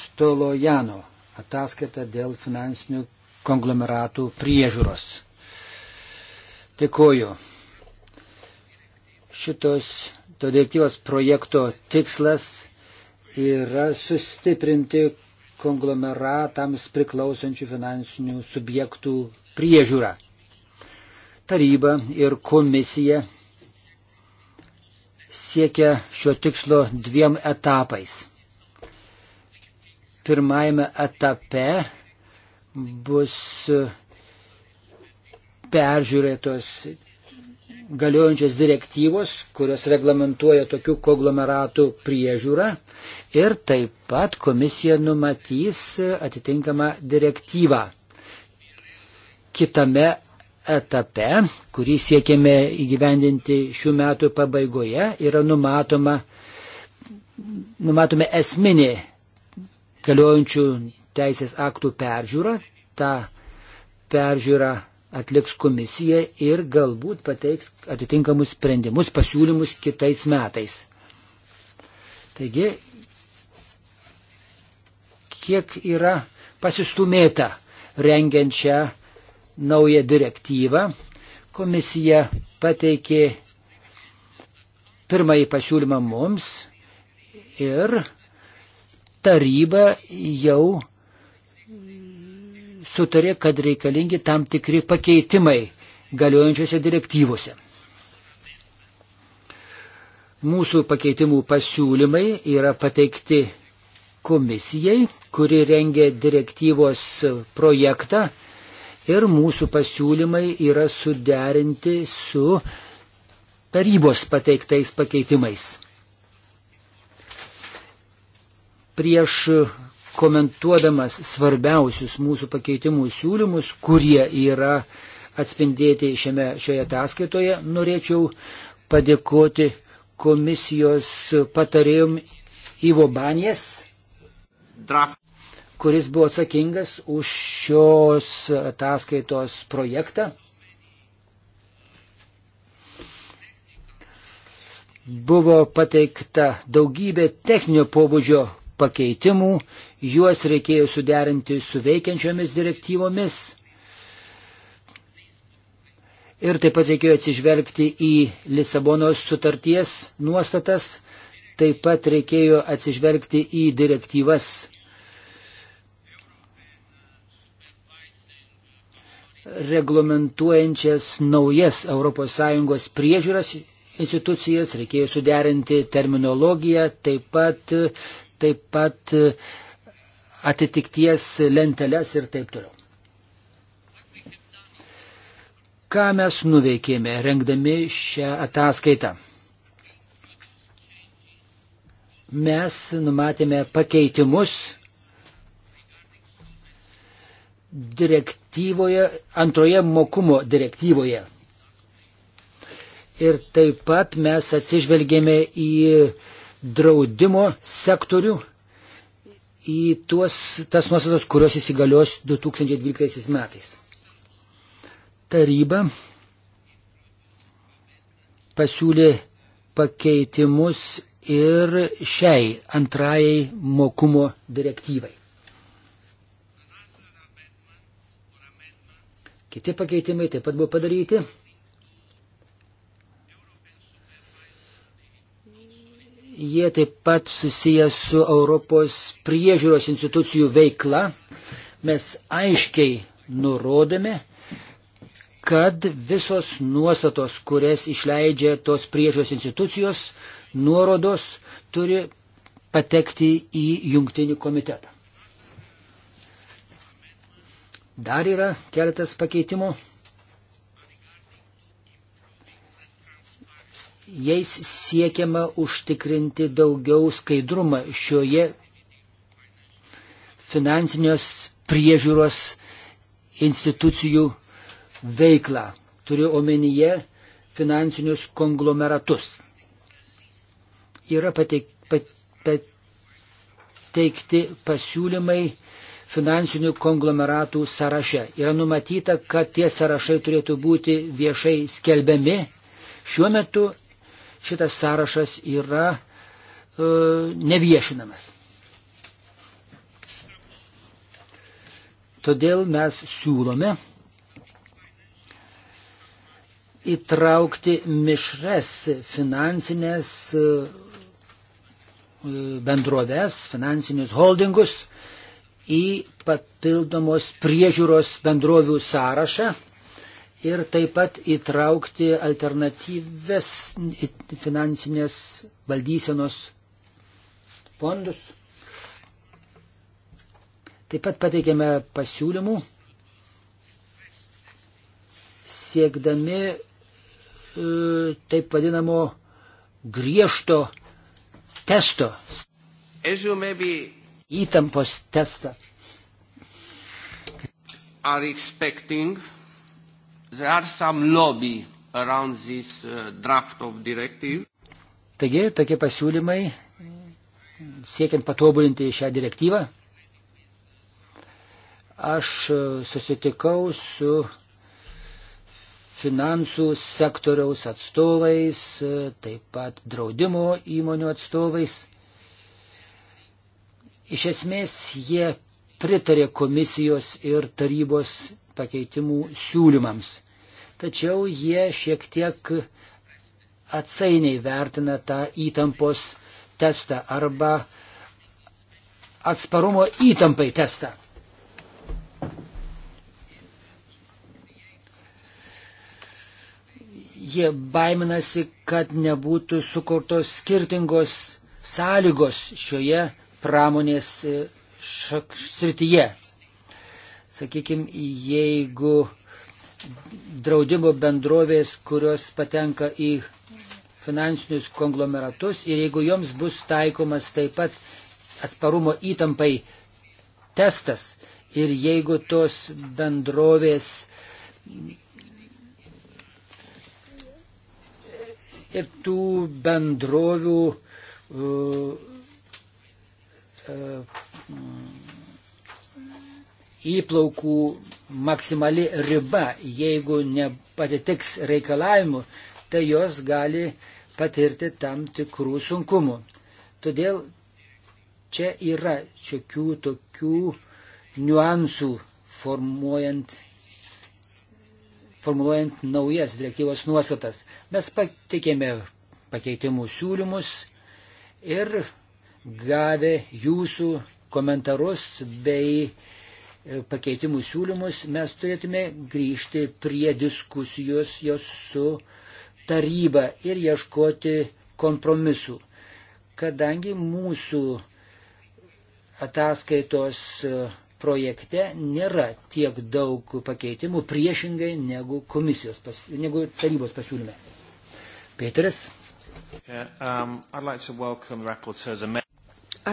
[SPEAKER 4] Stolojano ataskaitą dėl finansinių konglomeratų priežiūros. Tikoju. Šitos to direktyvos projekto tikslas yra sustiprinti konglomeratams priklausančių finansinių subjektų priežiūrą. Taryba ir komisija siekia šio tikslo dviem etapais pirmajame etape bus peržiūrėtos galiojančios direktyvos, kurios reglamentuoja tokių konglomeratų priežiūrą ir taip pat komisija numatys atitinkamą direktyvą. Kitame etape, kurį siekėme įgyvendinti šių metų pabaigoje, yra numatoma, numatome esminė galiojančių teisės aktų peržiūrą. Ta peržiūra atliks komisija ir galbūt pateiks atitinkamus sprendimus, pasiūlymus kitais metais. Taigi, kiek yra pasistumėta rengiant šią naują direktyvą, komisija pateikė pirmąjį pasiūlymą mums ir taryba jau sutarė, kad reikalingi tam tikri pakeitimai galiojančiose direktyvose. Mūsų pakeitimų pasiūlymai yra pateikti komisijai, kuri rengė direktyvos projektą ir mūsų pasiūlymai yra suderinti su tarybos pateiktais pakeitimais. prieš komentuodamas svarbiausius mūsų pakeitimų siūlymus, kurie yra atspindėti šiame, šioje ataskaitoje, norėčiau padėkoti komisijos patarėjom Ivo Banės, kuris buvo atsakingas už šios ataskaitos projektą. Buvo pateikta daugybė techninio pobūdžio pakeitimų, juos reikėjo suderinti su veikiančiomis direktyvomis. Ir taip pat reikėjo atsižvelgti į Lisabonos sutarties nuostatas, taip pat reikėjo atsižvelgti į direktyvas. reglamentuojančias naujas ES priežiūros institucijas, reikėjo suderinti terminologiją, taip pat taip pat e, atitikties lenteles ir taip toliau. Ką mes nuveikėme, rengdami šią ataskaitą? Mes numatėme pakeitimus direktyvoje, antroje mokumo direktyvoje. Ir taip pat mes atsižvelgėme į uh, draudimo sektorių į tuos, tas nuostatas, kurios įsigalios 2012 metais. Taryba pasiūlė pakeitimus ir šiai antrajai mokumo direktyvai. Kiti pakeitimai taip pat buvo padaryti. Jie taip pat susiję su Europos priežiūros institucijų veikla. Mes aiškiai nurodėme, kad visos nuostatos, kurias išleidžia tos priežiūros institucijos, nuorodos turi patekti į jungtinį komitetą. Dar yra keletas pakeitimų. Jais siekiama užtikrinti daugiau skaidrumą šioje finansinios priežiūros institucijų veiklą. Turiu omenyje finansinius konglomeratus. Yra pateik, pat, pateikti pasiūlymai finansinių konglomeratų sąraše. Yra numatyta, kad tie sąrašai turėtų būti viešai skelbiami. Šiuo metu šitas sąrašas yra e, neviešinamas. Todėl mes siūlome įtraukti mišres finansinės e, bendrovės, finansinius holdingus į papildomos priežiūros bendrovių sąrašą ir taip pat įtraukti alternatyves finansinės valdysenos fondus. Taip pat pateikėme pasiūlymų siekdami e, taip vadinamo griežto testo, įtampos testą. Are expecting there are some lobby around this uh, draft of directive. Taigi, tokie pasiūlymai, siekiant patobulinti šią direktyvą, aš e, susitikau su finansų sektoriaus atstovais, e, taip pat draudimo įmonių atstovais. Iš esmės, jie pritarė komisijos ir tarybos pakeitimų siūlymams. Tačiau jie šiek tiek atsainiai vertina tą įtampos testą arba atsparumo įtampai testą. Jie baiminasi, kad nebūtų sukurtos skirtingos sąlygos šioje pramonės e, šak, srityje. Sakykime, jeigu draudimo bendrovės, kurios patenka į finansinius konglomeratus ir jeigu joms bus taikomas taip pat atsparumo įtampai testas ir jeigu tos bendrovės ir tų bendrovių uh, uh, įplaukų maksimali riba, jeigu nepatitiks reikalavimu, tai jos gali patirti tam tikrų sunkumų. Todėl čia yra šiokių tokių niuansų formuojant, formuluojant naujas direktyvos nuostatas. Mes pateikėme pakeitimų siūlymus ir gavę jūsų komentarus bei E, pakeitimų siūlymus, mes turėtume grįžti prie diskusijos jos su taryba ir ieškoti kompromisų. Kadangi mūsų ataskaitos e, projekte nėra tiek daug pakeitimų priešingai negu, komisijos, pas, negu tarybos pasiūlyme. Peteris. Yeah, um, like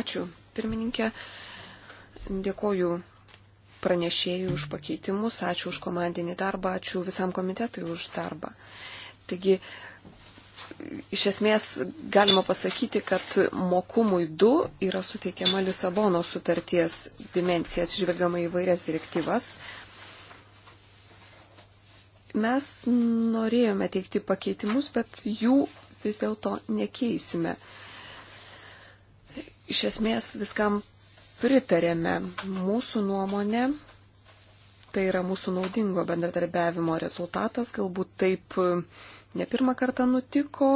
[SPEAKER 3] Ačiū, pirmininkė. Dėkoju pranešėjų už pakeitimus, ačiū už komandinį darbą, ačiū visam komitetui už darbą. Taigi, iš esmės galima pasakyti, kad mokumui 2 yra suteikiama Lisabono sutarties dimencijas, žvelgiama į vairias direktyvas. Mes norėjome teikti pakeitimus, bet jų vis dėlto nekeisime. Iš esmės viskam pritarėme mūsų nuomonė. Tai yra mūsų naudingo bendradarbiavimo rezultatas. Galbūt taip e, ne pirmą kartą nutiko.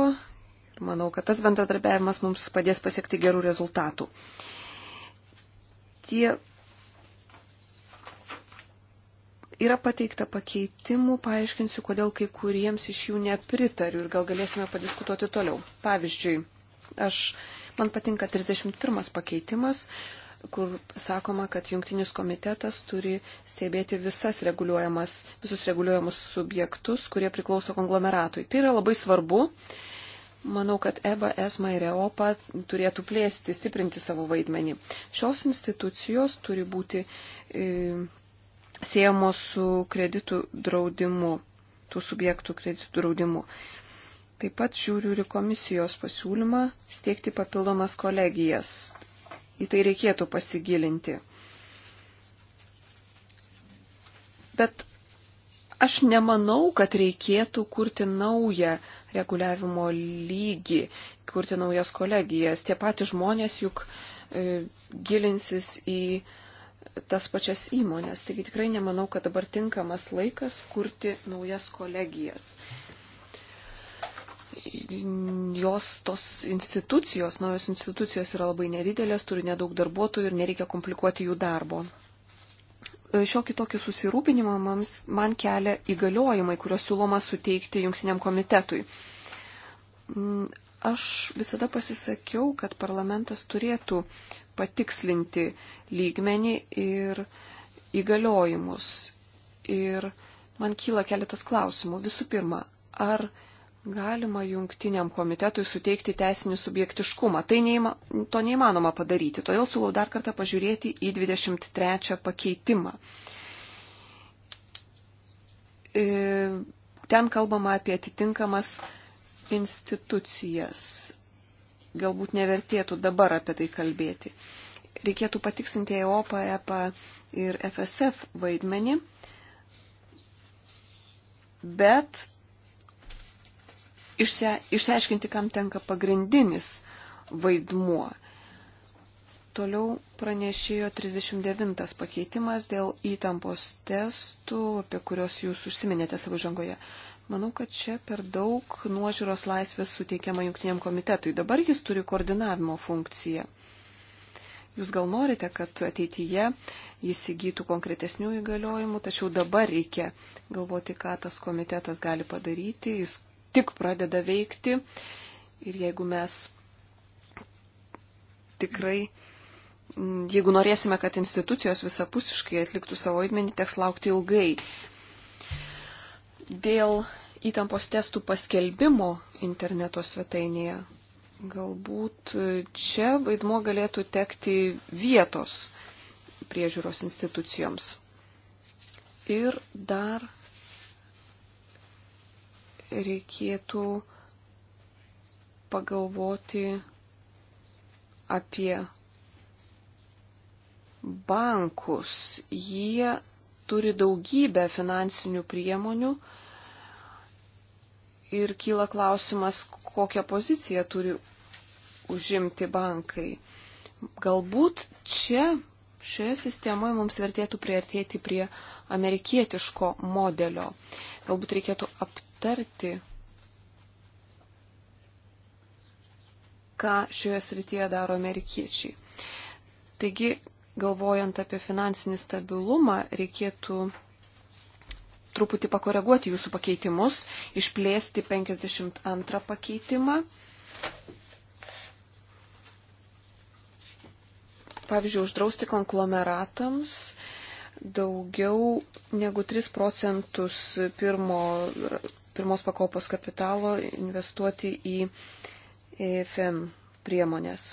[SPEAKER 3] Ir manau, kad tas bendradarbiavimas mums padės pasiekti gerų rezultatų. Tie yra pateikta pakeitimų, paaiškinsiu, kodėl kai kuriems iš jų nepritariu ir gal galėsime padiskutuoti toliau. Pavyzdžiui, aš, man patinka 31 pakeitimas, kur sakoma, kad jungtinis komitetas turi stebėti visas reguliuojamas, visus reguliuojamus subjektus, kurie priklauso konglomeratui. Tai yra labai svarbu. Manau, kad EBA, ESMA ir EOPA turėtų plėsti, stiprinti savo vaidmenį. Šios institucijos turi būti e, siejamos su kreditų draudimu, tų subjektų kreditų draudimu. Taip pat žiūriu ir komisijos pasiūlymą steigti papildomas kolegijas į tai reikėtų pasigilinti. Bet aš nemanau, kad reikėtų kurti naują reguliavimo lygį, kurti naujas kolegijas. Tie patys žmonės juk e, gilinsis į tas pačias įmonės. Taigi tikrai nemanau, kad dabar tinkamas laikas kurti naujas kolegijas jos tos institucijos, naujos institucijos yra labai nedidelės, turi nedaug darbuotojų ir nereikia komplikuoti jų darbo. E, šiokį tokį susirūpinimą man kelia įgaliojimai, kuriuos siūloma suteikti jungtiniam komitetui. Mm, aš visada pasisakiau, kad parlamentas turėtų patikslinti lygmenį ir įgaliojimus. Ir man kyla keletas klausimų. Visų pirma, ar Galima jungtiniam komitetui suteikti teisinį subjektiškumą. Tai neįma, to neįmanoma padaryti. Todėl siūlau dar kartą pažiūrėti į 23 pakeitimą. E, ten kalbama apie atitinkamas institucijas. Galbūt nevertėtų dabar apie tai kalbėti. Reikėtų patiksinti EOPA, EPA ir FSF vaidmenį. Bet išse, išsiaiškinti, kam tenka pagrindinis vaidmuo. Toliau pranešėjo 39 pakeitimas dėl įtampos testų, apie kuriuos jūs užsiminėte savo žangoje. Manau, kad čia per daug nuožiūros laisvės suteikiama jungtiniam komitetui. Dabar jis turi koordinavimo funkciją. Jūs gal norite, kad ateityje jis įgytų konkretesnių įgaliojimų, tačiau dabar reikia galvoti, ką tas komitetas gali padaryti. Jis tik pradeda veikti ir jeigu mes tikrai, jeigu norėsime, kad institucijos visapusiškai atliktų savo įdmenį, teks laukti ilgai. Dėl įtampos testų paskelbimo interneto svetainėje galbūt čia vaidmo galėtų tekti vietos priežiūros institucijoms. Ir dar reikėtų pagalvoti apie bankus. Jie turi daugybę finansinių priemonių ir kyla klausimas, kokią poziciją turi užimti bankai. Galbūt čia, šioje sistemoje mums vertėtų priartėti prie amerikietiško modelio. Galbūt reikėtų aptikti aptarti, ką šioje srityje daro amerikiečiai. Taigi, galvojant apie finansinį stabilumą, reikėtų truputį pakoreguoti jūsų pakeitimus, išplėsti 52 pakeitimą. Pavyzdžiui, uždrausti konglomeratams daugiau negu 3 procentus pirmo pirmos pakopos kapitalo investuoti į EFM priemonės.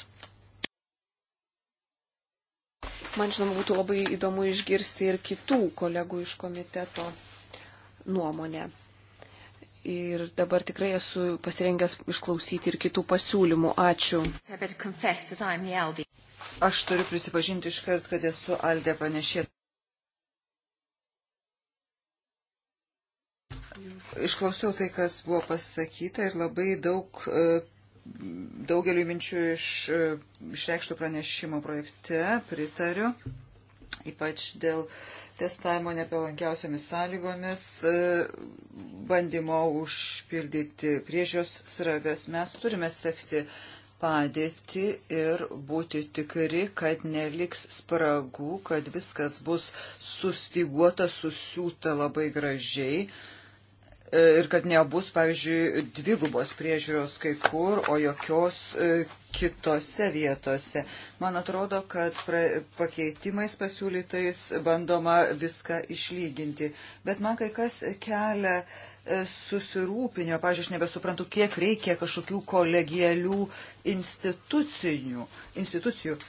[SPEAKER 3] Man žinoma būtų labai įdomu išgirsti ir kitų kolegų iš komiteto nuomonę. Ir dabar tikrai esu pasirengęs išklausyti ir kitų pasiūlymų. Ačiū.
[SPEAKER 2] Aš turiu prisipažinti iškart, kad esu Aldė panešėta. Išklausiau tai, kas buvo pasakyta ir labai daug, e, daugeliu minčių iš e, išreikštų pranešimo projekte pritariu, ypač dėl testavimo nepalankiausiamis sąlygomis, e, bandymo užpildyti priežios sragas. Mes turime sekti padėtį ir būti tikri, kad neliks spragų, kad viskas bus sustyguota, susiūta labai gražiai. E, ir kad nebus, pavyzdžiui, dvigubos priežiūros kai kur, o jokios e, kitose vietose. Man atrodo, kad pra, pakeitimais pasiūlytais bandoma viską išlyginti. Bet man kai kas kelia e, susirūpinio, pažiūrėjau, aš nebesuprantu, kiek reikia kažkokių kolegialių institucijų. institucijų.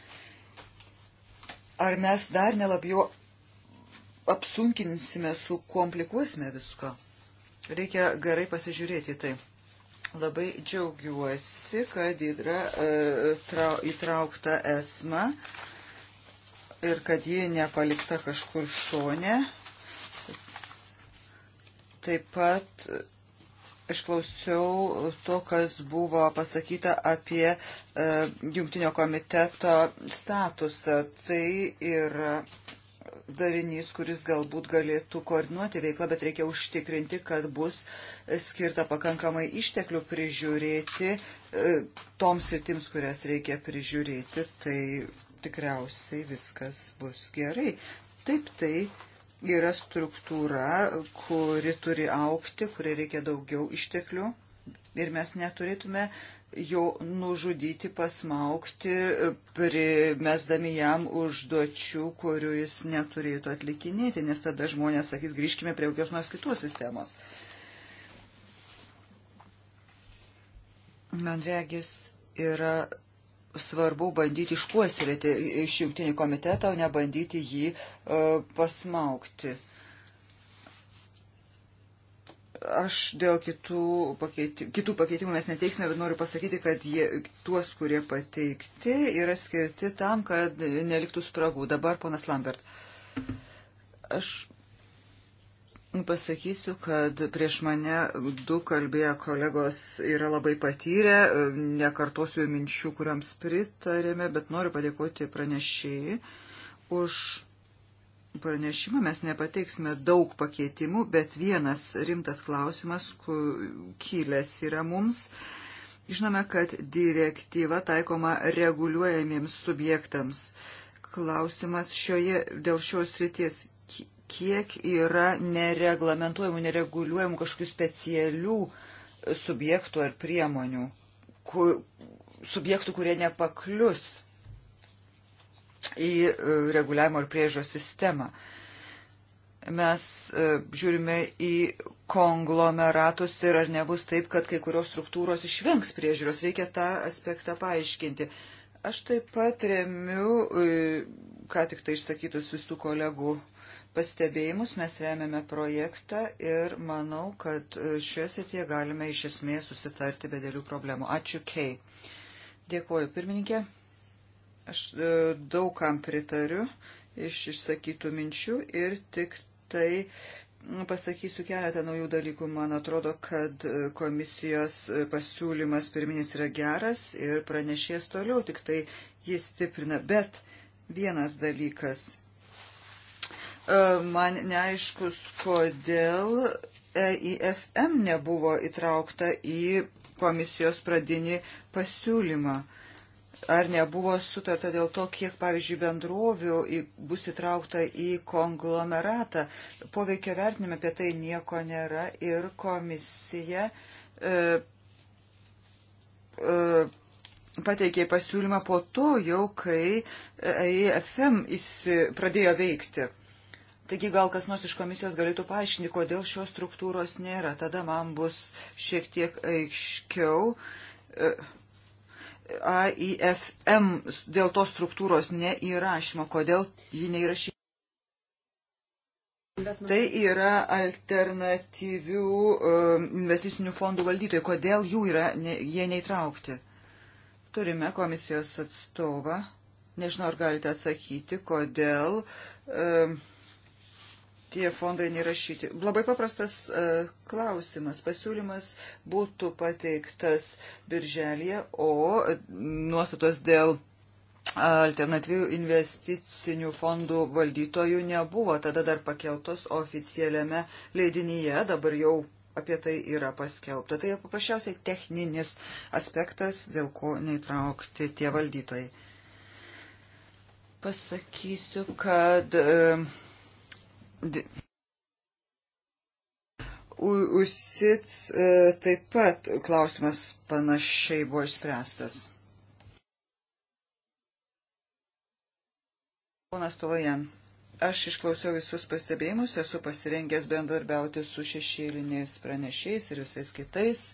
[SPEAKER 2] Ar mes dar nelabiau apsunkinsime, sukomplikuosime viską? Reikia gerai pasižiūrėti tai. Labai džiaugiuosi, kad yra e, įtraukta esma ir kad ji nepalikta kažkur šone. Taip pat išklausiau to, kas buvo pasakyta apie e, jungtinio komiteto statusą. Tai yra darinys, kuris galbūt galėtų koordinuoti veiklą, bet reikia užtikrinti, kad bus skirta pakankamai išteklių prižiūrėti e, toms sritims, kurias reikia prižiūrėti, tai tikriausiai viskas bus gerai. Taip tai yra struktūra, kuri turi aukti, kuri reikia daugiau išteklių ir mes neturėtume jo nužudyti, pasmaukti, primesdami jam užduočių, kurių jis neturėtų atlikinėti, nes tada žmonės sakys, grįžkime prie kokios nors kitos sistemos. Man regis yra svarbu bandyti išpuoselėti iš jungtinį komitetą, o ne bandyti jį uh, e, pasmaukti. Uh, Aš dėl kitų, pakeiti, kitų pakeitimų mes neteiksime, bet noriu pasakyti, kad jie, tuos, kurie pateikti, yra skirti tam, kad neliktų spragų. Dabar, ponas Lambert, aš pasakysiu, kad prieš mane du kalbėję kolegos yra labai patyrę, nekartosiu minčių, kuriams pritarėme, bet noriu padėkoti pranešėjai už pranešimą mes nepateiksime daug pakeitimų, bet vienas rimtas klausimas kylęs yra mums. Žinome, kad direktyva taikoma reguliuojamiems subjektams. Klausimas šioje, dėl šios ryties, kiek yra nereglamentuojamų, nereguliuojamų kažkokių specialių subjektų ar priemonių, ku, subjektų, kurie nepaklius į e, reguliavimo ir priežo sistemą. Mes e, žiūrime į konglomeratus ir ar nebus taip, kad kai kurios struktūros išvengs priežiūros. Reikia tą aspektą paaiškinti. Aš taip pat remiu, e, ką tik tai išsakytus visų kolegų pastebėjimus, mes remiame projektą ir manau, kad šioje srityje galime iš esmės susitarti be dėlių problemų. Ačiū, Kei. Dėkuoju, pirmininkė. Aš e, daug kam pritariu iš išsakytų minčių ir tik tai pasakysiu keletą naujų dalykų. Man atrodo, kad e, komisijos e, pasiūlymas pirminis yra geras ir pranešės toliau, tik tai jis stiprina. Bet vienas dalykas. Man neaiškus, kodėl EIFM nebuvo įtraukta į komisijos pradinį pasiūlymą ar nebuvo sutarta dėl to, kiek, pavyzdžiui, bendrovių bus įtraukta į konglomeratą. Poveikio vertinime apie tai nieko nėra ir komisija e, e, pateikė pasiūlymą po to jau, kai EIFM pradėjo veikti. Taigi gal kas nors iš komisijos galėtų paaiškinti, kodėl šios struktūros nėra. Tada man bus šiek tiek aiškiau. E, AIFM dėl tos struktūros neįrašymo. Kodėl ji neįrašyta? Tai yra alternatyvių e, investicinių fondų valdytojai. Kodėl jų yra, ne, jie neįtraukti? Turime komisijos atstovą. Nežinau, ar galite atsakyti, kodėl. Um, tie fondai nerašyti. Labai paprastas e, klausimas. Pasiūlymas būtų pateiktas birželėje, o e, nuostatos dėl e, alternatyvių investicinių fondų valdytojų nebuvo. Tada dar pakeltos oficialiame leidinyje, dabar jau apie tai yra paskelbta. Tai paprasčiausiai techninis aspektas, dėl ko neįtraukti tie valdytojai. Pasakysiu, kad e, Usits e, taip pat klausimas panašiai buvo išspręstas. Ponas Tolojan, aš išklausiau visus pastebėjimus, esu pasirengęs bendarbiauti su šešėliniais pranešiais ir visais kitais.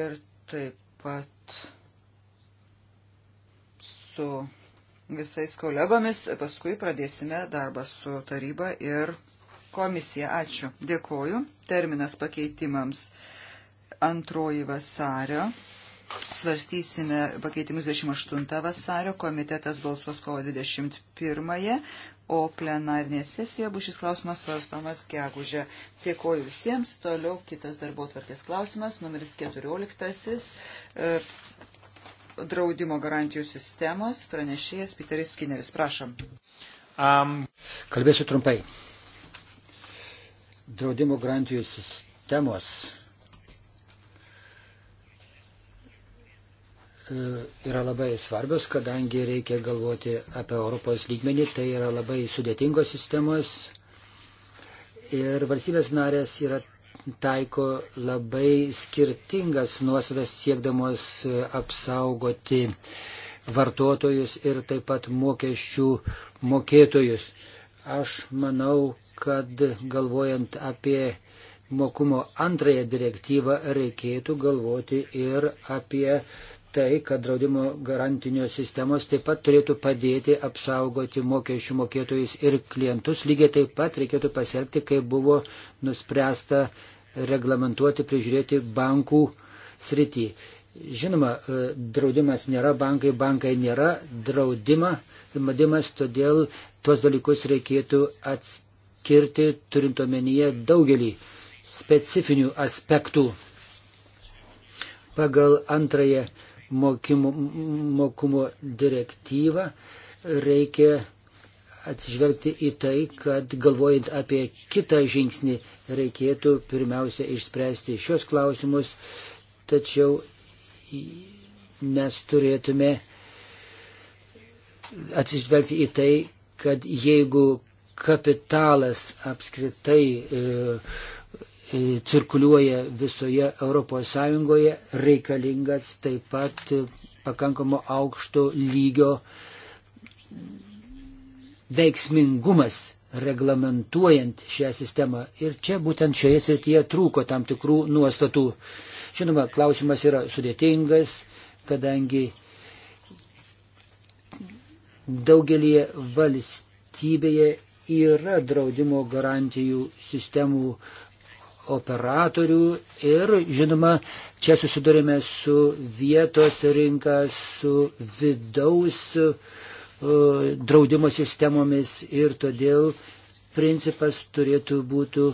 [SPEAKER 2] Ir taip pat su visais kolegomis, paskui pradėsime darbą su taryba ir komisija. Ačiū. Dėkoju. Terminas pakeitimams antroji vasario. Svarstysime pakeitimus 28 vasario, komitetas balsuos kovo 21, o plenarnėje sesijoje bus šis klausimas svarstomas gegužę. Dėkoju visiems. Toliau kitas darbo tvarkės klausimas, numeris 14 draudimo garantijų sistemos pranešėjas Piteris Skinneris. Prašom.
[SPEAKER 4] Um. Kalbėsiu trumpai. Draudimo garantijų sistemos e, yra labai svarbios, kadangi reikia galvoti apie Europos lygmenį, tai yra labai sudėtingos sistemos ir valstybės narės yra taiko labai skirtingas nuostatas siekdamos e, apsaugoti vartotojus ir taip pat mokesčių mokėtojus. Aš manau, kad galvojant apie mokumo antrąją direktyvą reikėtų galvoti ir apie tai, kad draudimo garantinio sistemos taip pat turėtų padėti apsaugoti mokesčių mokėtojus ir klientus. Lygiai taip pat reikėtų pasielgti, kaip buvo nuspręsta reglamentuoti, prižiūrėti bankų sritį. Žinoma, e, draudimas nėra bankai, bankai nėra draudima, madimas, todėl tuos dalykus reikėtų atskirti, turint omenyje daugelį specifinių aspektų. Pagal antrąją mokymo, mokumo direktyvą, reikia atsižvelgti į tai, kad galvojant apie kitą žingsnį, reikėtų pirmiausia išspręsti šios klausimus, tačiau mes turėtume atsižvelgti į tai, kad jeigu kapitalas apskritai e, E, cirkuliuoja visoje ES, reikalingas taip pat pakankamo aukšto lygio veiksmingumas reglamentuojant šią sistemą. Ir čia būtent šioje srityje trūko tam tikrų nuostatų. Žinoma, klausimas yra sudėtingas, kadangi daugelį valstybėje yra draudimo garantijų sistemų operatorių ir, žinoma, čia susidurime su vietos rinka, su vidaus e, draudimo sistemomis ir todėl principas turėtų būti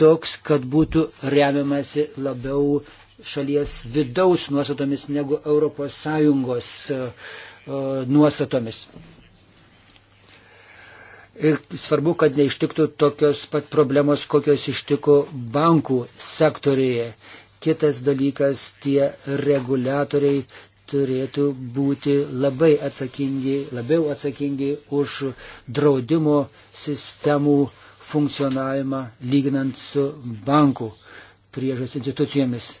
[SPEAKER 4] toks, kad būtų remiamasi labiau šalies vidaus nuostatomis negu ES e, nuostatomis. Ir svarbu, kad neištiktų tokios pat problemos, kokios ištiko bankų sektorėje. Kitas dalykas, tie reguliatoriai turėtų būti labai atsakingi, labiau atsakingi už draudimo sistemų funkcionavimą lyginant su bankų priežas institucijomis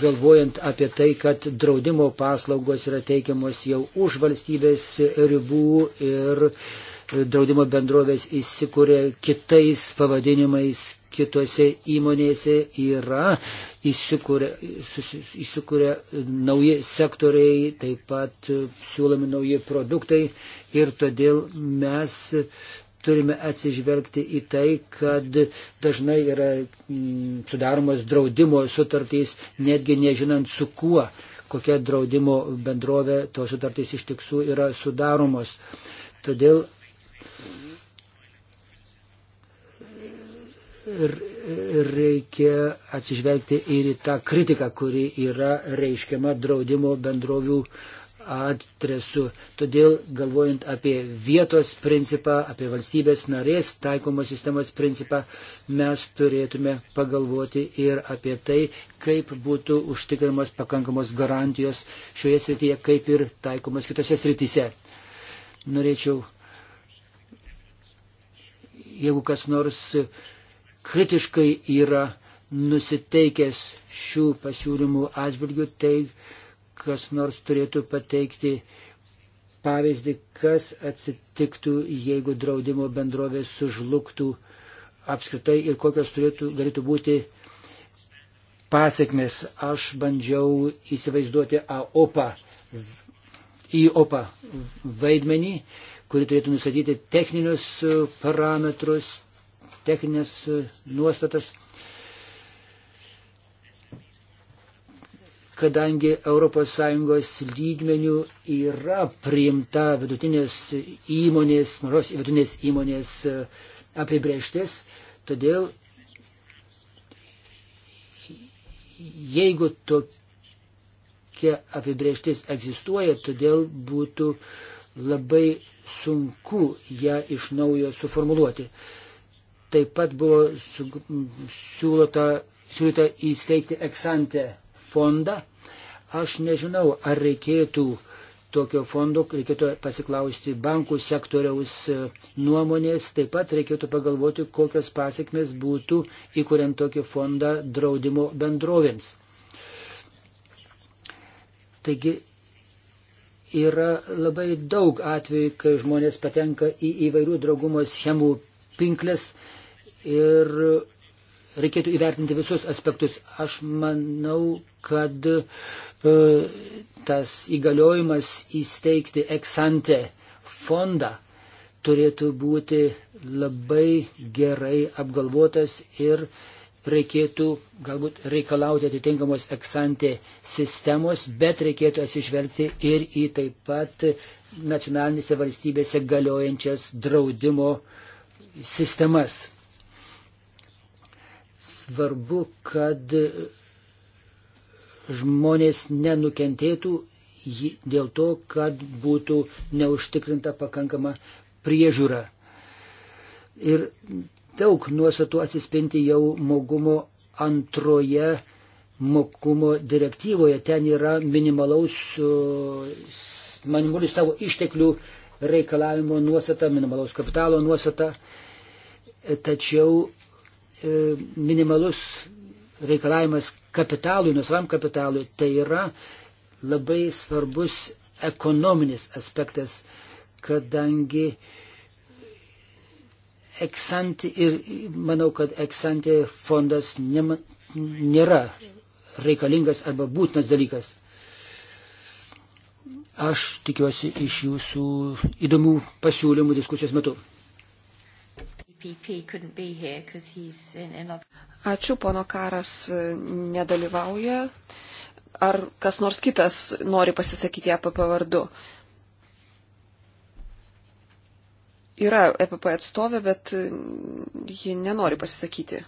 [SPEAKER 4] galvojant apie tai, kad draudimo paslaugos yra teikiamos jau už valstybės ribų ir draudimo bendrovės įsikūrė kitais pavadinimais, kitose įmonėse yra įsikūrė, įsikūrė nauji sektoriai, taip pat siūlomi nauji produktai ir todėl mes turime atsižvelgti į tai, kad dažnai yra mm, sudaromos draudimo sutartys, netgi nežinant su kuo, kokia draudimo bendrovė tos sutartys iš tiksų yra sudaromos. Todėl reikia atsižvelgti ir į tą kritiką, kuri yra reiškiama draudimo bendrovių uh, adresu. Todėl galvojant apie vietos principą, apie valstybės narės taikomos sistemos principą, mes turėtume pagalvoti ir apie tai, kaip būtų užtikrinamos pakankamos garantijos šioje srityje, kaip ir taikomos kitose srityse. Norėčiau, jeigu kas nors kritiškai yra nusiteikęs šių pasiūlymų atžvilgių, tai kas nors turėtų pateikti pavyzdį, kas atsitiktų, jeigu draudimo bendrovės sužlugtų apskritai ir kokios turėtų, galėtų būti pasiekmes. Aš bandžiau įsivaizduoti AOPA, IOPA vaidmenį, kuri turėtų nustatyti techninius parametrus, techninės nuostatas. kadangi ES lygmenių yra priimta vidutinės įmonės, mažos vidutinės įmonės e, apibrieštis, todėl jeigu tokia apibrieštis egzistuoja, todėl būtų labai sunku ją iš naujo suformuluoti. Taip pat buvo siūlota, siūlyta įsteigti eksantę fondą. Aš nežinau, ar reikėtų tokio fondo, reikėtų pasiklausti bankų sektoriaus e, nuomonės, taip pat reikėtų pagalvoti, kokios pasiekmes būtų įkuriant tokį fondą draudimo bendrovėms. Taigi yra labai daug atvejų, kai žmonės patenka į įvairių draugumo schemų pinklės ir reikėtų įvertinti visus aspektus. Aš manau, kad e, tas įgaliojimas įsteigti eksante fondą turėtų būti labai gerai apgalvotas ir reikėtų galbūt reikalauti atitinkamos eksante sistemos, bet reikėtų atsižvelgti ir į taip pat nacionalinėse valstybėse galiojančias draudimo sistemas. Svarbu, kad žmonės nenukentėtų dėl to, kad būtų neužtikrinta pakankama priežiūra. Ir daug nuostatų atsispinti jau mogumo antroje mokumo direktyvoje. Ten yra minimalaus, minimalius savo išteklių reikalavimo nuostata, minimalaus kapitalo nuostata. Tačiau E, minimalus reikalavimas kapitalui, nusavam kapitalui, tai yra labai svarbus ekonominis aspektas, kadangi eksanti ir manau, kad eksanti fondas nema, nėra reikalingas arba būtinas dalykas. Aš tikiuosi iš jūsų įdomių pasiūlymų diskusijos metu.
[SPEAKER 3] Ačiū, pono Karas e, nedalyvauja. Ar kas nors kitas nori pasisakyti EPP vardu? Yra EPP atstovė, bet e, ji nenori pasisakyti.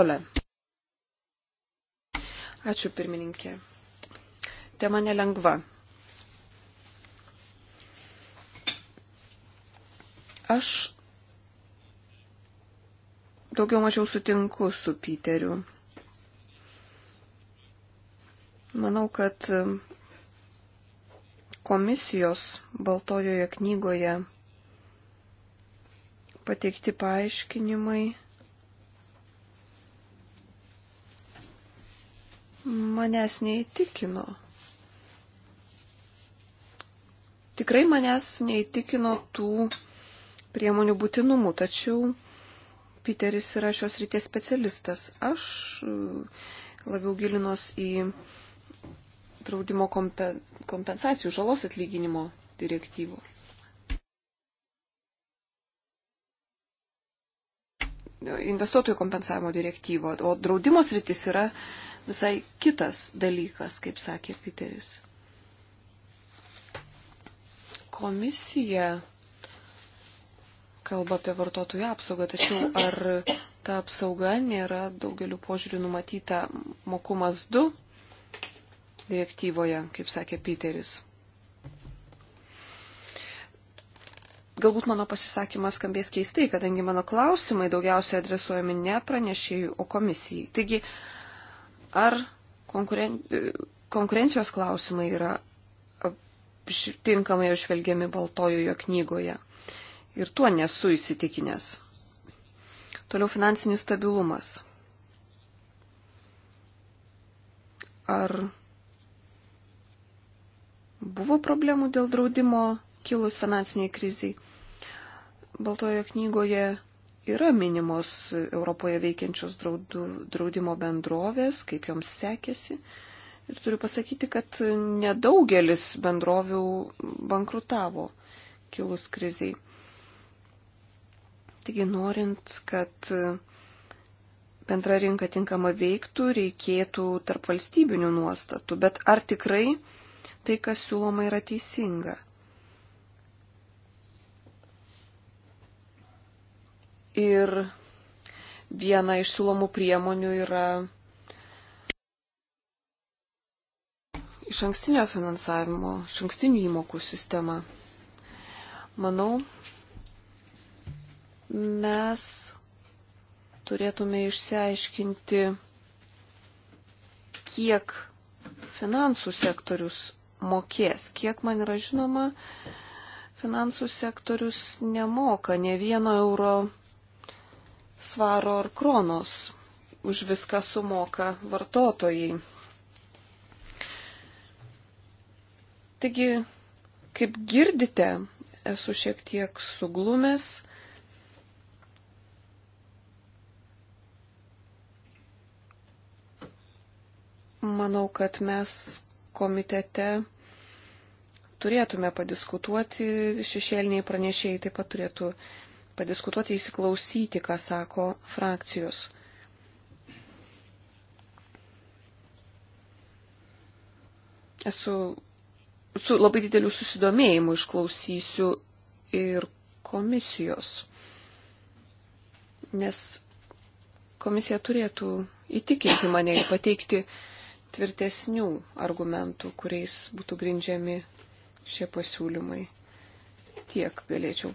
[SPEAKER 3] Ole. Ačiū, pirmininkė. Tema nelengva. Aš daugiau mažiau sutinku su Piteriu. Manau, kad komisijos Baltojoje knygoje pateikti paaiškinimai manęs neįtikino. Tikrai manęs neįtikino tų priemonių būtinumų, tačiau Piteris yra šios ryties specialistas. Aš e, labiau gilinos į draudimo kompensacijų žalos atlyginimo direktyvų. Investuotojų kompensavimo direktyvo, o draudimo sritis yra visai kitas dalykas, kaip sakė Piteris. Komisija kalba apie vartotojų apsaugą, tačiau ar ta apsauga nėra daugeliu požiūrių numatyta mokumas 2 direktyvoje, kaip sakė Piteris. Galbūt mano pasisakymas skambės keistai, kadangi mano klausimai daugiausiai adresuojami ne pranešėjui, o komisijai. Taigi, ar konkuren... konkurencijos klausimai yra tinkamai apžvelgiami baltojoje knygoje? ir tuo nesu įsitikinęs. Toliau finansinis stabilumas. Ar buvo problemų dėl draudimo kilus finansiniai kriziai? Baltojo knygoje yra minimos Europoje veikiančios draudu, draudimo bendrovės, kaip joms sekėsi. Ir turiu pasakyti, kad nedaugelis bendrovių bankrutavo kilus kriziai. Taigi norint, kad bendra rinka tinkama veiktų, reikėtų tarp valstybinių nuostatų. Bet ar tikrai tai, kas siūloma, yra teisinga? Ir viena iš siūlomų priemonių yra iš ankstinio finansavimo, iš ankstinių įmokų sistema. Manau, mes turėtume išsiaiškinti, kiek finansų sektorius mokės. Kiek man yra žinoma, finansų sektorius nemoka ne vieno euro svaro ar kronos. Už viską sumoka vartotojai. Taigi, kaip girdite, esu šiek tiek suglumęs Manau, kad mes komitete turėtume padiskutuoti, šešėliniai pranešėjai taip pat turėtų padiskutuoti, įsiklausyti, ką sako frakcijos. Esu su labai dideliu susidomėjimu išklausysiu ir komisijos, nes komisija turėtų įtikinti mane ir pateikti tvirtesnių argumentų, kuriais būtų grindžiami šie pasiūlymai. Tiek galėčiau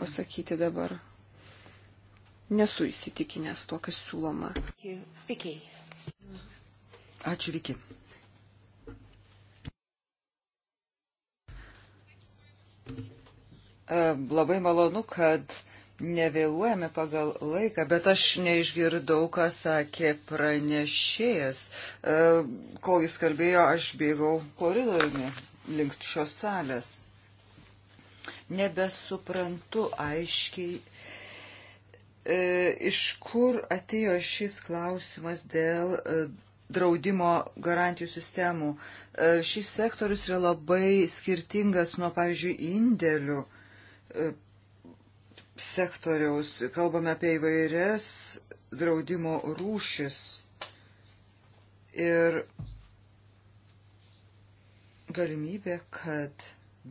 [SPEAKER 3] pasakyti dabar. Nesu įsitikinęs to, kas siūloma. Ačiū, Viki.
[SPEAKER 2] Labai malonu, kad nevėluojame pagal laiką, bet aš neišgirdau, ką sakė pranešėjas. E, kol jis kalbėjo, aš bėgau koridoriumi link šios salės. Nebesuprantu aiškiai, e, iš kur atėjo šis klausimas dėl e, draudimo garantijų sistemų. Šis sektorius yra labai skirtingas nuo, pavyzdžiui, indėlių sektoriaus. Kalbame apie įvairias draudimo rūšis. Ir galimybė, kad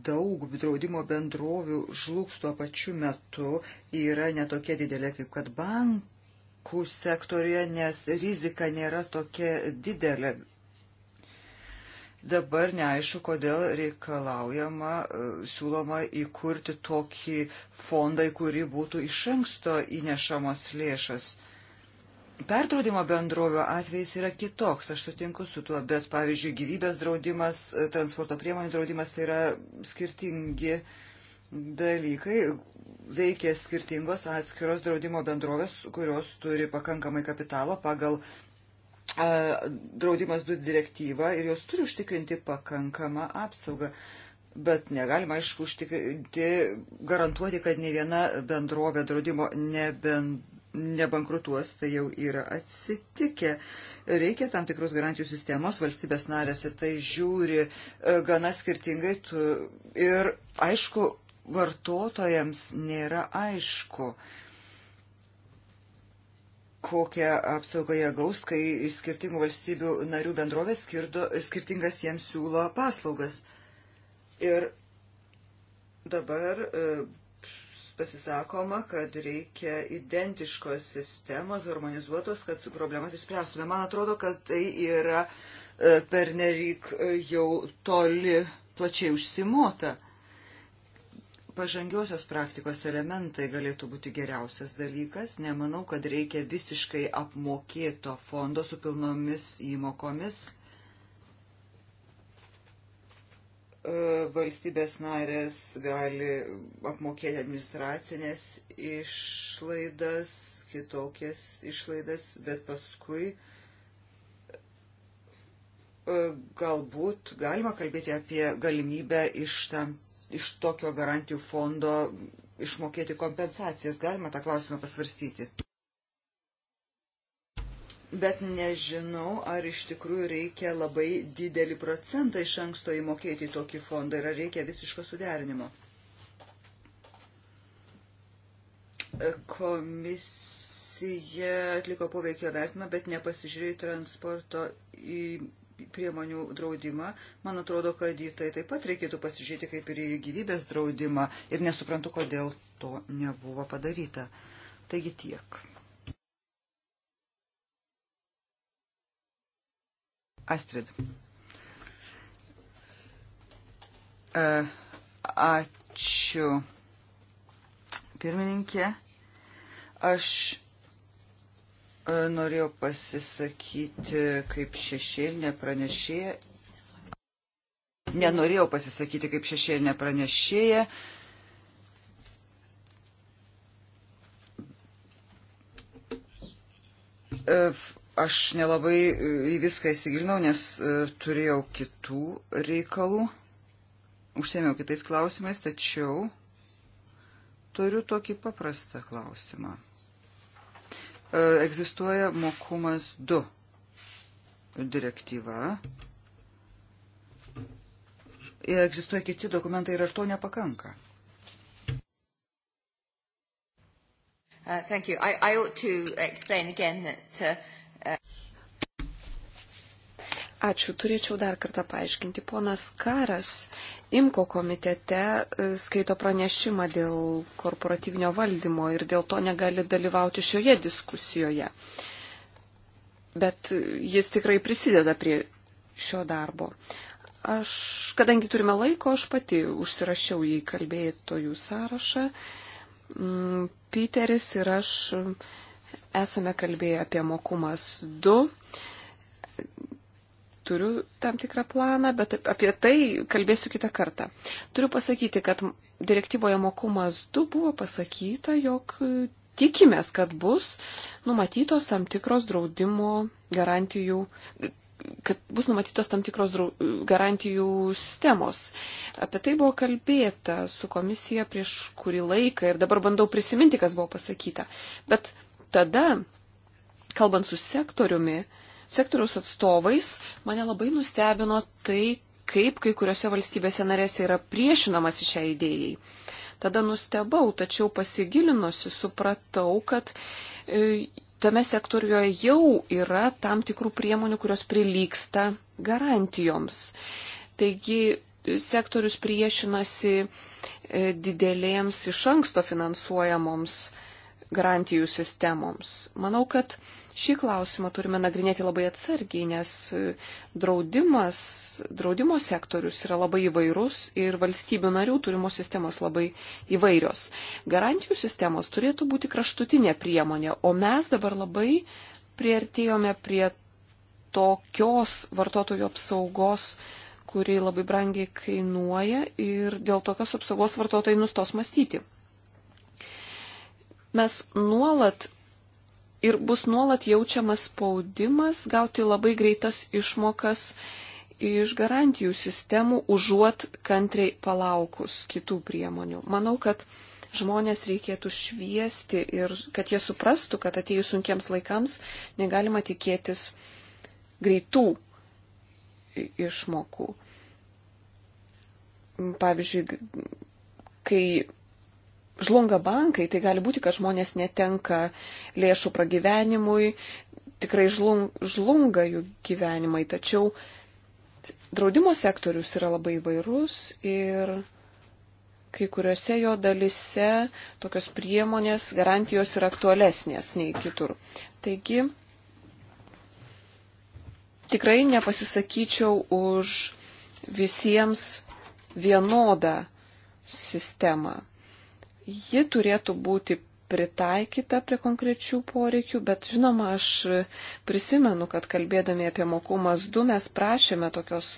[SPEAKER 2] daug draudimo bendrovių žlugs tuo pačiu metu yra netokia didelė kaip kad bankų sektoriuje, nes rizika nėra tokia didelė. Dabar neaišku, kodėl reikalaujama, e, siūloma įkurti tokį fondą, į kurį būtų iš anksto įnešamos lėšas. Perdraudimo bendrovio atvejs yra kitoks, aš sutinku su tuo, bet pavyzdžiui, gyvybės draudimas, e, transporto priemonių draudimas tai yra skirtingi dalykai, veikia skirtingos atskiros draudimo bendrovės, kurios turi pakankamai kapitalo pagal draudimas du direktyvą ir jos turi užtikrinti pakankamą apsaugą. Bet negalima, aišku, užtikrinti, garantuoti, kad ne viena bendrovė draudimo nebend, nebankrutuos, tai jau yra atsitikę. Reikia tam tikrus garantijų sistemos, valstybės narės į tai žiūri e, gana skirtingai. Tu, ir aišku, vartotojams nėra aišku. Uh, kokią apsaugą jie gaus, kai iš skirtingų valstybių narių bendrovės skirdo, skirtingas jiems siūlo paslaugas. Ir dabar e, pasisakoma, kad reikia identiškos sistemos, harmonizuotos, kad problemas išspręstume. Man atrodo, kad tai yra e, pernelyg e, jau toli plačiai užsimota pažangiosios praktikos elementai galėtų būti geriausias dalykas. Nemanau, kad reikia visiškai apmokėto fondo su pilnomis įmokomis. E, valstybės narės gali apmokėti administracinės išlaidas, kitokias išlaidas, bet paskui e, galbūt galima kalbėti apie galimybę iš tam iš tokio garantijų fondo išmokėti kompensacijas. Galima tą klausimą pasvarstyti. Bet nežinau, ar iš tikrųjų reikia labai didelį procentą iš anksto įmokėti į tokį fondą ir ar reikia visiško suderinimo. Komisija atliko poveikio vertimą, bet nepasižiūrėjo į transporto į priemonių draudimą, man atrodo, kad į tai taip pat reikėtų pasižiūrėti kaip ir į gyvybės draudimą ir nesuprantu, kodėl to nebuvo padaryta. Taigi tiek. Astrid. E, ačiū. Pirmininkė, aš norėjau pasisakyti kaip šešėlinė pranešėja. Nenorėjau pasisakyti kaip šešėlinė pranešėja. E, aš nelabai į viską įsigilinau, nes e, turėjau kitų reikalų. Užsėmiau kitais klausimais, tačiau turiu tokį paprastą klausimą. E, egzistuoja mokumas 2 direktyva. E, egzistuoja kiti dokumentai ir ar to nepakanka?
[SPEAKER 5] Uh, thank you. I, I ought to explain again that uh,
[SPEAKER 3] Ačiū, turėčiau dar kartą paaiškinti. Ponas Karas Imko komitete e, skaito pranešimą dėl korporatyvinio valdymo ir dėl to negali dalyvauti šioje diskusijoje. Bet jis tikrai prisideda prie šio darbo. Aš, kadangi turime laiko, aš pati užsirašiau į kalbėtojų sąrašą. Mm, Piteris ir aš esame kalbėję apie mokumas 2 turiu tam tikrą planą, bet apie tai kalbėsiu kitą kartą. Turiu pasakyti, kad direktyvoje mokumas 2 buvo pasakyta, jog tikimės, kad bus numatytos tam tikros draudimo garantijų kad bus numatytos tam tikros garantijų sistemos. Apie tai buvo kalbėta su komisija prieš kurį laiką ir dabar bandau prisiminti, kas buvo pasakyta. Bet tada, kalbant su sektoriumi, sektoriaus atstovais, mane labai nustebino tai, kaip kai kuriuose valstybėse narėse yra priešinamas šią idėjai. Tada nustebau, tačiau pasigilinusi supratau, kad e, tame sektorijoje jau yra tam tikrų priemonių, kurios prilyksta garantijoms. Taigi e, sektorius priešinasi e, didelėms iš anksto finansuojamoms garantijų sistemoms. Manau, kad Šį klausimą turime nagrinėti labai atsargiai, nes draudimas, draudimo sektorius yra labai įvairus ir valstybių narių turimos sistemos labai įvairios. Garantijų sistemos turėtų būti kraštutinė priemonė, o mes dabar labai priartėjome prie tokios vartotojų apsaugos kuri labai brangiai kainuoja ir dėl tokios apsaugos vartotojai nustos mąstyti. Mes nuolat ir bus nuolat jaučiamas spaudimas gauti labai greitas išmokas iš garantijų sistemų, užuot kantriai palaukus kitų priemonių. Manau, kad žmonės reikėtų šviesti ir kad jie suprastų, kad atėjus sunkiems laikams negalima tikėtis greitų išmokų. Pavyzdžiui, kai žlunga bankai, tai gali būti, kad žmonės netenka lėšų pragyvenimui, tikrai žlunga jų gyvenimai, tačiau draudimo sektorius yra labai vairus ir kai kuriuose jo dalise tokios priemonės garantijos yra aktualesnės nei kitur. Taigi, tikrai nepasisakyčiau už visiems vienodą sistemą ji turėtų būti pritaikyta prie konkrečių poreikių, bet žinoma, aš prisimenu, kad kalbėdami apie mokumas 2 mes prašėme tokios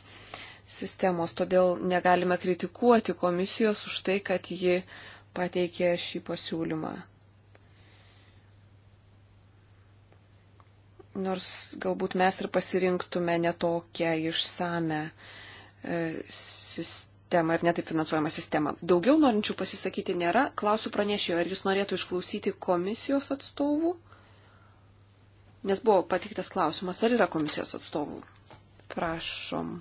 [SPEAKER 3] sistemos, todėl negalime kritikuoti komisijos už tai, kad ji pateikė šį pasiūlymą. Nors galbūt mes ir pasirinktume netokią išsame e, sistemą temą ir netaip finansuojamą sistemą. Daugiau norinčių pasisakyti nėra. Klausiu pranešėjo, ar jūs norėtų išklausyti komisijos atstovų? Nes buvo patiktas klausimas, ar yra komisijos atstovų. Prašom.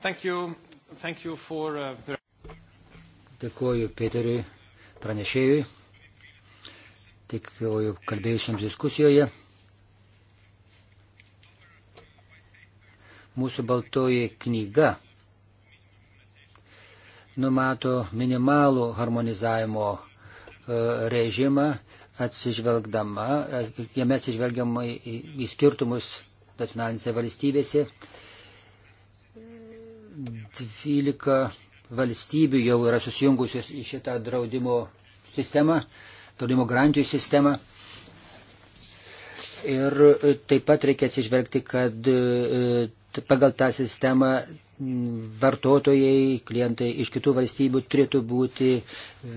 [SPEAKER 1] Thank you. Thank you for, uh...
[SPEAKER 4] Dėkuoju Peteriui pranešėjui. Dėkuoju kalbėjusiems diskusijoje. mūsų baltoji knyga numato minimalų harmonizavimo e, režimą, atsižvelgdama, e, jame atsižvelgiama į, į skirtumus nacionalinėse valstybėse. 12 valstybių jau yra susijungusios į šitą draudimo sistemą, draudimo garantijų sistemą. Ir e, taip pat reikia atsižvelgti, kad pagal tą sistemą vartotojai, klientai iš kitų valstybių turėtų būti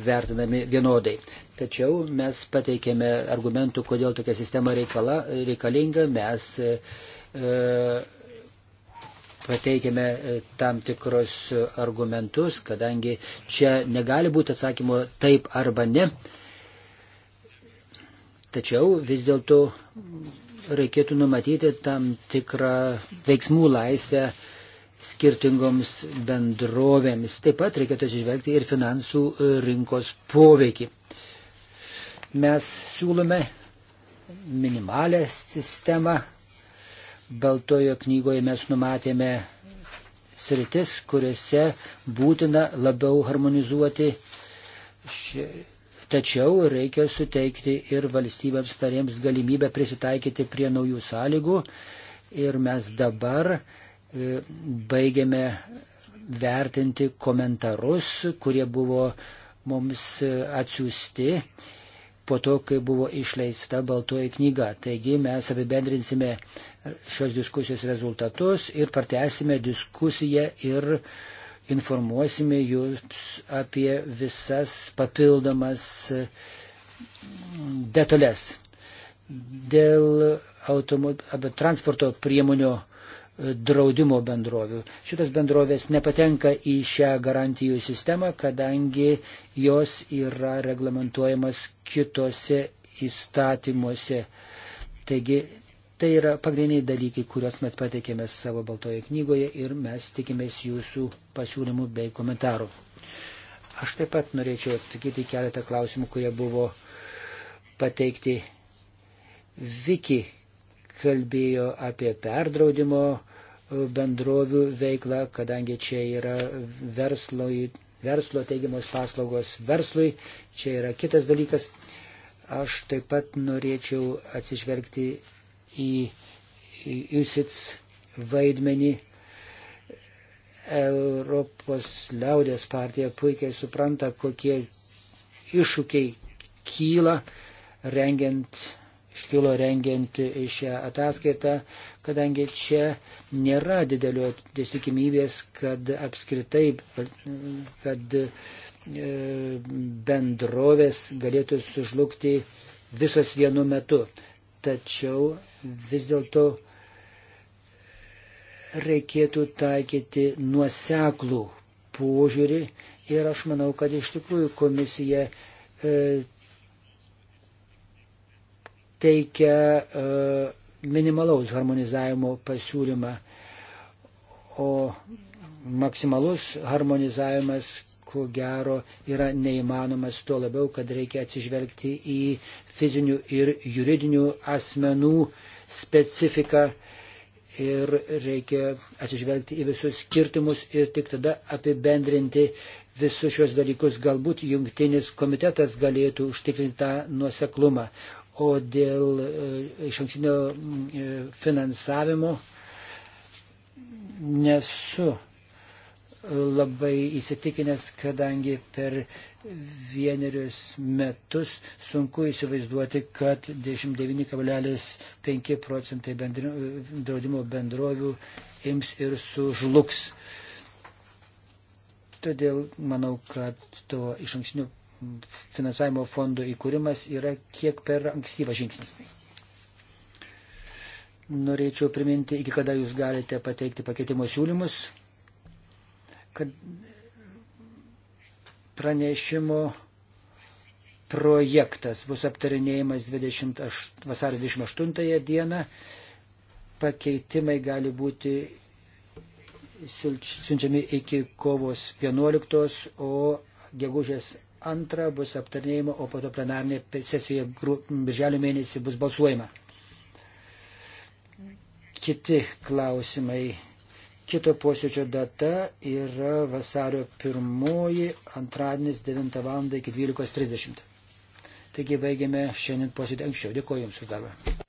[SPEAKER 4] vertinami vienodai. Tačiau mes pateikėme argumentų, kodėl tokia sistema reikala, reikalinga. Mes e, e pateikėme e, tam tikrus argumentus, kadangi čia negali būti atsakymo taip arba ne. Tačiau vis dėlto reikėtų numatyti tam tikrą veiksmų laisvę skirtingoms bendrovėms. Taip pat reikėtų atsižvelgti ir finansų rinkos poveikį. Mes siūlome minimalę sistemą. Baltojo knygoje mes numatėme sritis, kuriuose būtina labiau harmonizuoti Tačiau reikia suteikti ir valstybėms tarėms galimybę prisitaikyti prie naujų sąlygų. Ir mes dabar e, baigiame vertinti komentarus, kurie buvo mums e, atsiųsti po to, kai buvo išleista baltoji knyga. Taigi mes apibendrinsime šios diskusijos rezultatus ir pratęsime diskusiją ir uh, informuosime jūs apie visas papildomas e, detalės. Dėl automo, transporto priemonių e, draudimo bendrovių. Šitos bendrovės nepatenka į šią garantijų sistemą, kadangi jos yra reglamentuojamas kitose įstatymuose. Taigi Tai yra pagrindiniai dalykai, kuriuos mes pateikėme savo baltoje knygoje ir mes tikimės jūsų pasiūlymų bei komentarų. Aš taip pat norėčiau atsakyti keletą klausimų, kurie buvo pateikti. Viki kalbėjo apie perdraudimo e, bendrovių veiklą, kadangi čia yra verslo, verslo teigiamos paslaugos verslui, čia yra kitas dalykas. Aš taip pat norėčiau atsižvelgti į Jusits vaidmenį. Europos liaudės partija puikiai supranta, kokie iššūkiai kyla rengiant, iškilo rengiant šią ataskaitą, kadangi čia nėra didelio tikimybės, kad apskritai, kad e, bendrovės galėtų sužlugti visos vienu metu tačiau vis dėlto reikėtų taikyti nuoseklų požiūrį ir aš manau, kad iš tikrųjų komisija e, teikia e, minimalaus harmonizavimo pasiūlymą, o maksimalus harmonizavimas ko gero yra neįmanomas, tuo labiau, kad reikia atsižvelgti į fizinių ir juridinių asmenų specifiką ir reikia atsižvelgti į visus skirtumus ir tik tada apibendrinti visus šios dalykus. Galbūt jungtinis komitetas galėtų užtikrinti tą nuoseklumą. O dėl e, iš anksinio e, finansavimo nesu labai įsitikinęs, kadangi per vienerius metus sunku įsivaizduoti, kad 99,5 procentai bendri, draudimo bendrovių ims ir sužlugs. Todėl manau, kad to iš ankstinio finansavimo fondo įkūrimas yra kiek per ankstyvas žingsnis. Norėčiau priminti, iki kada jūs galite pateikti pakeitimo siūlymus kad pranešimo projektas bus aptarinėjimas 28, vasario 28 dieną. Pakeitimai gali būti siunčiami iki kovos 11, o gegužės 2 bus aptarinėjimo, o po to plenarnė sesijoje birželio mėnesį bus balsuojama. Kiti klausimai Kito posėdžio data yra vasario 1, antradienis 9 val. iki 12.30. Taigi baigiame šiandien posėdį anksčiau. Dėkuoju Jums už darbą.